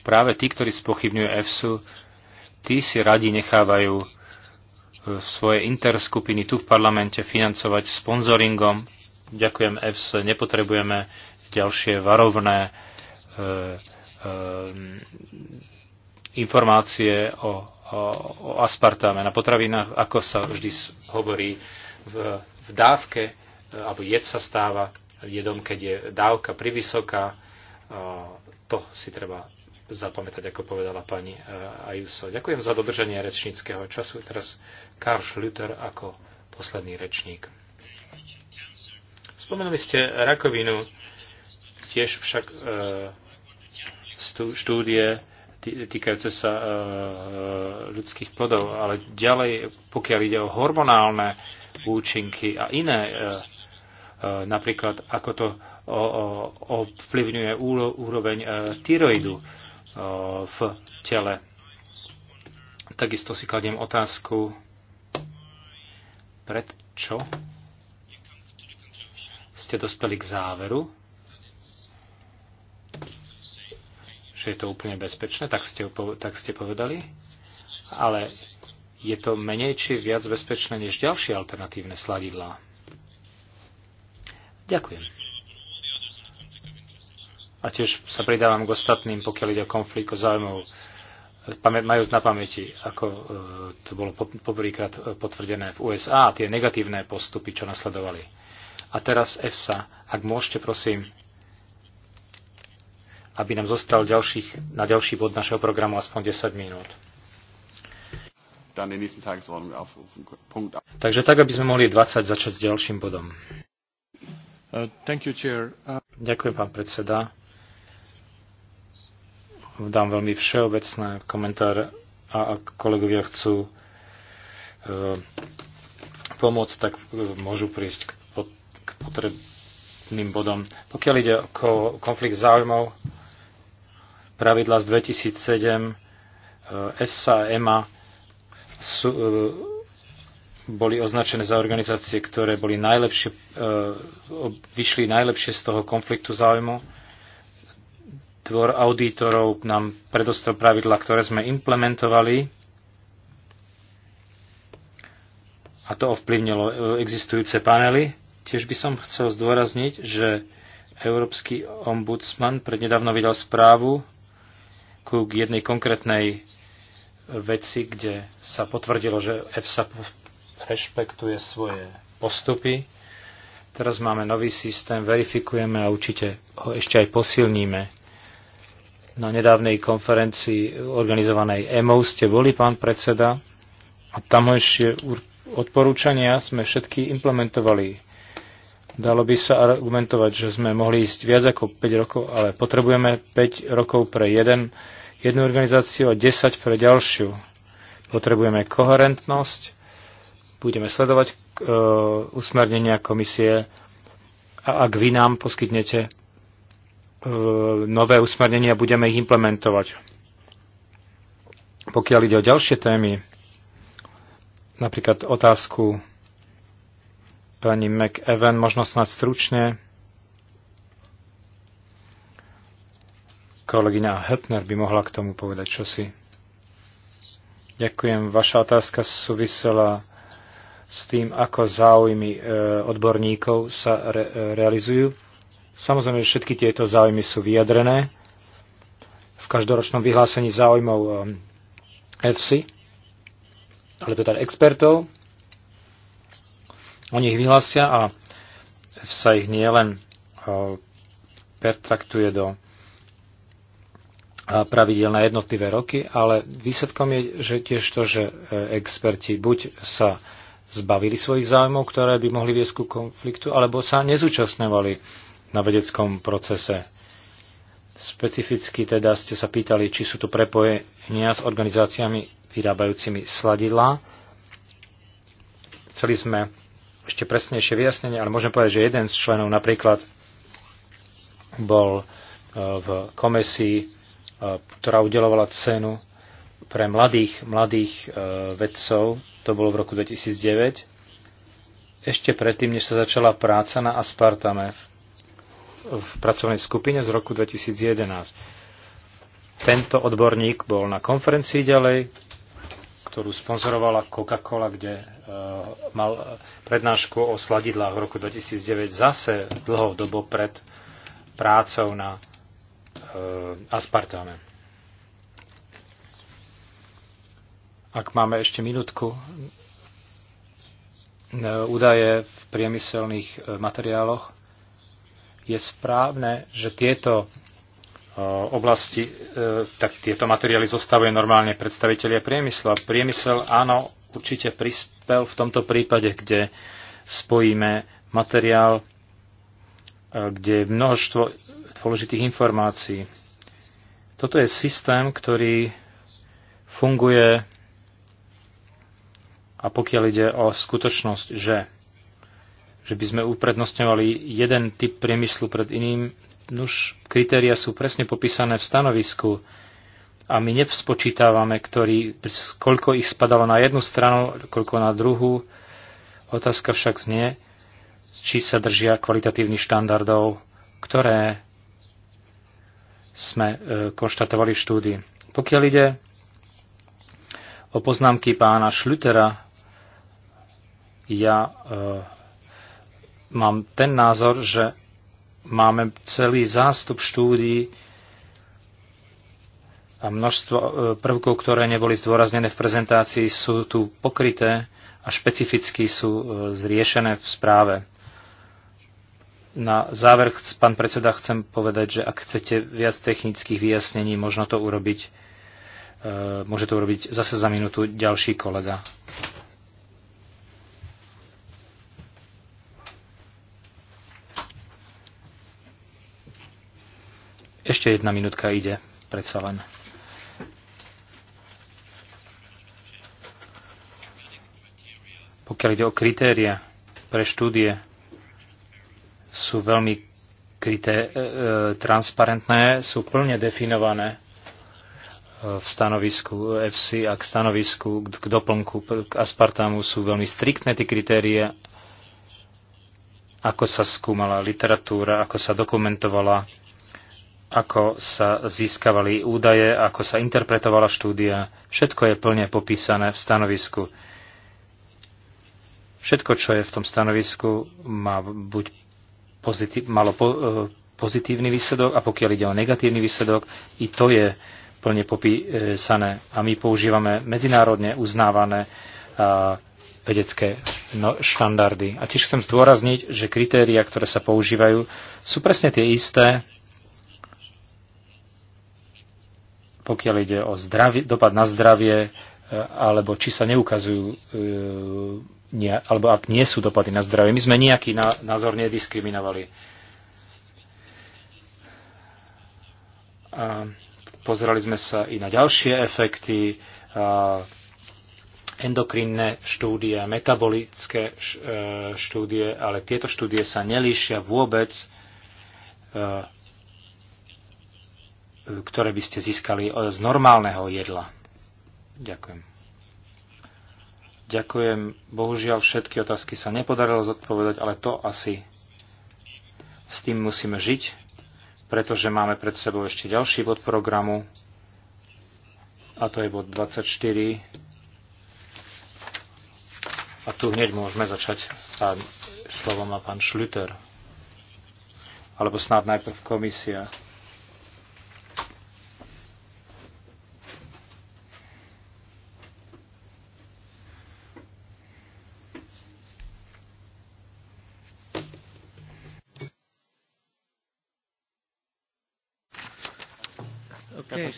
Práve tí, ktorí spochybňujú EFSU, tí si radi nechávajú e, svoje interskupiny tu v parlamente financovať sponzoringom. Ďakujem EFS, nepotrebujeme ďalšie varovné e, e, informácie o, o, o aspartáme na potravinách, ako sa vždy hovorí v, v dávke, e, alebo jed sa stáva jedom, keď je dávka privysoká. E, to si treba zapamätať, ako povedala pani e, Ajuso. Ďakujem za dodržanie rečníckého času. Teraz Karl Schlüter ako posledný rečník. Spomenuli ste rakovinu, tiež však e, štúdie týkajúce sa e, e, ľudských plodov, ale ďalej, pokiaľ ide o hormonálne účinky a iné, e, napríklad ako to ovplyvňuje úroveň tyroidu v tele. Takisto si kladiem otázku, prečo ste dospeli k záveru, že je to úplne bezpečné, tak ste, tak ste povedali, ale je to menej či viac bezpečné než ďalšie alternatívne sladidlá. Ďakujem. A tiež sa pridávam k ostatným, pokiaľ ide o konflikt o záujmov, majú na pamäti, ako e, to bolo poprvýkrát e, potvrdené v USA, tie negatívne postupy, čo nasledovali. A teraz EFSA, ak môžete, prosím, aby nám zostal ďalších, na ďalší bod našeho programu aspoň 10 minút. Takže tak, aby sme mohli 20 začať ďalším bodom. Uh, uh, Ďakujem, pán predseda. Dám veľmi všeobecné, komentár a ak kolegovia chcú uh, pomôcť, tak uh, môžu prísť k, pot- k potrebným bodom. Pokiaľ ide o konflikt záujmov, pravidla z 2007 e, EFSA a EMA sú, e, boli označené za organizácie, ktoré boli najlepšie, e, vyšli najlepšie z toho konfliktu záujmu. Dvor auditorov nám predostal pravidla, ktoré sme implementovali a to ovplyvnilo existujúce panely. Tiež by som chcel zdôrazniť, že Európsky ombudsman prednedávno vydal správu k jednej konkrétnej veci, kde sa potvrdilo, že EFSA rešpektuje svoje postupy. Teraz máme nový systém, verifikujeme a určite ho ešte aj posilníme. Na nedávnej konferencii organizovanej EMO ste boli, pán predseda, a tam ešte odporúčania sme všetky implementovali. Dalo by sa argumentovať, že sme mohli ísť viac ako 5 rokov, ale potrebujeme 5 rokov pre jeden jednu organizáciu a 10 pre ďalšiu. Potrebujeme koherentnosť, budeme sledovať e, usmernenia komisie a ak vy nám poskytnete e, nové usmernenia, budeme ich implementovať. Pokiaľ ide o ďalšie témy, napríklad otázku pani McEwen, možno snad stručne, Kolegyňa Hepner by mohla k tomu povedať čosi. Ďakujem. Vaša otázka súvisela s tým, ako záujmy e, odborníkov sa re- e, realizujú. Samozrejme, že všetky tieto záujmy sú vyjadrené v každoročnom vyhlásení záujmov EFSI, ale teda expertov. Oni ich vyhlásia a sa ich nielen e, pertraktuje do pravidel na jednotlivé roky, ale výsledkom je že tiež to, že e, experti buď sa zbavili svojich záujmov, ktoré by mohli viesť ku konfliktu, alebo sa nezúčastňovali na vedeckom procese. Specificky teda ste sa pýtali, či sú tu prepojenia s organizáciami vyrábajúcimi sladidlá. Chceli sme ešte presnejšie vyjasnenie, ale môžem povedať, že jeden z členov napríklad bol e, v komisii ktorá udelovala cenu pre mladých, mladých e, vedcov. To bolo v roku 2009. Ešte predtým, než sa začala práca na Aspartame v pracovnej skupine z roku 2011. Tento odborník bol na konferencii ďalej, ktorú sponzorovala Coca-Cola, kde uh, mal prednášku o sladidlách v roku 2009 zase dobu pred prácou na aspartáme. Ak máme ešte minútku, údaje v priemyselných e, materiáloch, je správne, že tieto e, oblasti, e, tak tieto materiály zostavuje normálne predstavitelia priemyslu. A priemysel áno, určite prispel v tomto prípade, kde spojíme materiál, kde množstvo dôležitých informácií. Toto je systém, ktorý funguje a pokiaľ ide o skutočnosť, že, že by sme uprednostňovali jeden typ priemyslu pred iným, už kritéria sú presne popísané v stanovisku a my nespočítavame, ktorý, koľko ich spadalo na jednu stranu, koľko na druhú. Otázka však znie, či sa držia kvalitatívnych štandardov, ktoré sme e, konštatovali v štúdii. Pokiaľ ide o poznámky pána Šlutera, ja e, mám ten názor, že máme celý zástup štúdií a množstvo e, prvkov, ktoré neboli zdôraznené v prezentácii, sú tu pokryté a špecificky sú zriešené v správe. Na záver, pán predseda, chcem povedať, že ak chcete viac technických vyjasnení, možno to urobiť, e, môže to urobiť zase za minútu ďalší kolega. Ešte jedna minútka ide, predsa len. Pokiaľ ide o kritéria pre štúdie, sú veľmi kryté, e, e, transparentné, sú plne definované e, v stanovisku FC a k stanovisku k doplnku k aspartámu sú veľmi striktné tie kritérie, ako sa skúmala literatúra, ako sa dokumentovala, ako sa získavali údaje, ako sa interpretovala štúdia. Všetko je plne popísané v stanovisku. Všetko, čo je v tom stanovisku, má buď pozitív, malo po, e, pozitívny výsledok a pokiaľ ide o negatívny výsledok, i to je plne popísané. A my používame medzinárodne uznávané e, vedecké no, štandardy. A tiež chcem zdôrazniť, že kritéria, ktoré sa používajú, sú presne tie isté, pokiaľ ide o zdravie, dopad na zdravie, e, alebo či sa neukazujú nie, alebo ak nie sú dopady na zdravie. My sme nejaký názor nediskriminovali. A pozerali sme sa i na ďalšie efekty, endokrinné štúdie, metabolické e, štúdie, ale tieto štúdie sa nelíšia vôbec, e, ktoré by ste získali e, z normálneho jedla. Ďakujem. Ďakujem. Bohužiaľ všetky otázky sa nepodarilo zodpovedať, ale to asi s tým musíme žiť, pretože máme pred sebou ešte ďalší bod programu a to je bod 24. A tu hneď môžeme začať slovom slovo má pán Schlüter. Alebo snad najprv komisia.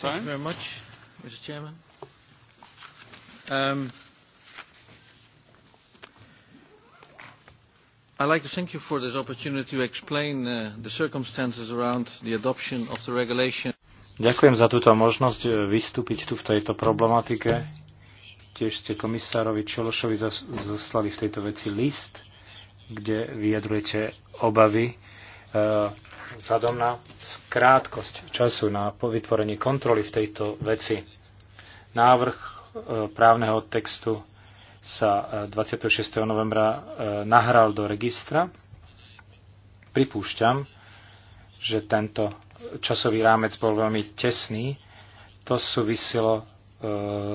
Thank you very much, Mr. Chairman. Um, I'd like to thank you for this opportunity to explain uh, the circumstances around the adoption of the regulation. Ďakujem za túto možnosť uh, vystúpiť tu v tejto problematike. Tiež ste komisárovi Čološovi zoslali v tejto veci list, kde vyjadrujete obavy uh, vzhľadom na skrátkosť času na vytvorenie kontroly v tejto veci. Návrh e, právneho textu sa 26. E, novembra e, nahral do registra. Pripúšťam, že tento časový rámec bol veľmi tesný. To súvisilo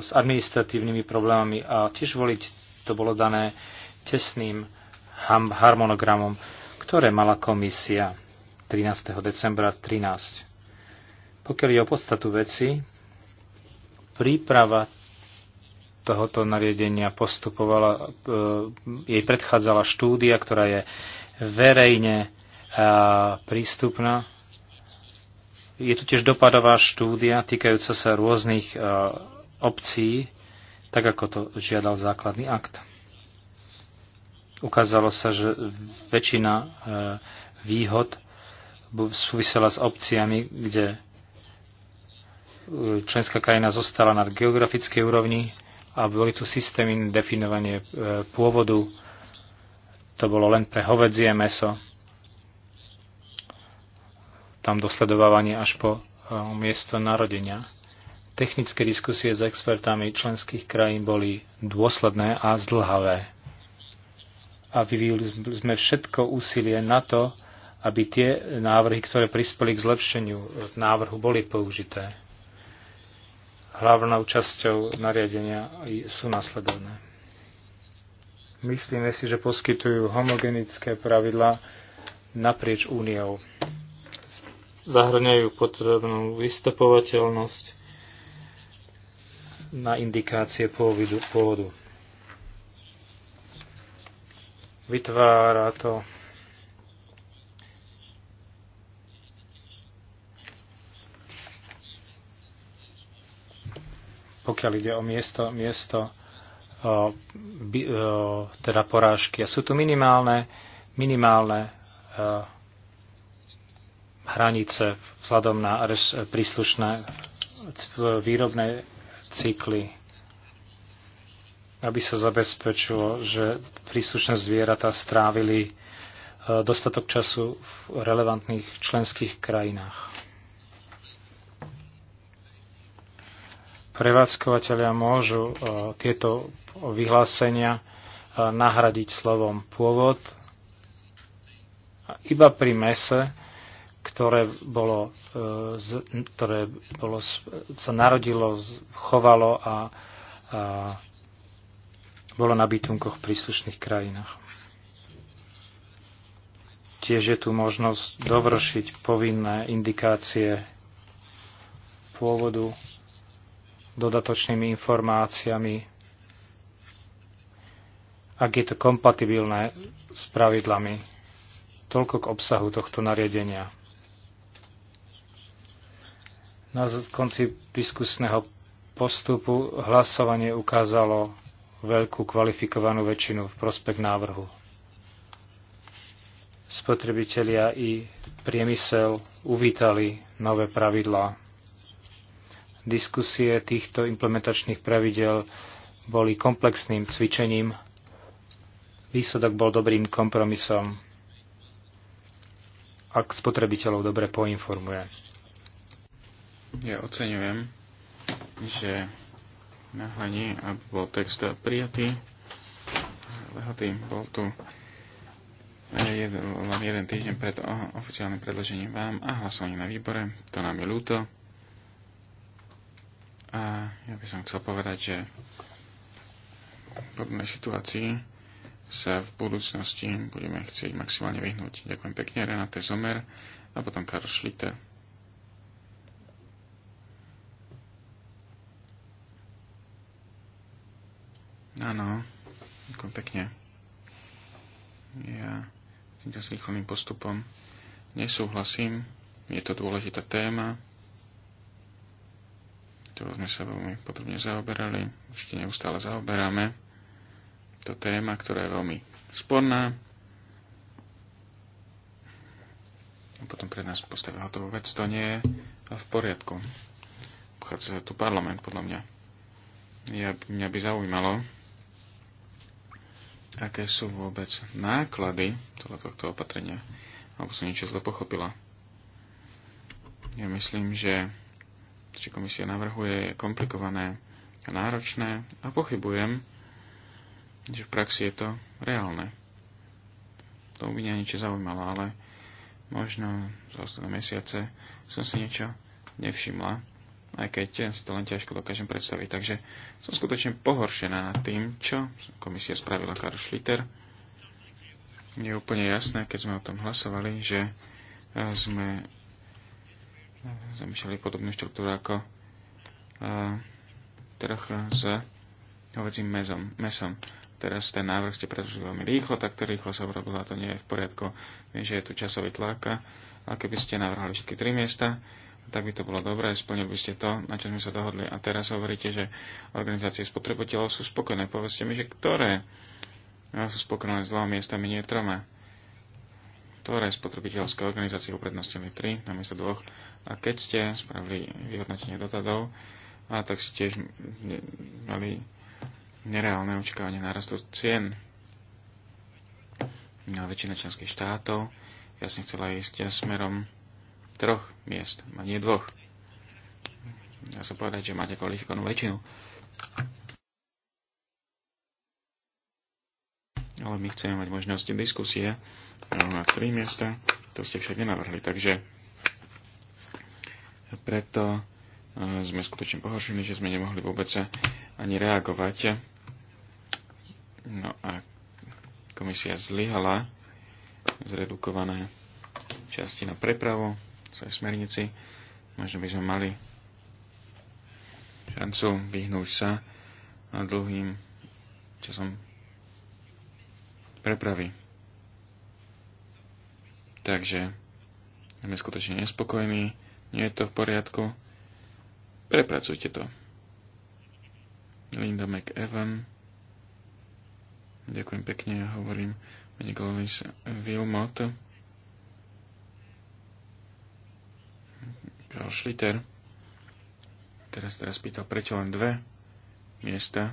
s administratívnymi problémami a tiež voliť to bolo dané tesným harmonogramom, ktoré mala komisia. 13. decembra 13. Pokiaľ je o podstatu veci, príprava tohoto nariadenia postupovala, e, jej predchádzala štúdia, ktorá je verejne e, prístupná. Je tu tiež dopadová štúdia týkajúca sa rôznych e, obcí, tak ako to žiadal základný akt. Ukázalo sa, že väčšina výhod súvisela s obciami, kde e, členská krajina zostala na geografickej úrovni a boli tu systémy definovanie e, pôvodu. To bolo len pre hovedzie meso. Tam dosledovávanie až po e, miesto narodenia. Technické diskusie s expertami členských krajín boli dôsledné a zdlhavé. A vyvíjali sme všetko úsilie na to, aby tie návrhy, ktoré prispeli k zlepšeniu návrhu, boli použité. Hlavnou časťou nariadenia sú nasledovné. Myslíme si, že poskytujú homogenické pravidla naprieč úniou. Zahrňajú potrebnú vystupovateľnosť na indikácie pôvodu. Vytvára to pokiaľ ide o miesto, miesto o, by, o, teda porážky. A sú tu minimálne, minimálne o, e, hranice vzhľadom na príslušné výrobné cykly, aby sa zabezpečilo, že príslušné zvieratá strávili e, dostatok času v relevantných členských krajinách. prevádzkovateľia môžu e, tieto vyhlásenia e, nahradiť slovom pôvod iba pri mese, ktoré, bolo, e, ktoré bolo, sa narodilo, chovalo a, a bolo na bytunkoch v príslušných krajinách. Tiež je tu možnosť dovršiť povinné indikácie pôvodu dodatočnými informáciami, ak je to kompatibilné s pravidlami. Toľko k obsahu tohto nariadenia. Na konci diskusného postupu hlasovanie ukázalo veľkú kvalifikovanú väčšinu v prospech návrhu. Spotrebitelia i priemysel uvítali nové pravidlá Diskusie týchto implementačných pravidel boli komplexným cvičením. Výsledok bol dobrým kompromisom, ak spotrebiteľov dobre poinformuje. Ja oceňujem, že nahlanie, aby bol text prijatý, Lehatý bol tu len jeden týždeň pred oficiálnym predložením vám a hlasovaním na výbore. To nám je ľúto. A ja by som chcel povedať, že v podobnej situácii sa v budúcnosti budeme chcieť maximálne vyhnúť. Ďakujem pekne Renate Zomer a potom Karl Schlitter. Áno, ďakujem pekne. Ja s týmto postupom nesúhlasím. Je to dôležitá téma ktorou sme sa veľmi podrobne zaoberali, ešte neustále zaoberáme. To téma, ktorá je veľmi sporná. A potom pre nás postavia hotovú vec, to nie je v poriadku. Pochádza sa tu parlament, podľa mňa. Ja, mňa by zaujímalo, aké sú vôbec náklady tohto opatrenia. Alebo som niečo zle pochopila. Ja myslím, že či komisia navrhuje, je komplikované a náročné a pochybujem, že v praxi je to reálne. To by mňa niečo zaujímalo, ale možno za ostatné mesiace som si niečo nevšimla, aj keď si to len ťažko dokážem predstaviť. Takže som skutočne pohoršená nad tým, čo komisia spravila Karl Schlitter. Je úplne jasné, keď sme o tom hlasovali, že e, sme zamýšľali podobnú štruktúru ako e, trh s hovedzím mesom. mesom. Teraz ten návrh ste predložili veľmi rýchlo, tak to rýchlo sa urobilo a to nie je v poriadku. Viem, že je tu časový tlak a keby ste navrhali všetky tri miesta, tak by to bolo dobré, splnili by ste to, na čo sme sa dohodli. A teraz hovoríte, že organizácie spotrebiteľov sú spokojné. Povedzte mi, že ktoré sú spokojné s dvoma miestami, nie troma ktoré spotrebiteľské organizácie uprednostnili 3 miesto 2. A keď ste spravili vyhodnotenie dotadov, a tak ste tiež mali nereálne očakávanie nárastu cien. A väčšina členských štátov jasne chcela ísť smerom troch miest, a nie dvoch. Ja sa povedať, že máte kvalifikovanú väčšinu. ale my chceme mať možnosť diskusie na tri miesta, to ste však nenavrhli, takže preto e, sme skutočne pohoršení, že sme nemohli vôbec ani reagovať. No a komisia zlyhala zredukované časti na prepravu v smernici. Možno by sme mali šancu vyhnúť sa dlhým časom prepravy. Takže sme skutočne nespokojní, nie je to v poriadku. Prepracujte to. Linda McEvan. Ďakujem pekne, ja hovorím mene Glovis Wilmot. Karl Schlitter teraz, teraz pýtal, prečo len dve miesta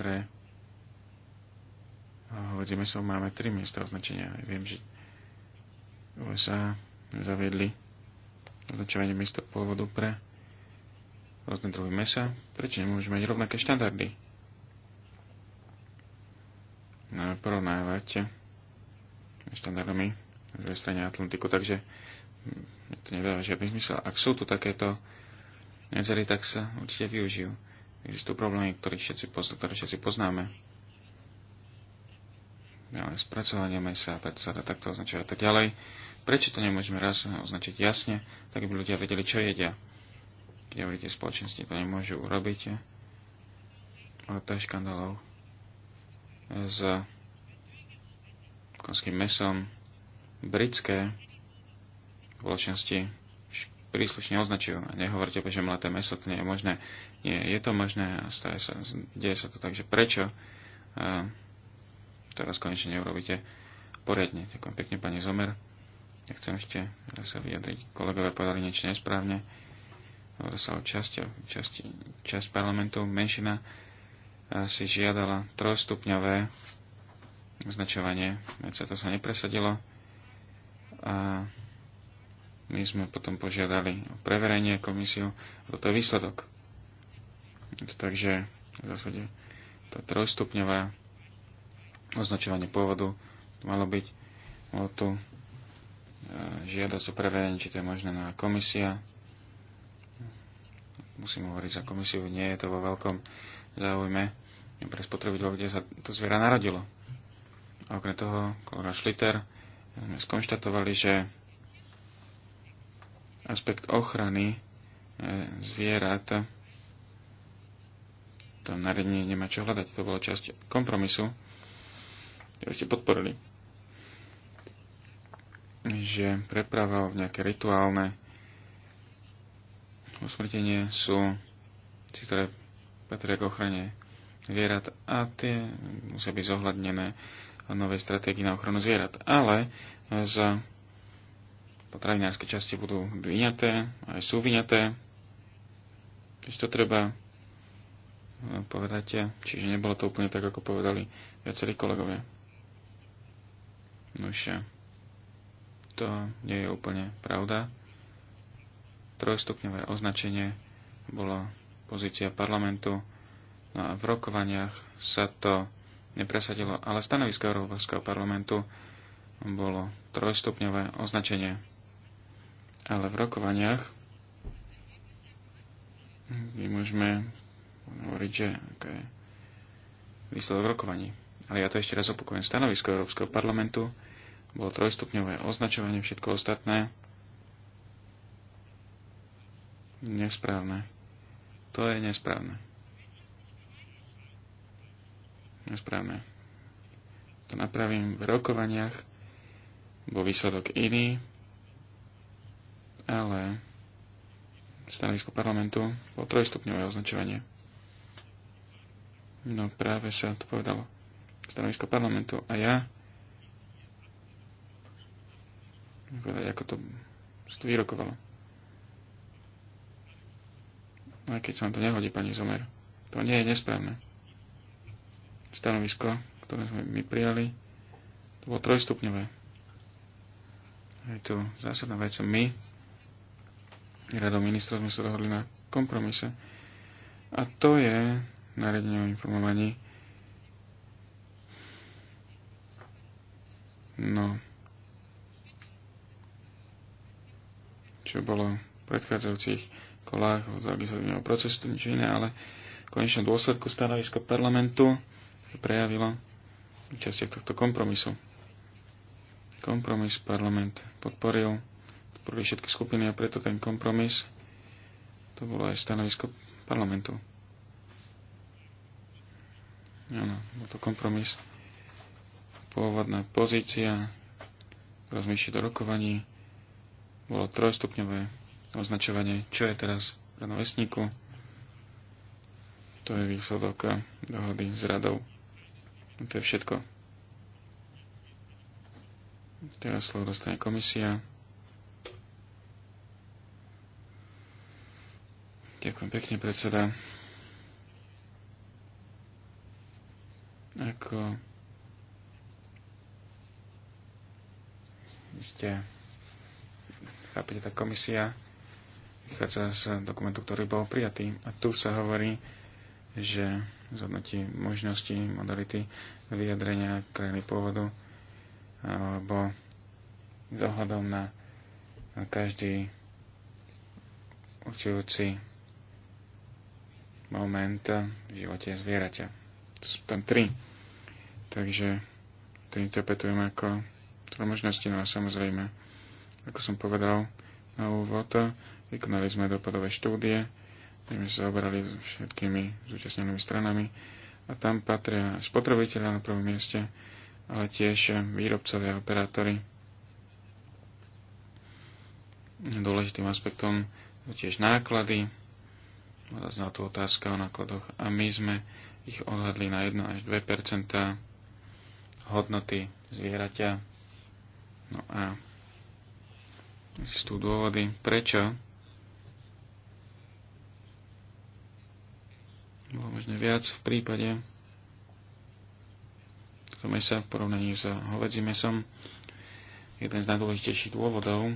pre hovedzie meso máme tri miesta označenia. Viem, že USA zaviedli označovanie miesto pôvodu pre rôzne druhy mesa. Prečo nemôžeme mať rovnaké štandardy? No, porovnávať štandardami na druhej strane Atlantiku, takže to nedáva žiadny zmysel. Ak sú tu takéto nezery, tak sa určite využijú. Existujú problémy, ktoré všetci, poznáme No, spracovanie mesa, preto sa to takto označuje a tak ďalej. Prečo to nemôžeme raz označiť jasne, tak aby ľudia vedeli, čo jedia? Keď hovoríte spoločnosti, to nemôžu urobiť. Ale to je škandálov s konským mesom. Britské spoločnosti príslušne označujú. A nehovorte, že mladé meso to nie je možné. Nie, je to možné a sa, deje sa to tak, že prečo? teraz konečne urobíte poriadne. Ďakujem pekne, pani Zomer. Ja chcem ešte ja sa vyjadriť. Kolegovia povedali niečo nesprávne. Hovorí sa o časť, časť, časť parlamentu. Menšina eh, si žiadala trojstupňové označovanie. Veď sa to sa nepresadilo. A my sme potom požiadali o preverenie komisiu. Toto je výsledok. Takže v zásade tá trojstupňová označovanie pôvodu malo byť o tu e, žiadosť o preverenie, či to je možné na komisia. Musím hovoriť za komisiu, nie je to vo veľkom záujme pre spotrebiteľov, kde sa to zviera narodilo. A okrem toho, kolega Šliter, sme skonštatovali, že aspekt ochrany e, zvierat to nariadenie nemá čo hľadať. To bolo časť kompromisu ktorú ste podporili. Že preprava v nejaké rituálne usmrtenie sú tie, ktoré patria k ochrane zvierat a tie musia byť zohľadnené v novej stratégii na ochranu zvierat. Ale z potravinárskej časti budú vyňaté, aj sú vyňaté. Čiže to treba povedať, čiže nebolo to úplne tak, ako povedali viacerí kolegovia. Už to nie je úplne pravda. Trojstupňové označenie bolo pozícia parlamentu. No a v rokovaniach sa to nepresadilo, ale stanovisko Európskeho parlamentu bolo trojstupňové označenie. Ale v rokovaniach my môžeme hovoriť, že aké okay, výsledok rokovaní. Ale ja to ešte raz opakujem. Stanovisko Európskeho parlamentu bolo trojstupňové označovanie, všetko ostatné nesprávne. To je nesprávne. Nesprávne. To napravím v rokovaniach. bo výsledok iný, ale stanovisko parlamentu bolo trojstupňové označovanie. No práve sa to povedalo stanovisko parlamentu a ja povedať, ako to, sa to vyrokovalo. Aj keď sa vám to nehodí, pani Zomer, to nie je nesprávne. Stanovisko, ktoré sme my prijali, to bolo trojstupňové. Je tu zásadná vec. My, radou ministrov, sme sa dohodli na kompromise. A to je nariadenie o informovaní No. Čo bolo v predchádzajúcich kolách z legislatívneho procesu, to nič iné, ale v konečnom dôsledku stanovisko parlamentu prejavilo účastie tohto kompromisu. Kompromis parlament podporil, podporili všetky skupiny a preto ten kompromis to bolo aj stanovisko parlamentu. Áno, bol to kompromis pôvodná pozícia rozmýšľa do rokovaní bolo trojstupňové označovanie, čo je teraz v vesníku. To je výsledok dohody s radou. To je všetko. Teraz slovo dostane komisia. Ďakujem pekne, predseda. Ako ste chápete, tá komisia vychádza z dokumentu, ktorý bol prijatý. A tu sa hovorí, že zhodnotí možnosti, modality vyjadrenia krajiny pôvodu alebo s ohľadom na každý určujúci moment v živote zvieraťa. To sú tam tri. Takže to interpretujeme ako ktoré možnosti. No a samozrejme, ako som povedal na úvod, vykonali sme dopadové štúdie, sme sa obrali s všetkými zúčastnenými stranami a tam patria spotrebitelia na prvom mieste, ale tiež výrobcovia a operátory. Dôležitým aspektom sú tiež náklady. Zná tu otázka o nákladoch. A my sme ich odhadli na 1 až 2 hodnoty zvieratia. No a sú dôvody, prečo bolo možno viac v prípade mesa v porovnaní s hovedzím mesom. Jeden z najdôležitejších dôvodov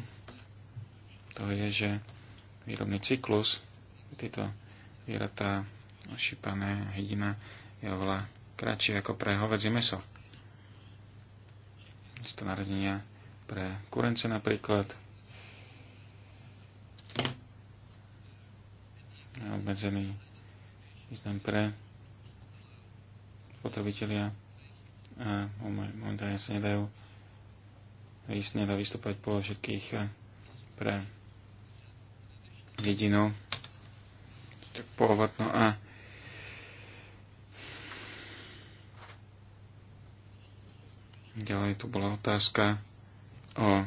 to je, že výrobný cyklus tieto vieratá šípané hydina je oveľa kratší ako pre hovedzie meso. Z to narodenia pre kurence napríklad. Obmedzený význam pre potrebitelia a momentálne sa nedajú nedá vystúpať po všetkých eh, pre jedinú tak no a ďalej tu bola otázka o,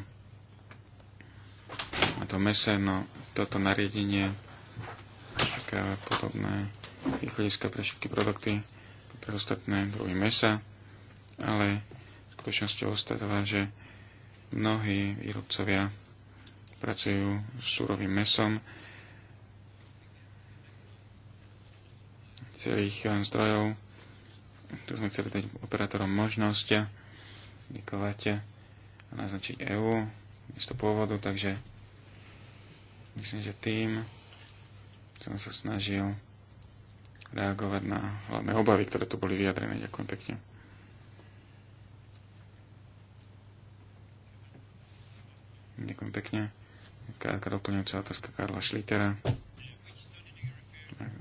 o to mese, no toto nariadenie také podobné východiska pre všetky produkty, pre ostatné druhy mesa, ale skutočnosťou ostatová, že mnohí výrobcovia pracujú s súrovým mesom, celých eh, zdrojov. Tu sme chceli dať operátorom možnosť ďakovať eh, eh, naznačiť EU miesto pôvodu, takže myslím, že tým som sa snažil reagovať na hlavné obavy, ktoré tu boli vyjadrené. Ďakujem pekne. Ďakujem pekne. Krátka doplňujúca otázka Karla Šlitera.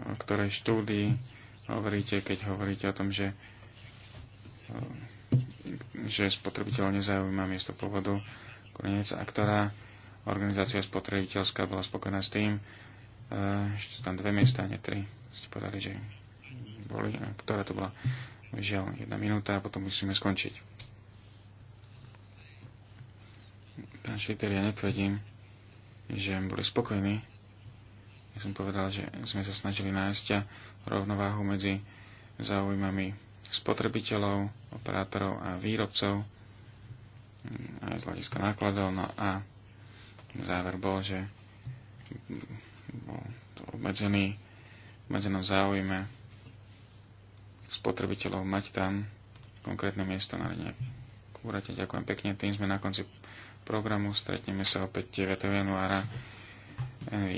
O ktorej štúdii hovoríte, keď hovoríte o tom, že že spotrebiteľ nezaujíma miesto pôvodu koniec a ktorá organizácia spotrebiteľská bola spokojná s tým, ešte eh, tam dve miesta, nie tri, ste povedali, že boli, a ktorá to bola, žiaľ, jedna minúta a potom musíme skončiť. Pán Šviter, ja netvrdím, že boli spokojní. Ja som povedal, že sme sa snažili nájsť rovnováhu medzi záujmami spotrebiteľov, operátorov a výrobcov mm, aj z hľadiska nákladov. No a záver bol, že bol to obmedzený, v obmedzenom záujme spotrebiteľov mať tam konkrétne miesto na Kúrate, ďakujem pekne. Tým sme na konci programu. Stretneme sa opäť 9. januára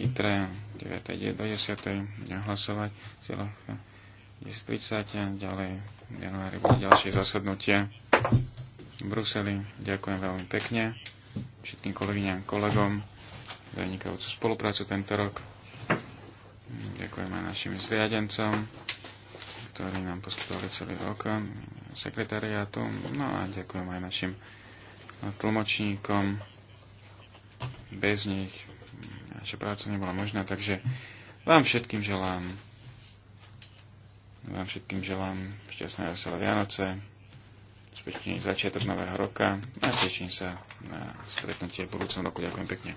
ITRE 9. do 10. hlasovať 10.30 ďalej v januári bude ďalšie zasadnutie v Bruseli. Ďakujem veľmi pekne všetkým kolegyňam, kolegom za vynikajúcu spoluprácu tento rok. Ďakujem aj našim zriadencom, ktorí nám poskytovali celý rok, sekretariátu, no a ďakujem aj našim tlmočníkom. Bez nich naša práca nebola možná, takže vám všetkým želám vám všetkým želám šťastné a veselé Vianoce, spečný začiatok nového roka a teším sa na stretnutie v budúcom roku. Ďakujem pekne.